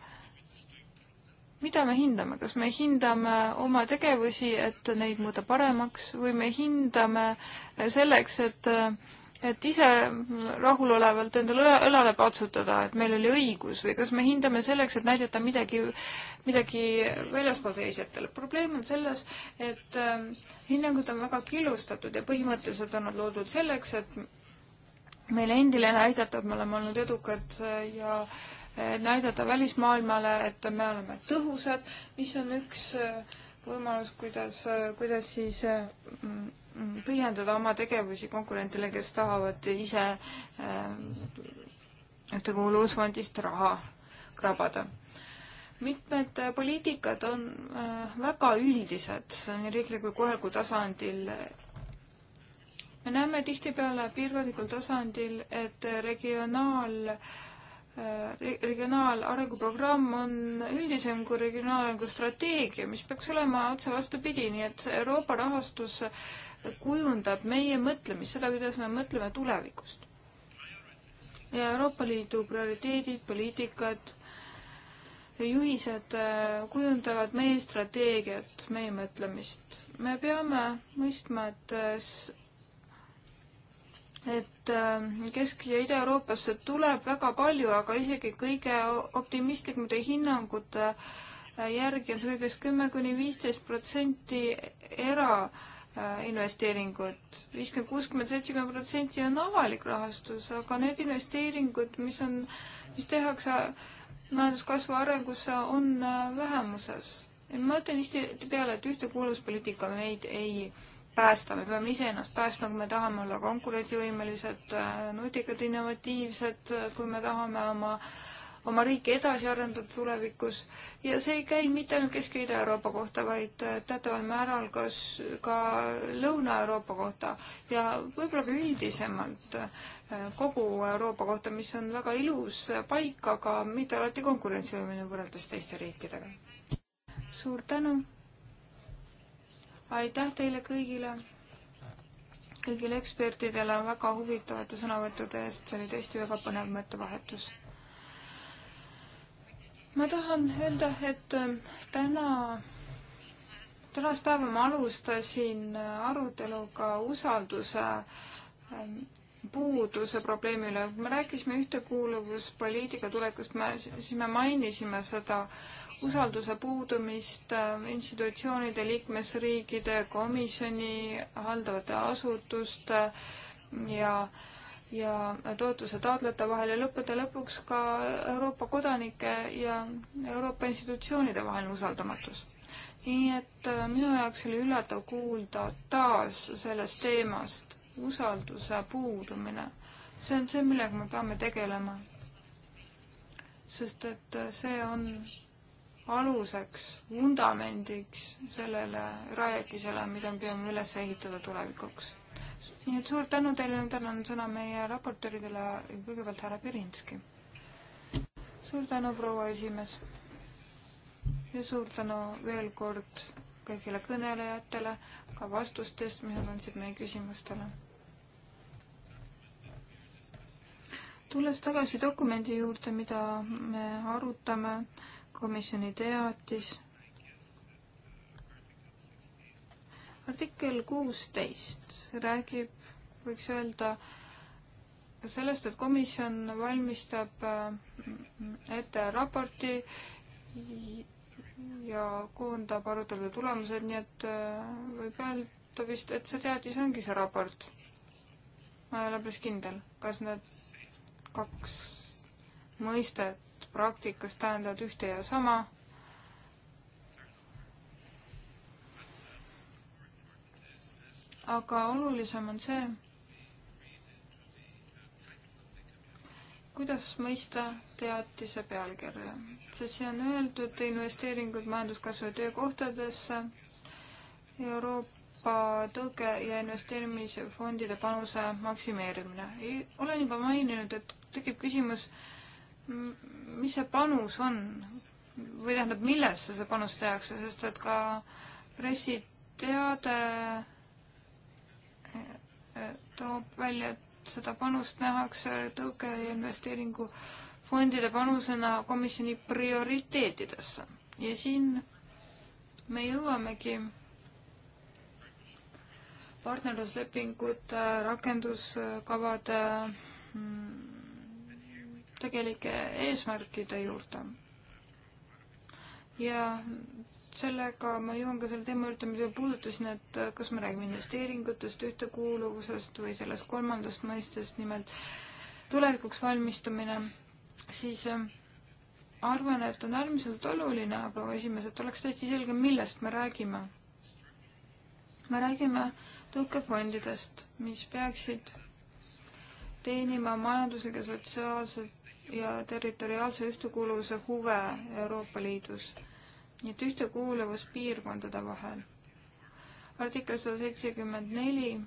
mida me hindame, kas me hindame oma tegevusi, et neid muuta paremaks või me hindame selleks, et eh, et ise rahulolevalt endale õlale patsutada, et meil oli õigus või kas me hindame selleks, et näidata midagi, midagi väljaspool seisjatele. probleem on selles, et äh, hinnangud on väga killustatud ja põhimõtteliselt on nad loodud selleks, et meile endile näidata, et me oleme olnud edukad äh, ja äh, näidata välismaailmale, et me oleme tõhusad, mis on üks äh, võimalus, kuidas, kuidas siis mm, põhjendada oma tegevusi konkurentidele, kes tahavad ise äh, ühtekuuluvusfondist raha krabada. mitmed poliitikad on äh, väga üldised nii riiklikul, kohalikul tasandil. me näeme tihtipeale piirkondlikul tasandil, et regionaal äh, regionaalarenguprogramm on üldisem kui regionaalarengu strateegia, mis peaks olema otse vastupidi, nii et see Euroopa rahastus äh, kujundab meie mõtlemist, seda, kuidas me mõtleme tulevikust. ja Euroopa Liidu prioriteedid, poliitikad, juhised äh, kujundavad meie strateegiat, meie mõtlemist. me peame mõistma, et äh, et äh, Kesk- ja Ida-Euroopasse tuleb väga palju, aga isegi kõige optimistlikumate hinnangute järgi on see kõigest kümme kuni viisteist protsenti era- Äh, investeeringud, viiskümmend, kuuskümmend, seitsekümmend protsenti on avalik rahastus, aga need investeeringud, mis on, mis tehakse majanduskasvu arengusse, on äh, vähemuses. ma ütlen tihtipeale, et ühtekuuluvuspoliitika meid ei päästa, me peame iseennast päästma, kui me tahame olla konkurentsivõimelised, äh, nutikad, innovatiivsed, kui me tahame oma äh, oma riiki edasi arendada tulevikus ja see ei käi mitte ainult Kesk- ja Ida-Euroopa kohta, vaid äh, teataval määral kas ka Lõuna-Euroopa kohta ja võib-olla ka üldisemalt äh, kogu Euroopa kohta, mis on väga ilus paik, aga mitte alati konkurentsivõimeline võrreldes teiste riikidega. suur tänu! aitäh teile kõigile! kõigile ekspertidele väga huvitavate sõnavõttude eest, see oli tõesti väga põnev mõttevahetus ma tahan öelda, et ähm, täna, tänast päeva ma alustasin äh, aruteluga usalduse ähm, puuduse probleemile. kui me rääkisime ühtekuuluvuspoliitika tulekust, me, siis me mainisime seda usalduse puudumist äh, institutsioonide, liikmesriikide, komisjoni, haldavate asutuste ja äh, ja toetuse taotlejate vahel ja lõppude lõpuks ka Euroopa kodanike ja Euroopa institutsioonide vaheline usaldamatus. nii et äh, minu jaoks oli üllatav kuulda taas sellest teemast usalduse puudumine. see on see, millega me peame tegelema. sest et äh, see on aluseks, vundamendiks sellele rajatisele, mida me peame üles ehitada tulevikuks nii et suur tänu teile, tänan sõna meie raportööridele, kõigepealt härra Pirinski. suur tänu, proua esimees. ja suur tänu veel kord kõigile kõnelejatele, ka vastustest, mis nad andsid meie küsimustele. tulles tagasi dokumendi juurde, mida me arutame, komisjoni teatis artikkel kuusteist räägib, võiks öelda, sellest, et komisjon valmistab äh, ette raporti ja koondab arutelude tulemused, nii et äh, võib öelda vist, et see teadis ongi see raport. ma ei ole päris kindel, kas need kaks mõistet praktikas tähendavad ühte ja sama aga olulisem on see, kuidas mõista teatise pealkirja, sest siin on öeldud investeeringud majanduskasvu ja töökohtadesse, Euroopa tõuge ja investeerimisfondide panuse maksimeerimine. olen juba maininud, et tekib küsimus, mis see panus on või tähendab, millesse see panus tehakse, sest et ka pressiteade toob välja, et seda panust nähakse tõuke ja investeeringufondide panusena komisjoni prioriteetidesse. ja siin me jõuamegi partnerluslepingute rakenduskavade mm, tegelike eesmärkide juurde. ja sellega ma jõuan ka selle teema juurde, mida puudutasin, et kas me räägime investeeringutest, ühtekuuluvusest või sellest kolmandast mõistest, nimelt tulevikuks valmistumine, siis äh, arvan, et on äärmiselt oluline, proua esimees, et oleks täiesti selge, millest me räägime. me räägime tõukefondidest, mis peaksid teenima majanduslikke, sotsiaalset ja territoriaalse ühtekuuluvuse huve Euroopa Liidus nii et ühtekuuluvus piirkondade vahel. artikkel sada seitsekümmend neli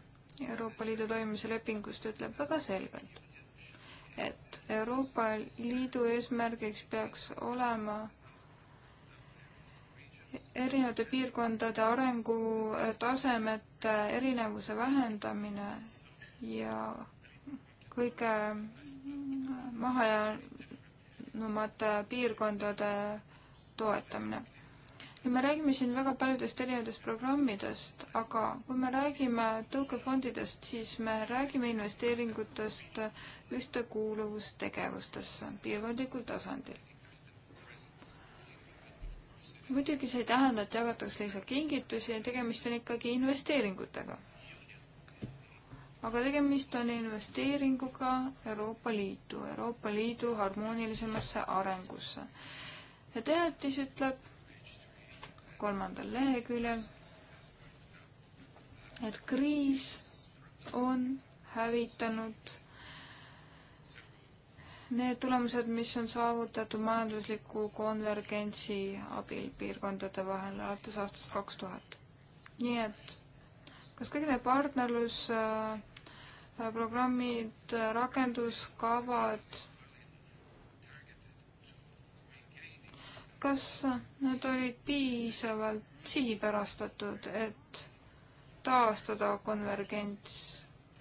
Euroopa Liidu toimimise lepingust ütleb väga selgelt, et Euroopa Liidu eesmärgiks peaks olema erinevate piirkondade arengutasemete erinevuse vähendamine ja kõige mahajäänumate piirkondade toetamine ja me räägime siin väga paljudest erinevatest programmidest, aga kui me räägime tõukefondidest, siis me räägime investeeringutest ühtekuuluvustegevustesse piirkondlikul tasandil. muidugi see ei tähenda, et jagatakse lihtsalt kingitusi ja tegemist on ikkagi investeeringutega. aga tegemist on investeeringuga Euroopa Liitu, Euroopa Liidu harmoonilisemasse arengusse. ja teatis ütleb, kolmandal leheküljel, et kriis on hävitanud need tulemused, mis on saavutatud majandusliku konvergentsi abil piirkondade vahel alates aastast kaks tuhat. nii et kas kõik need partnerlusprogrammid äh,, rakenduskavad kas need olid piisavalt sihipärastatud, et taastada konvergents?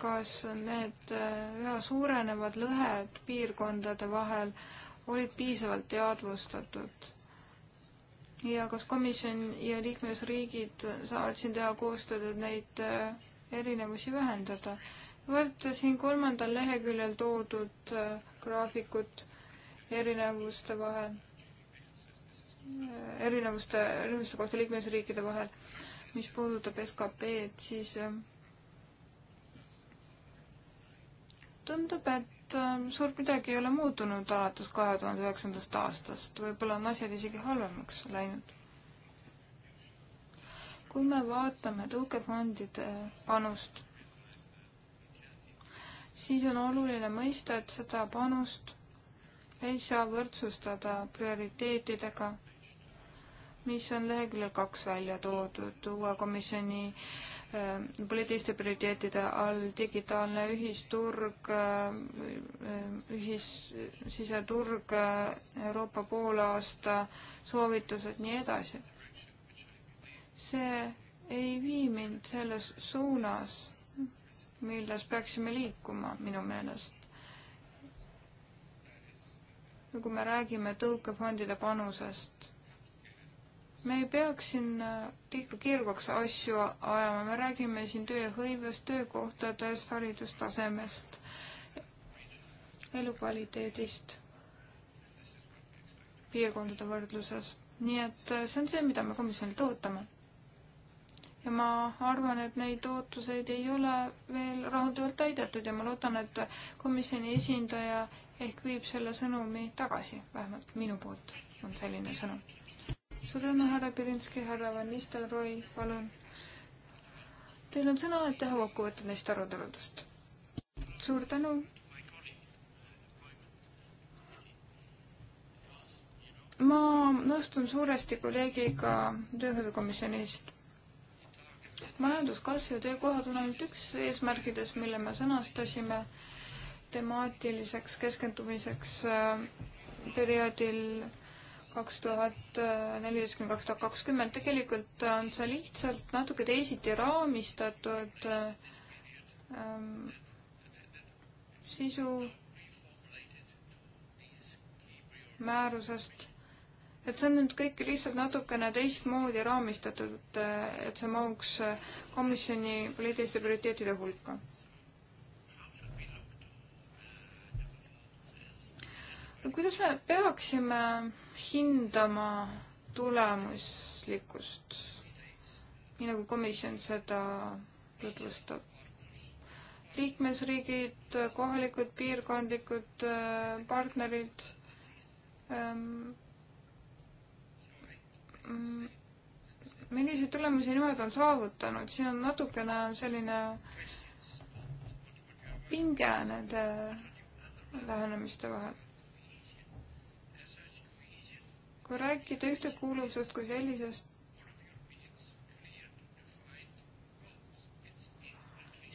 kas need äh, üha suurenevad lõhed piirkondade vahel olid piisavalt teadvustatud? ja kas komisjon ja liikmesriigid saavad siin teha koostööd, et neid äh, erinevusi vähendada? vaata siin kolmandal leheküljel toodud äh, graafikut erinevuste vahel erinevuste, erinevuste kohta liikmesriikide vahel. mis puudutab SKP-d, siis ähm, tundub, et ähm, suurt midagi ei ole muutunud alates kahe tuhande üheksandast aastast, võib-olla on asjad isegi halvemaks läinud. kui me vaatame tõukefondide panust, siis on oluline mõista, et seda panust ei saa võrdsustada prioriteetidega mis on leheküljel kaks välja toodud uue komisjoni äh, poliitiliste prioriteetide all digitaalne ühisturg äh,, ühis, siseturg, äh, Euroopa poolaasta soovitused, nii edasi. see ei vii mind selles suunas, milles peaksime liikuma minu meelest ja kui me räägime tõukefondide panusest me ei peaks siin liiga äh, keerukaks asju ajama, me räägime siin tööhõivest, töökohtadest, haridustasemest, elukvaliteedist piirkondade võrdluses. nii et äh, see on see, mida me komisjonilt ootame. ja ma arvan, et neid ootuseid ei ole veel rahuldavalt täidetud ja ma loodan, et komisjoni esindaja ehk viib selle sõnumi tagasi, vähemalt minu poolt on selline sõnum suur tänu, härra Pirinski, härra Van Nistelrooy, palun. Teil on sõna, et teha kokkuvõte neist aruteludest. suur tänu. ma nõustun suuresti kolleegiga tööhõivekomisjonist, sest majanduskasv ja töökohad on ainult üks eesmärkidest, mille me sõnastasime temaatiliseks keskendumiseks äh, perioodil kaks tuhat neliteistkümne, kaks tuhat kakskümmend, tegelikult on see lihtsalt natuke teisiti raamistatud ähm, sisu määrusest. et see on nüüd kõik lihtsalt natukene teistmoodi raamistatud, äh, et see mahuks äh, komisjoni poliitiliste prioriteetide hulka kuidas me peaksime hindama tulemuslikkust, nii nagu komisjon seda tutvustab? liikmesriigid, kohalikud piirkondlikud äh, partnerid ähm,. Mm, milliseid tulemusi nemad on saavutanud, siin on natukene selline pinge nende lähenemiste vahel kui rääkida ühtekuuluvusest kui sellisest,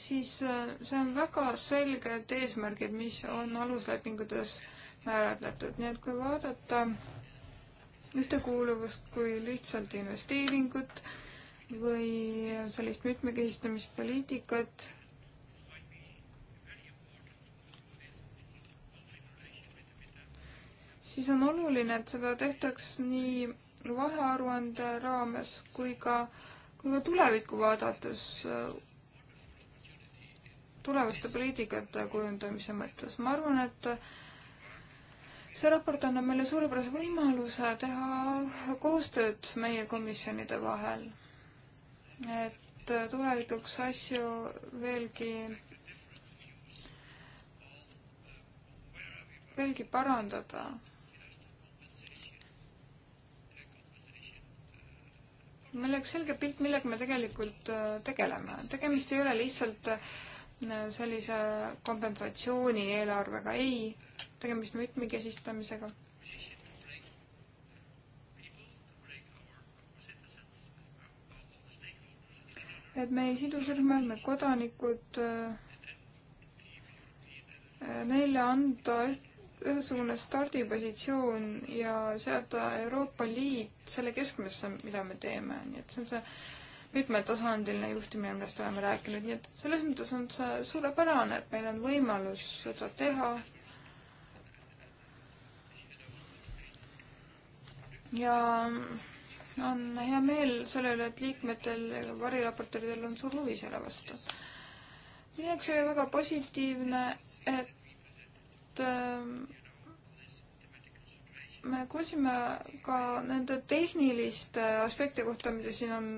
siis äh, see on väga selged eesmärgid, mis on aluslepingutes määratletud, nii et kui vaadata ühtekuuluvust kui lihtsalt investeeringut või sellist mitmekesistamispoliitikat, siis on oluline, et seda tehtaks nii vahearuande raames kui ka, kui ka tulevikku vaadates, äh, tulevaste poliitikate kujundamise mõttes. ma arvan, et äh, see raport annab meile suurepärase võimaluse teha koostööd meie komisjonide vahel. et äh, tulevikuks asju veelgi, veelgi parandada meil oleks selge pilt, millega me tegelikult äh, tegeleme. tegemist ei ole lihtsalt äh, sellise kompensatsiooni eelarvega, ei, tegemist on mitmekesistamisega. et meie sidusrühmad, meie kodanikud, äh, neile anda üht ühesugune stardipositsioon ja seada Euroopa Liit selle keskmesse, mida me teeme, nii et see on see mitmetasandiline juhtimine, millest oleme rääkinud, nii et selles mõttes on see suurepärane, et meil on võimalus seda teha. ja on hea meel selle üle, et liikmetel ja variraportööridel on suur huvi selle vastu. minu jaoks oli väga positiivne, et Ehm, me kuulsime ka nende tehniliste aspekti kohta, mida siin on,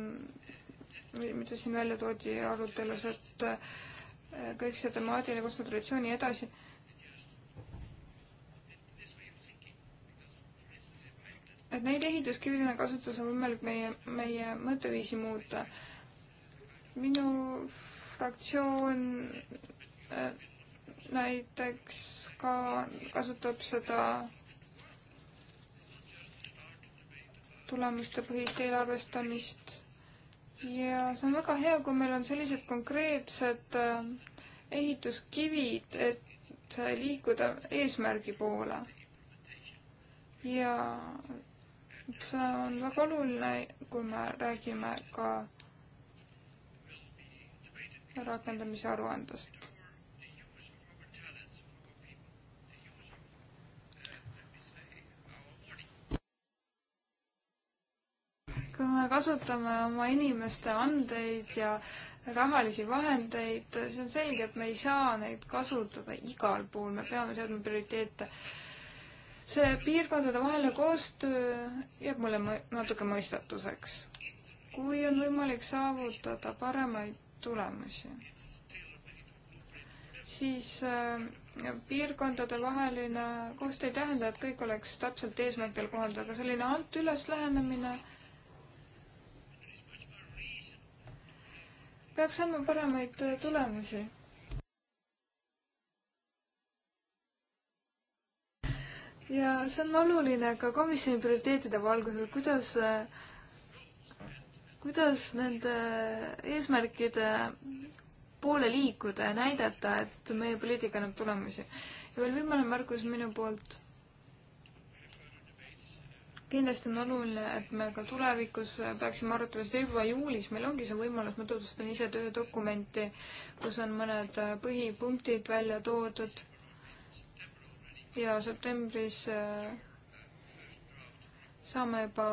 mida siin välja toodi arutelus, et eh, kõik see temaatiline kontsentratsioon ja edasi. et neid ehituskividena kasutus on võimalik meie, meie mõtteviisi muuta. minu fraktsioon eh, näiteks ka kasutab seda tulemustepõhist eelarvestamist ja see on väga hea, kui meil on sellised konkreetsed äh, ehituskivid, et liikuda eesmärgi poole. ja see on väga oluline, kui me räägime ka rakendamise aruandest kui me kasutame oma inimeste andeid ja rahalisi vahendeid, siis on selge, et me ei saa neid kasutada igal pool, me peame seadma prioriteete. see piirkondade vaheline koostöö jääb mulle natuke mõistatuseks. kui on võimalik saavutada paremaid tulemusi, siis äh, piirkondade vaheline koostöö ei tähenda, et kõik oleks täpselt eesmärkidel kohaldatud, aga selline alt üles lähenemine äh, peaks andma paremaid äh, tulemusi. ja see on oluline ka komisjoni prioriteetide valguses, kuidas, äh, kuidas nende eesmärkide poole liikuda ja näidata, et meie poliitika annab tulemusi. ja veel viimane märkus minu poolt kindlasti on oluline, et me ka tulevikus peaksime arutama seda juba juulis, meil ongi see võimalus, ma tutvustan ise töödokumenti, kus on mõned põhipunktid välja toodud ja septembris äh, saame juba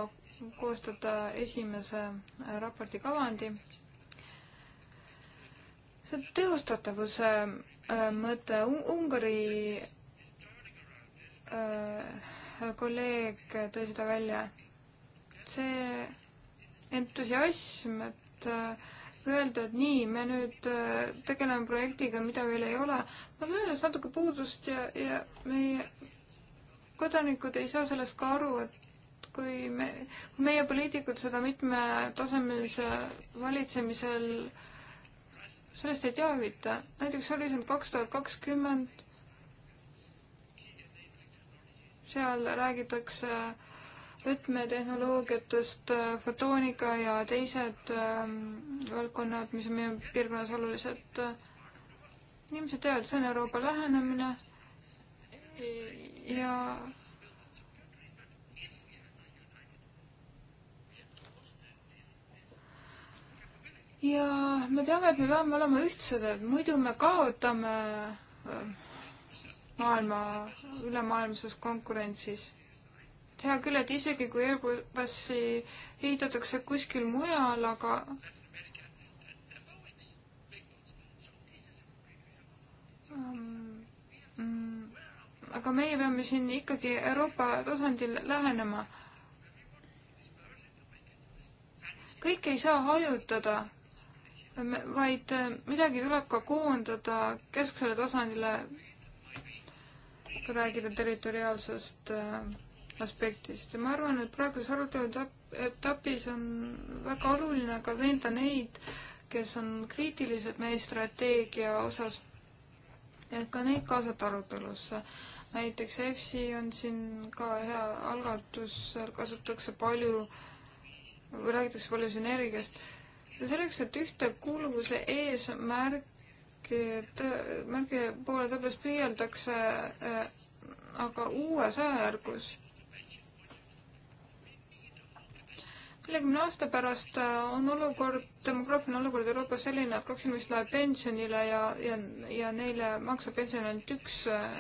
koostada esimese äh, raporti kavandi. see teostatavuse äh, mõte, Ungari äh, kolleeg tõi seda välja. see entusiasm, et äh, öelda, et nii, me nüüd äh, tegeleme projektiga, mida veel ei ole, ma tunnen sellest natuke puudust ja, ja meie kodanikud ei saa sellest ka aru, et kui me, kui meie poliitikud seda mitmetasemelise valitsemisel sellest ei teavita, näiteks Horisont kaks tuhat kakskümmend seal räägitakse võtmetehnoloogiatest, äh, fotoonika ja teised ähm, valdkonnad, mis on meie piirkonnas olulised. inimesed teavad, see on Euroopa lähenemine ja ja me teame, et me peame olema ühtsed, et muidu me kaotame ähm, maailma, ülemaailmses konkurentsis. hea küll, et isegi kui Airbusi ehitatakse kuskil mujal, aga um, aga meie peame siin ikkagi Euroopa tasandil lähenema. kõike ei saa hajutada, vaid eh, midagi tuleb ka koondada kesksele tasandile räägida territoriaalsest äh, aspektist ja ma arvan, et praeguses arutelu etapis on väga oluline ka veenda neid, kes on kriitilised meie strateegia osas, et ka neid kaasata arutelusse. näiteks EFSI on siin ka hea algatus, seal kasutatakse palju, räägitakse palju sünergiast ja selleks, et ühtekuuluvuse eesmärk märki, märgi poole tõepoolest püüeldakse, äh, aga uues ajajärgus. neljakümne aasta pärast äh, on olukord, demograafiline olukord Euroopas selline, et kaks inimest läheb pensionile ja, ja, ja neile maksab pensioni ainult üks äh,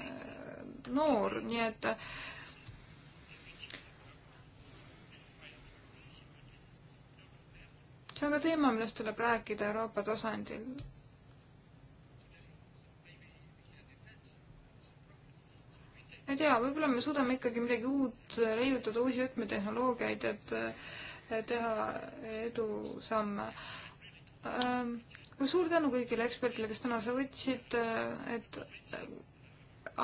noor, nii et see on ka teema, millest tuleb rääkida Euroopa tasandil ma ei tea, võib-olla me suudame ikkagi midagi uut leiutada, uusi võtmetehnoloogiaid, et teha edusamme ähm,. suur tänu kõigile ekspertidele, kes täna sa võtsid, et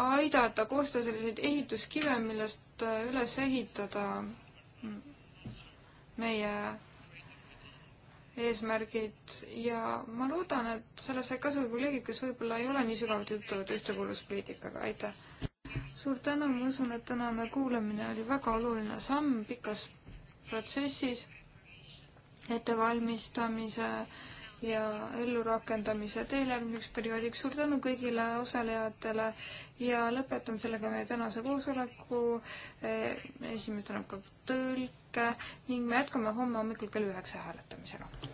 aidata koostada selliseid ehituskive, millest üles ehitada meie eesmärgid ja ma loodan, et sellest sai kasu kolleegid, kes võib-olla ei ole nii sügavalt jutuvad ühtekuuluvuspoliitikaga, aitäh! suur tänu, ma usun, et tänane kuulamine oli väga oluline samm pikas protsessis ettevalmistamise ja ellurakendamise teel järgmiseks perioodiks. suur tänu kõigile osalejatele ja lõpetan sellega meie tänase koosoleku. Eh, esimees tänab ka tõlke ning me jätkame homme hommikul kell üheksa hääletamisega.